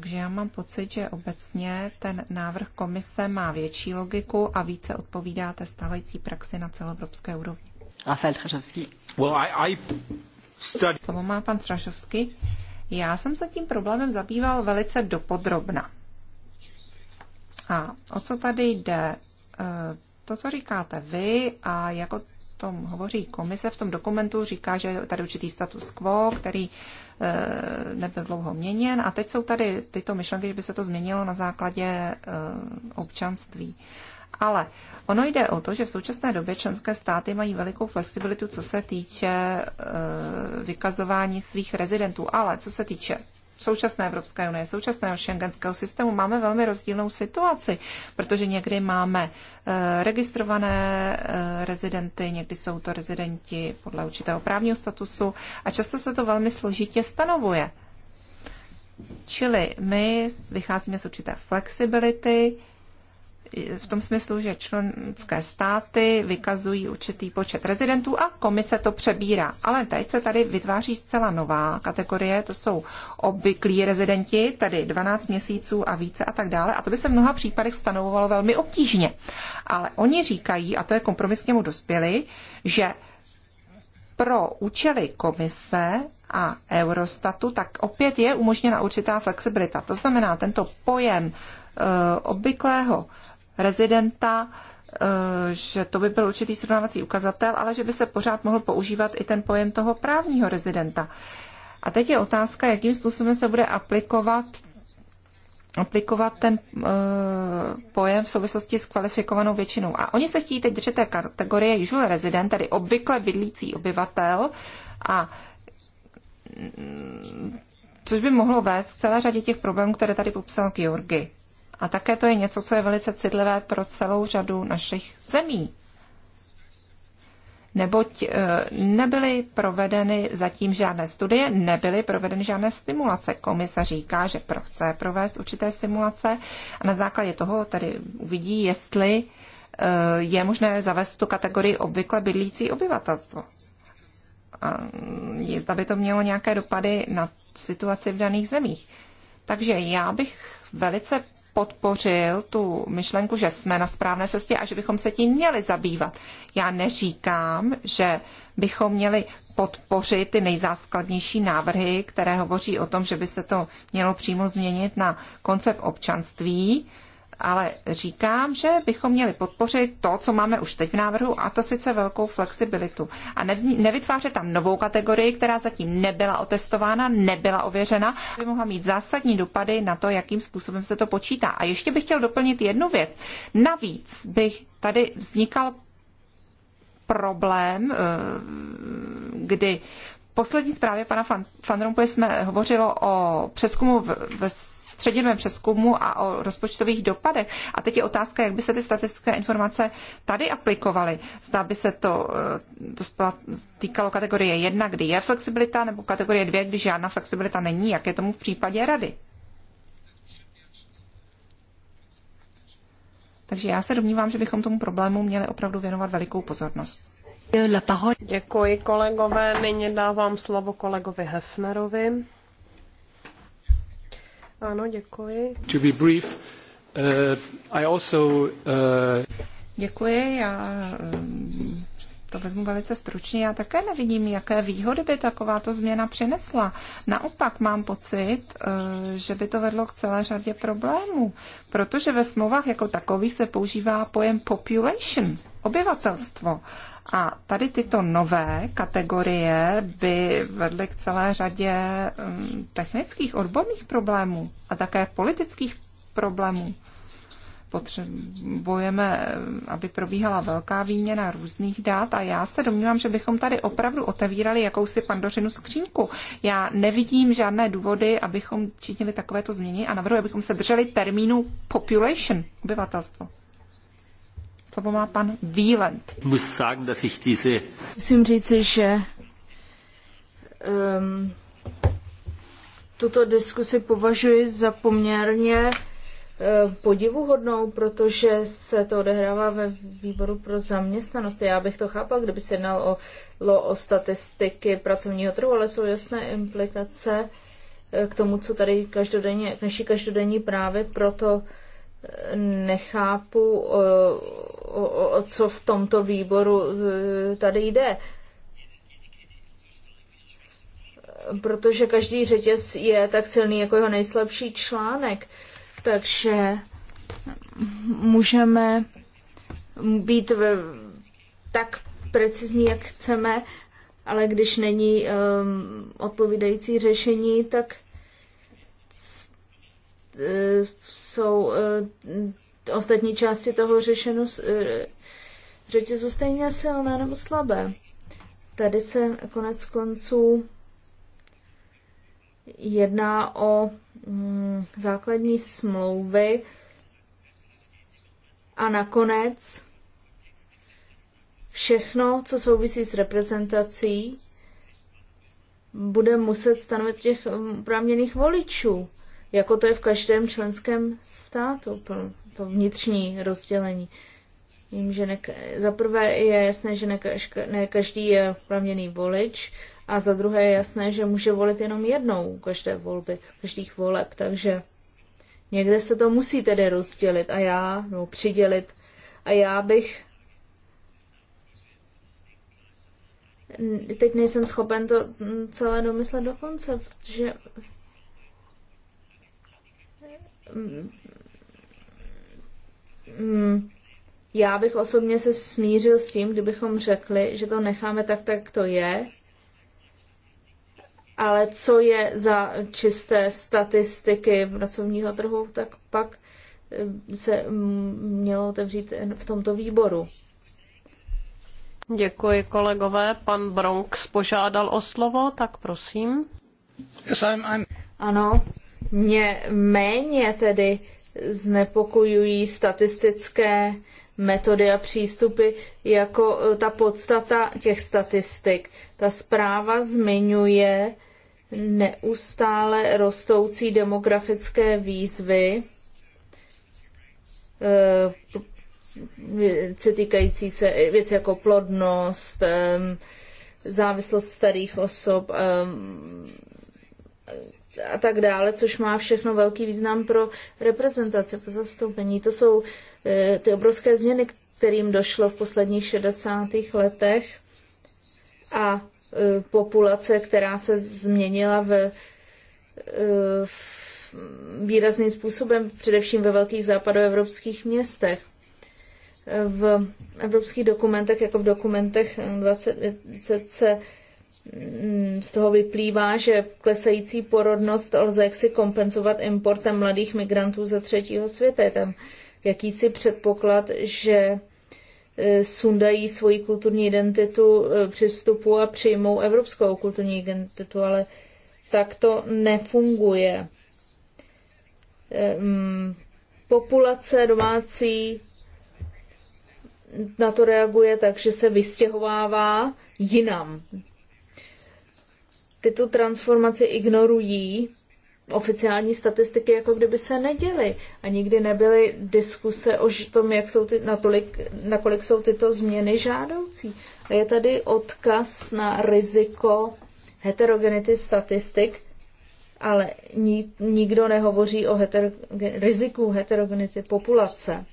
Takže já mám pocit, že obecně ten návrh komise má větší logiku a více odpovídá té stávající praxi na celoevropské úrovni. A Feldhařovský? Well, I, I study... Slovo má pan Trašovský. Já jsem se tím problémem zabýval velice dopodrobna. A o co tady jde? E, to, co říkáte vy a jako tom hovoří komise, v tom dokumentu říká, že je tady určitý status quo, který eh, nebyl dlouho měněn a teď jsou tady tyto myšlenky, že by se to změnilo na základě eh, občanství. Ale ono jde o to, že v současné době členské státy mají velikou flexibilitu, co se týče eh, vykazování svých rezidentů. Ale co se týče současné Evropské unie, současného šengenského systému máme velmi rozdílnou situaci, protože někdy máme eh, registrované eh, rezidenty, někdy jsou to rezidenti podle určitého právního statusu a často se to velmi složitě stanovuje. Čili my vycházíme z určité flexibility, v tom smyslu, že členské státy vykazují určitý počet rezidentů a komise to přebírá. Ale teď se tady vytváří zcela nová kategorie, to jsou obvyklí rezidenti, tedy 12 měsíců a více a tak dále. A to by se v mnoha případech stanovovalo velmi obtížně. Ale oni říkají, a to je kompromis k němu dospěli, že pro účely komise a Eurostatu, tak opět je umožněna určitá flexibilita. To znamená, tento pojem eh, obvyklého rezidenta, eh, že to by byl určitý srovnávací ukazatel, ale že by se pořád mohl používat i ten pojem toho právního rezidenta. A teď je otázka, jakým způsobem se bude aplikovat aplikovat ten eh, pojem v souvislosti s kvalifikovanou většinou. A oni se chtějí teď držet té kategorie usual resident, tedy obvykle bydlící obyvatel, a mm, což by mohlo vést k celé řadě těch problémů, které tady popsal Georgi. A také to je něco, co je velice citlivé pro celou řadu našich zemí. Neboť e, nebyly provedeny zatím žádné studie, nebyly provedeny žádné stimulace. Komise říká, že chce provést určité simulace a na základě toho tady uvidí, jestli e, je možné zavést tu kategorii obvykle bydlící obyvatelstvo. A mm, zda by to mělo nějaké dopady na situaci v daných zemích. Takže já bych velice podpořil tu myšlenku, že jsme na správné cestě a že bychom se tím měli zabývat. Já neříkám, že bychom měli podpořit ty nejzáskladnější návrhy, které hovoří o tom, že by se to mělo přímo změnit na koncept občanství, ale říkám, že bychom měli podpořit to, co máme už teď v návrhu, a to sice velkou flexibilitu. A nevzní, nevytvářet tam novou kategorii, která zatím nebyla otestována, nebyla ověřena, by mohla mít zásadní dopady na to, jakým způsobem se to počítá. A ještě bych chtěl doplnit jednu věc. Navíc bych tady vznikal problém, eh, kdy v poslední zprávě pana Van, jsme hovořilo o přeskumu ve středivém přeskumu a o rozpočtových dopadech. A teď je otázka, jak by se ty statistické informace tady aplikovaly. Zda by se to, eh, to týkalo kategorie 1, kdy je flexibilita, nebo kategorie 2, kdy žádná flexibilita není, jak je tomu v případě rady. Takže já se domnívám, že bychom tomu problému měli opravdu věnovat velikou pozornost. Děkuji kolegové, nyní dávám slovo kolegovi Hefnerovi. Ano, děkuji. To be brief, uh, I also, uh... Děkuji, já um, to vezmu velice stručně. Já také nevidím, jaké výhody by takováto změna přinesla. Naopak mám pocit, uh, že by to vedlo k celé řadě problémů, protože ve smlouvách jako takových se používá pojem population, obyvatelstvo. A tady tyto nové kategorie by vedly k celé řadě mm, technických odborných problémů a také politických problémů. Potřebujeme, mm, aby probíhala velká výměna různých dát a já se domnívám, že bychom tady opravdu otevírali jakousi pandořinu skřínku. Já nevidím žádné důvody, abychom činili takovéto změny a navrhuji, abychom se drželi termínu population, obyvatelstvo. Slovo má pan Wieland. Musím říci, že um, tuto diskusi považuji za poměrně eh, podivuhodnou, protože se to odehrává ve výboru pro zaměstnanost. Já bych to chápal, kdyby se jednal o, o statistiky pracovního trhu, ale jsou jasné implikace eh, k tomu, co tady každodenně, k naší každodenní právě proto nechápu, o, o, o co v tomto výboru e, tady jde. Protože každý řetěz je tak silný jako jeho nejslabší článek. Takže můžeme být v, tak precizní, jak chceme, ale když není um, odpovídající řešení, tak E, jsou e, ostatní části toho řešenu, e, řetězu stejně silné nebo slabé. Tady se konec konců jedná o mm, základní smlouvy a nakonec všechno, co souvisí s reprezentací, bude muset stanovit těch mm, oprávněných voličů jako to je v každém členském státu, to vnitřní rozdělení. Vím, že ne, za prvé je jasné, že ne, ne každý je opravněný volič, a za druhé je jasné, že může volit jenom jednou každé volby, každých voleb, takže někde se to musí tedy rozdělit a já, no přidělit. A já bych teď nejsem schopen to celé domyslet do konce, protože Mm, já bych osobně se smířil s tím, kdybychom řekli, že to necháme tak, tak to je, ale co je za čisté statistiky pracovního trhu, tak pak eh, se mm, mělo otevřít v tomto výboru. Děkuji, kolegové. Pan Bronx požádal o slovo, tak prosím. Yes, I'm, I'm... Ano, mě méně tedy znepokojují statistické metody a přístupy jako eh, ta podstata těch statistik. Ta zpráva zmiňuje neustále rostoucí demografické výzvy, eh, věci týkající se eh, věci jako plodnost, závislost starých osob, a tak dále, což má všechno velký význam pro reprezentace, pro zastoupení. To jsou eh, ty obrovské změny, kterým došlo v posledních 60. letech a eh, populace, která se změnila ve, eh, v výrazným způsobem, především ve velkých západoevropských městech. V evropských dokumentech, jako v dokumentech 20, se Mm, z toho vyplývá, že klesající porodnost lze jaksi kompenzovat importem mladých migrantů ze třetího světa. Je tam jakýsi předpoklad, že e, sundají svoji kulturní identitu e, při vstupu a přijmou evropskou kulturní identitu, ale tak to nefunguje. E, mm, populace domácí na to reaguje tak, že se vystěhovává jinam, tyto transformace ignorují oficiální statistiky, jako kdyby se neděly. A nikdy nebyly diskuse o tom, jak jsou ty, natolik, nakolik jsou tyto změny žádoucí. A je tady odkaz na riziko heterogenity statistik, ale nikdo nehovoří o heterogen, riziku heterogenity populace.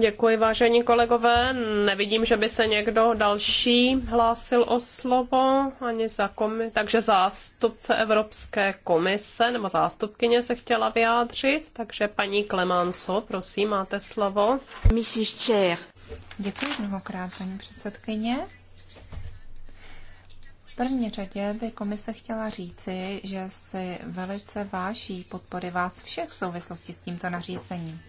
Děkuji, vážení kolegové. Nevidím, že by se někdo další hlásil o slovo, ani za komi- takže zástupce Evropské komise nebo zástupkyně se chtěla vyjádřit. Takže paní Klemánso, prosím, máte slovo. Mrs. Chair. Děkuji mnohokrát, paní předsedkyně. V první řadě by komise chtěla říci, že si velice váží podpory vás všech v souvislosti s tímto nařízením.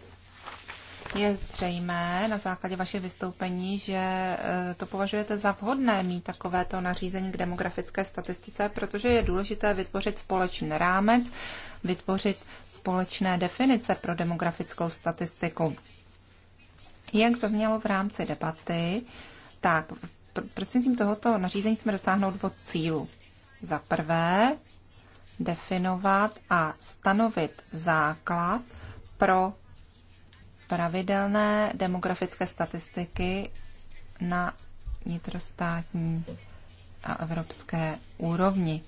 Je zřejmé na základě vaše vystoupení, že eh, to považujete za vhodné mít takovéto nařízení k demografické statistice, protože je důležité vytvořit společný rámec, vytvořit společné definice pro demografickou statistiku. Jak zaznělo v rámci debaty, tak pr- tím tohoto nařízení jsme dosáhnout dvou cílů. Za prvé, definovat a stanovit základ pro pravidelné demografické statistiky na vnitrostátní a evropské úrovni.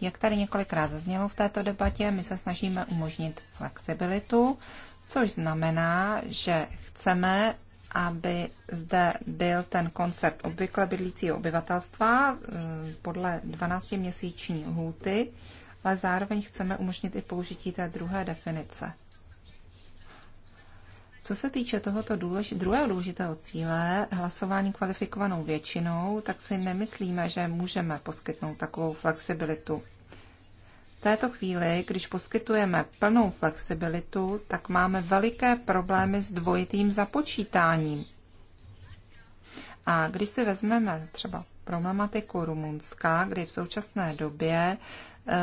Jak tady několikrát zaznělo v této debatě, my se snažíme umožnit flexibilitu, což znamená, že chceme, aby zde byl ten koncept obvykle bydlícího obyvatelstva eh, podle 12-měsíční lhůty, ale zároveň chceme umožnit i použití té druhé definice. Co se týče tohoto důlež, druhého důležitého cíle, hlasování kvalifikovanou většinou, tak si nemyslíme, že můžeme poskytnout takovou flexibilitu. V této chvíli, když poskytujeme plnou flexibilitu, tak máme veliké problémy s dvojitým započítáním. A když si vezmeme třeba problematiku Rumunska, kdy v současné době Eh,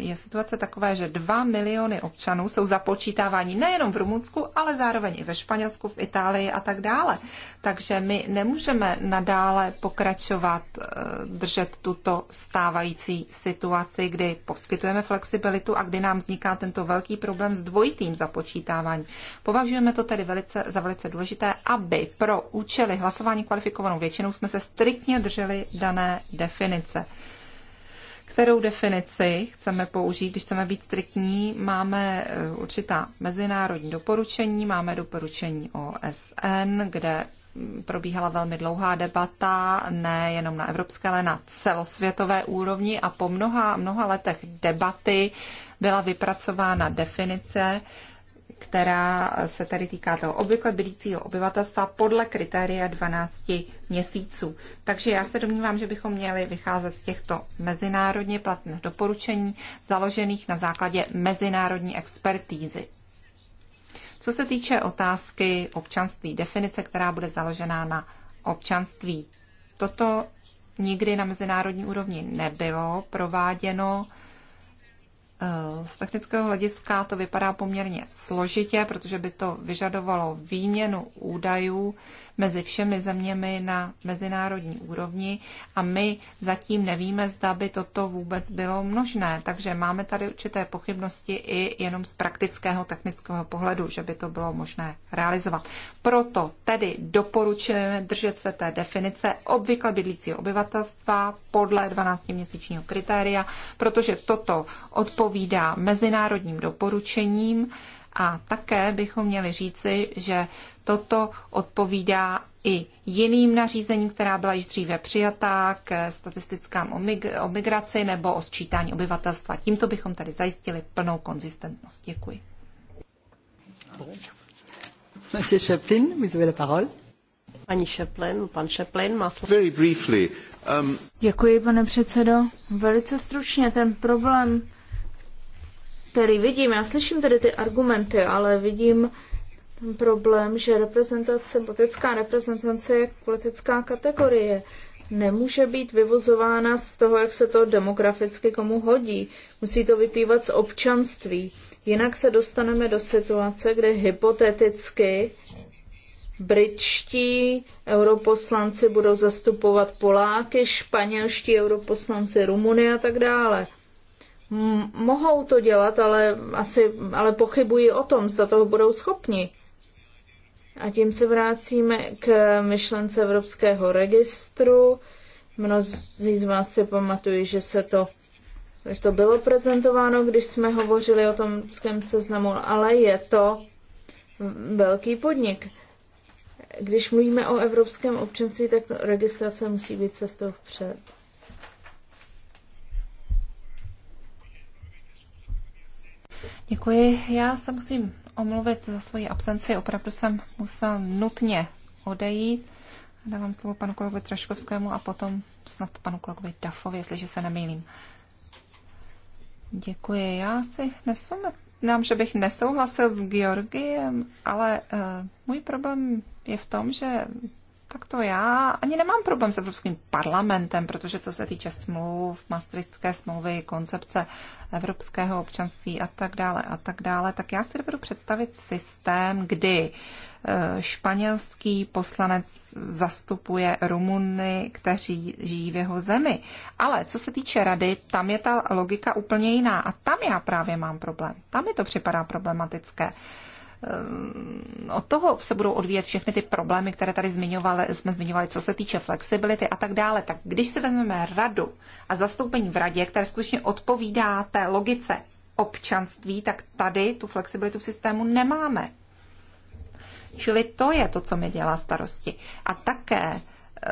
je situace taková, že 2 miliony občanů jsou započítáváni nejenom v Rumunsku, ale zároveň i ve Španělsku, v Itálii a tak dále. Takže my nemůžeme nadále pokračovat eh, držet tuto stávající situaci, kdy poskytujeme flexibilitu a kdy nám vzniká tento velký problém s dvojitým započítáváním. Považujeme to tedy velice, za velice důležité, aby pro účely hlasování kvalifikovanou většinou jsme se striktně drželi dané definice kterou definici chceme použít. Když chceme být striktní, máme eh, určitá mezinárodní doporučení, máme doporučení OSN, kde mm, probíhala velmi dlouhá debata, ne jenom na evropské, ale na celosvětové úrovni a po mnoha, mnoha letech debaty byla vypracována definice, která se tady týká toho obvykle bydlícího obyvatelstva podle kritéria 12 měsíců. Takže já se domnívám, že bychom měli vycházet z těchto mezinárodně platných doporučení založených na základě mezinárodní expertízy. Co se týče otázky občanství, definice, která bude založená na občanství, toto nikdy na mezinárodní úrovni nebylo prováděno. Eh, z technického hlediska to vypadá poměrně složitě, protože by to vyžadovalo výměnu údajů mezi všemi zeměmi na mezinárodní úrovni a my zatím nevíme, zda by toto vůbec bylo možné. Takže máme tady určité pochybnosti i jenom z praktického technického pohledu, že by to bylo možné realizovat. Proto tedy doporučujeme držet se té definice obvykle bydlícího obyvatelstva podle 12-měsíčního kritéria, protože toto odpovídá odpovídá mezinárodním doporučením a také bychom měli říci, že toto odpovídá i jiným nařízením, která byla již dříve přijatá k statistickám o, migraci nebo o sčítání obyvatelstva. Tímto bychom tady zajistili plnou konzistentnost. Děkuji. Monsieur Chaplin, vous avez la parole. Paní Šeplin, pan Šeplin má slovo. Very briefly, um... Děkuji, pane předsedo. Velice stručně ten problém který vidím, já slyším tedy ty argumenty, ale vidím ten problém, že reprezentace, politická reprezentace je politická kategorie. Nemůže být vyvozována z toho, jak se to demograficky komu hodí. Musí to vypívat z občanství. Jinak se dostaneme do situace, kde hypoteticky britští europoslanci budou zastupovat Poláky, španělští europoslanci Rumuny a tak dále mohou to dělat, ale asi ale pochybují o tom, zda toho budou schopni. A tím se vracíme k myšlence Evropského registru. Mnozí z vás si pamatují, že se to, že to bylo prezentováno, když jsme hovořili o tom seznamu, ale je to velký podnik. Když mluvíme o evropském občanství, tak registrace musí být cestou vpřed. Děkuji. Já se musím omluvit za svoji absenci. Opravdu jsem musel nutně odejít. Dávám slovo panu kolegovi Traškovskému a potom snad panu kolegovi Dafovi, jestliže se nemýlím. Děkuji. Já si nevzpomínám, že bych nesouhlasil s Georgiem, ale uh, můj problém je v tom, že tak to já ani nemám problém s Evropským parlamentem, protože co se týče smluv, maastrichtské smlouvy, koncepce evropského občanství a tak dále a tak dále, tak já si dovedu představit systém, kdy eh, španělský poslanec zastupuje Rumuny, kteří žijí v jeho zemi. Ale co se týče rady, tam je ta logika úplně jiná a tam já právě mám problém. Tam mi to připadá problematické. Ehm, od toho se budou odvíjet všechny ty problémy, které tady zmiňovali, jsme zmiňovali, co se týče flexibility a tak dále. Tak když si vezmeme radu a zastoupení v radě, které skutečně odpovídá té logice občanství, tak tady tu flexibilitu v systému nemáme. Čili to je to, co mi dělá starosti. A také, eh,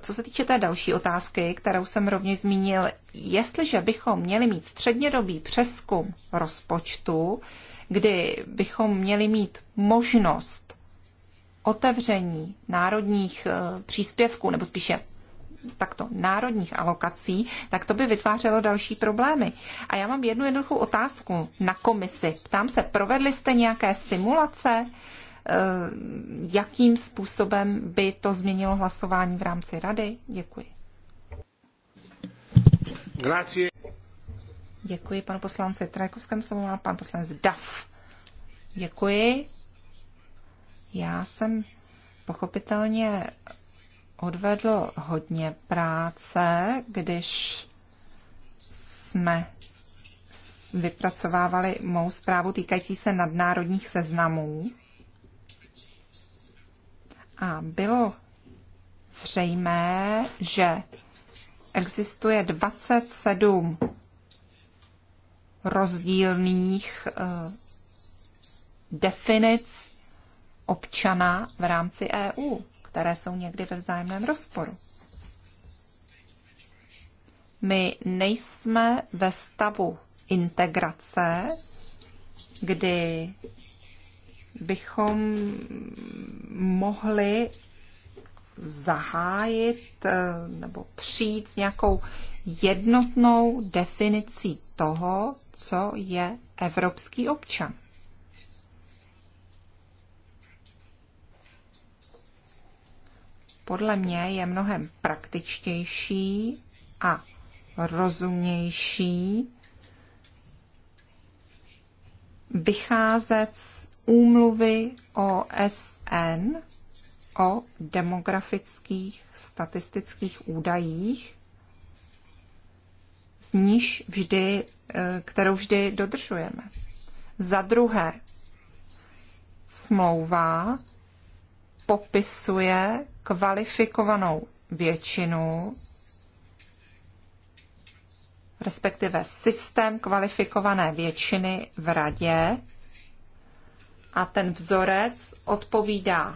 co se týče té další otázky, kterou jsem rovněž zmínil, jestliže bychom měli mít střednědobý přeskum rozpočtu, kdy bychom měli mít možnost otevření národních eh, příspěvků, nebo spíše takto národních alokací, tak to by vytvářelo další problémy. A já mám jednu jednoduchou otázku na komisi. Ptám se, provedli jste nějaké simulace? Eh, jakým způsobem by to změnilo hlasování v rámci rady? Děkuji. Grazie. Děkuji panu poslanci Trajkovskému, slovo má pan poslanec Daf. Děkuji. Já jsem pochopitelně odvedl hodně práce, když jsme vypracovávali mou zprávu týkající se nadnárodních seznamů. A bylo zřejmé, že existuje 27 rozdílných eh, definic občana v rámci EU, které jsou někdy ve vzájemném rozporu. My nejsme ve stavu integrace, kdy bychom mohli zahájit eh, nebo přijít s nějakou jednotnou definicí toho, co je evropský občan. Podle mě je mnohem praktičtější a rozumnější vycházet z úmluvy OSN o demografických statistických údajích, z níž vždy, eh, kterou vždy dodržujeme. Za druhé, smlouva popisuje kvalifikovanou většinu, respektive systém kvalifikované většiny v radě a ten vzorec odpovídá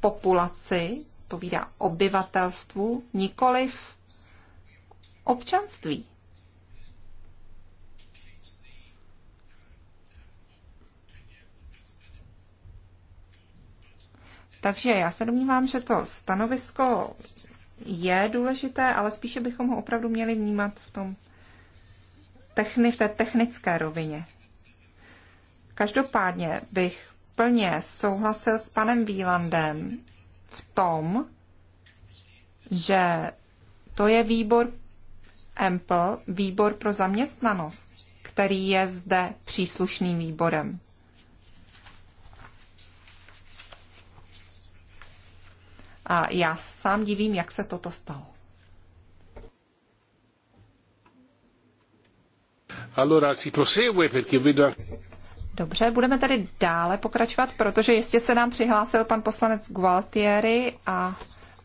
populaci, odpovídá obyvatelstvu, nikoliv občanství. Takže já se domnívám, že to stanovisko je důležité, ale spíše bychom ho opravdu měli vnímat v tom techni, v té technické rovině. Každopádně bych plně souhlasil s panem Výlandem v tom, že to je výbor EMPL výbor pro zaměstnanost, který je zde příslušným výborem. A já sám divím, jak se toto stalo. Dobře, budeme tedy dále pokračovat, protože jistě se nám přihlásil pan poslanec Gualtieri a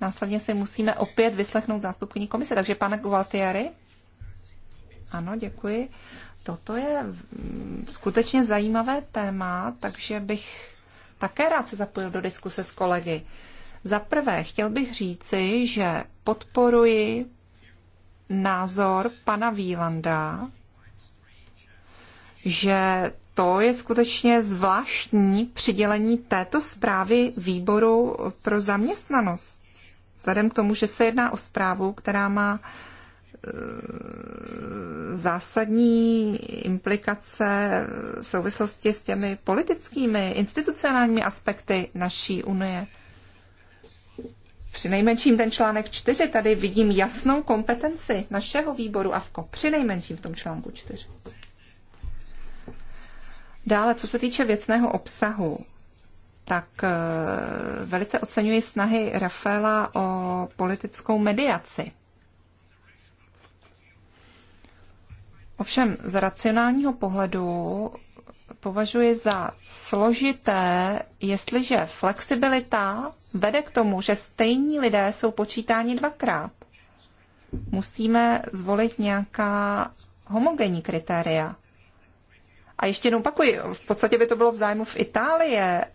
následně si musíme opět vyslechnout zástupkyní komise. Takže pane Gualtieri? Ano, děkuji. Toto je skutečně zajímavé téma, takže bych také rád se zapojil do diskuse s kolegy. Za prvé, chtěl bych říci, že podporuji názor pana Výlanda, že to je skutečně zvláštní přidělení této zprávy výboru pro zaměstnanost. Vzhledem k tomu, že se jedná o zprávu, která má e, zásadní implikace v souvislosti s těmi politickými, institucionálními aspekty naší unie. Při nejmenším ten článek 4 tady vidím jasnou kompetenci našeho výboru AFKO. Při nejmenším v tom článku 4. Dále, co se týče věcného obsahu, tak eh, velice oceňuji snahy Rafaela o politickou mediaci. Ovšem z racionálního pohledu považuji za složité, jestliže flexibilita vede k tomu, že stejní lidé jsou počítáni dvakrát. Musíme zvolit nějaká homogenní kritéria. A ještě jednou opakuji, v podstatě by to bylo v zájmu v Itálie,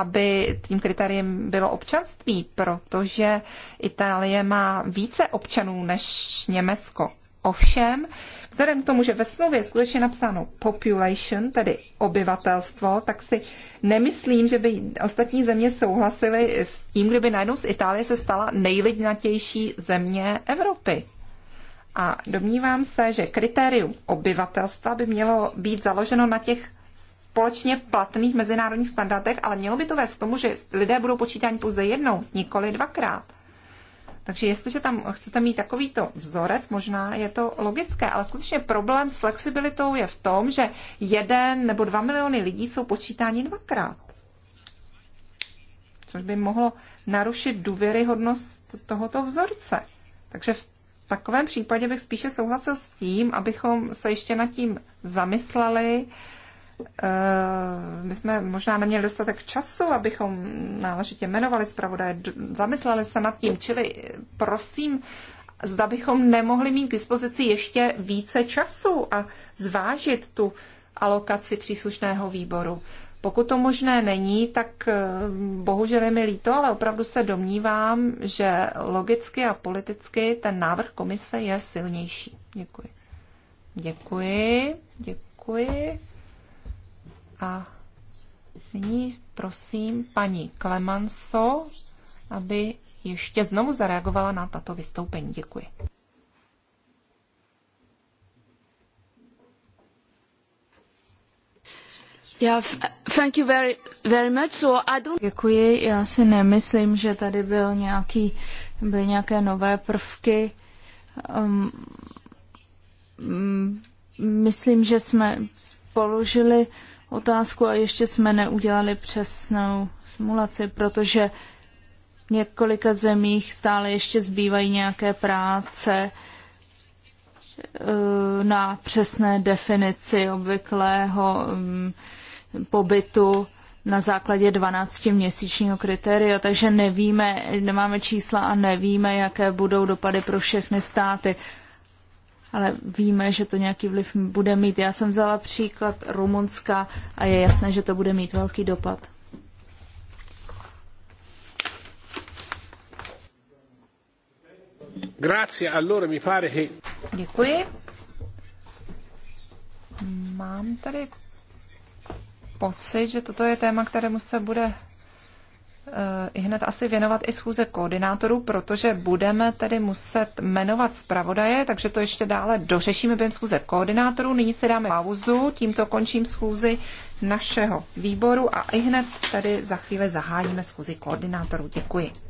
aby tím kritériem bylo občanství, protože Itálie má více občanů než Německo. Ovšem, vzhledem k tomu, že ve smlouvě je skutečně napsáno population, tedy obyvatelstvo, tak si nemyslím, že by ostatní země souhlasily s tím, kdyby najednou z Itálie se stala nejlidnatější země Evropy. A domnívám se, že kritérium obyvatelstva by mělo být založeno na těch společně platných mezinárodních standardech, ale mělo by to vést k tomu, že lidé budou počítáni pouze jednou, nikoli dvakrát. Takže jestliže tam chcete mít takovýto vzorec, možná je to logické, ale skutečně problém s flexibilitou je v tom, že jeden nebo dva miliony lidí jsou počítáni dvakrát. Což by mohlo narušit důvěryhodnost tohoto vzorce. Takže v takovém případě bych spíše souhlasil s tím, abychom se ještě nad tím zamysleli, Eh, my jsme možná neměli dostatek času, abychom náležitě jmenovali zpravodaje, zamysleli se nad tím, čili eh, prosím, zda bychom nemohli mít k dispozici ještě více času a zvážit tu alokaci příslušného výboru. Pokud to možné není, tak eh, bohužel je mi líto, ale opravdu se domnívám, že logicky a politicky ten návrh komise je silnější. Děkuji. Děkuji. Děkuji. A nyní prosím paní Klemanso, aby ještě znovu zareagovala na tato vystoupení. Děkuji. Děkuji, já si nemyslím, že tady byl nějaký, byly nějaké nové prvky. um, mm, myslím, že jsme položili otázku a ještě jsme neudělali přesnou simulaci, protože v několika zemích stále ještě zbývají nějaké práce e, na přesné definici obvyklého mm, pobytu na základě 12-měsíčního kritéria, takže nevíme, nemáme čísla a nevíme, jaké budou dopady pro všechny státy ale víme, že to nějaký vliv bude mít. Já jsem vzala příklad Rumunska a je jasné, že to bude mít velký dopad. Děkuji. Mám tady pocit, že toto je téma, kterému se bude Eh, i hned asi věnovat i schůze koordinátorů, protože budeme tedy muset jmenovat zpravodaje, takže to ještě dále dořešíme během schůze koordinátorů. Nyní si dáme pauzu, tímto končím schůzi našeho výboru a i hned tady za chvíli zahájíme schůzi koordinátorů. Děkuji.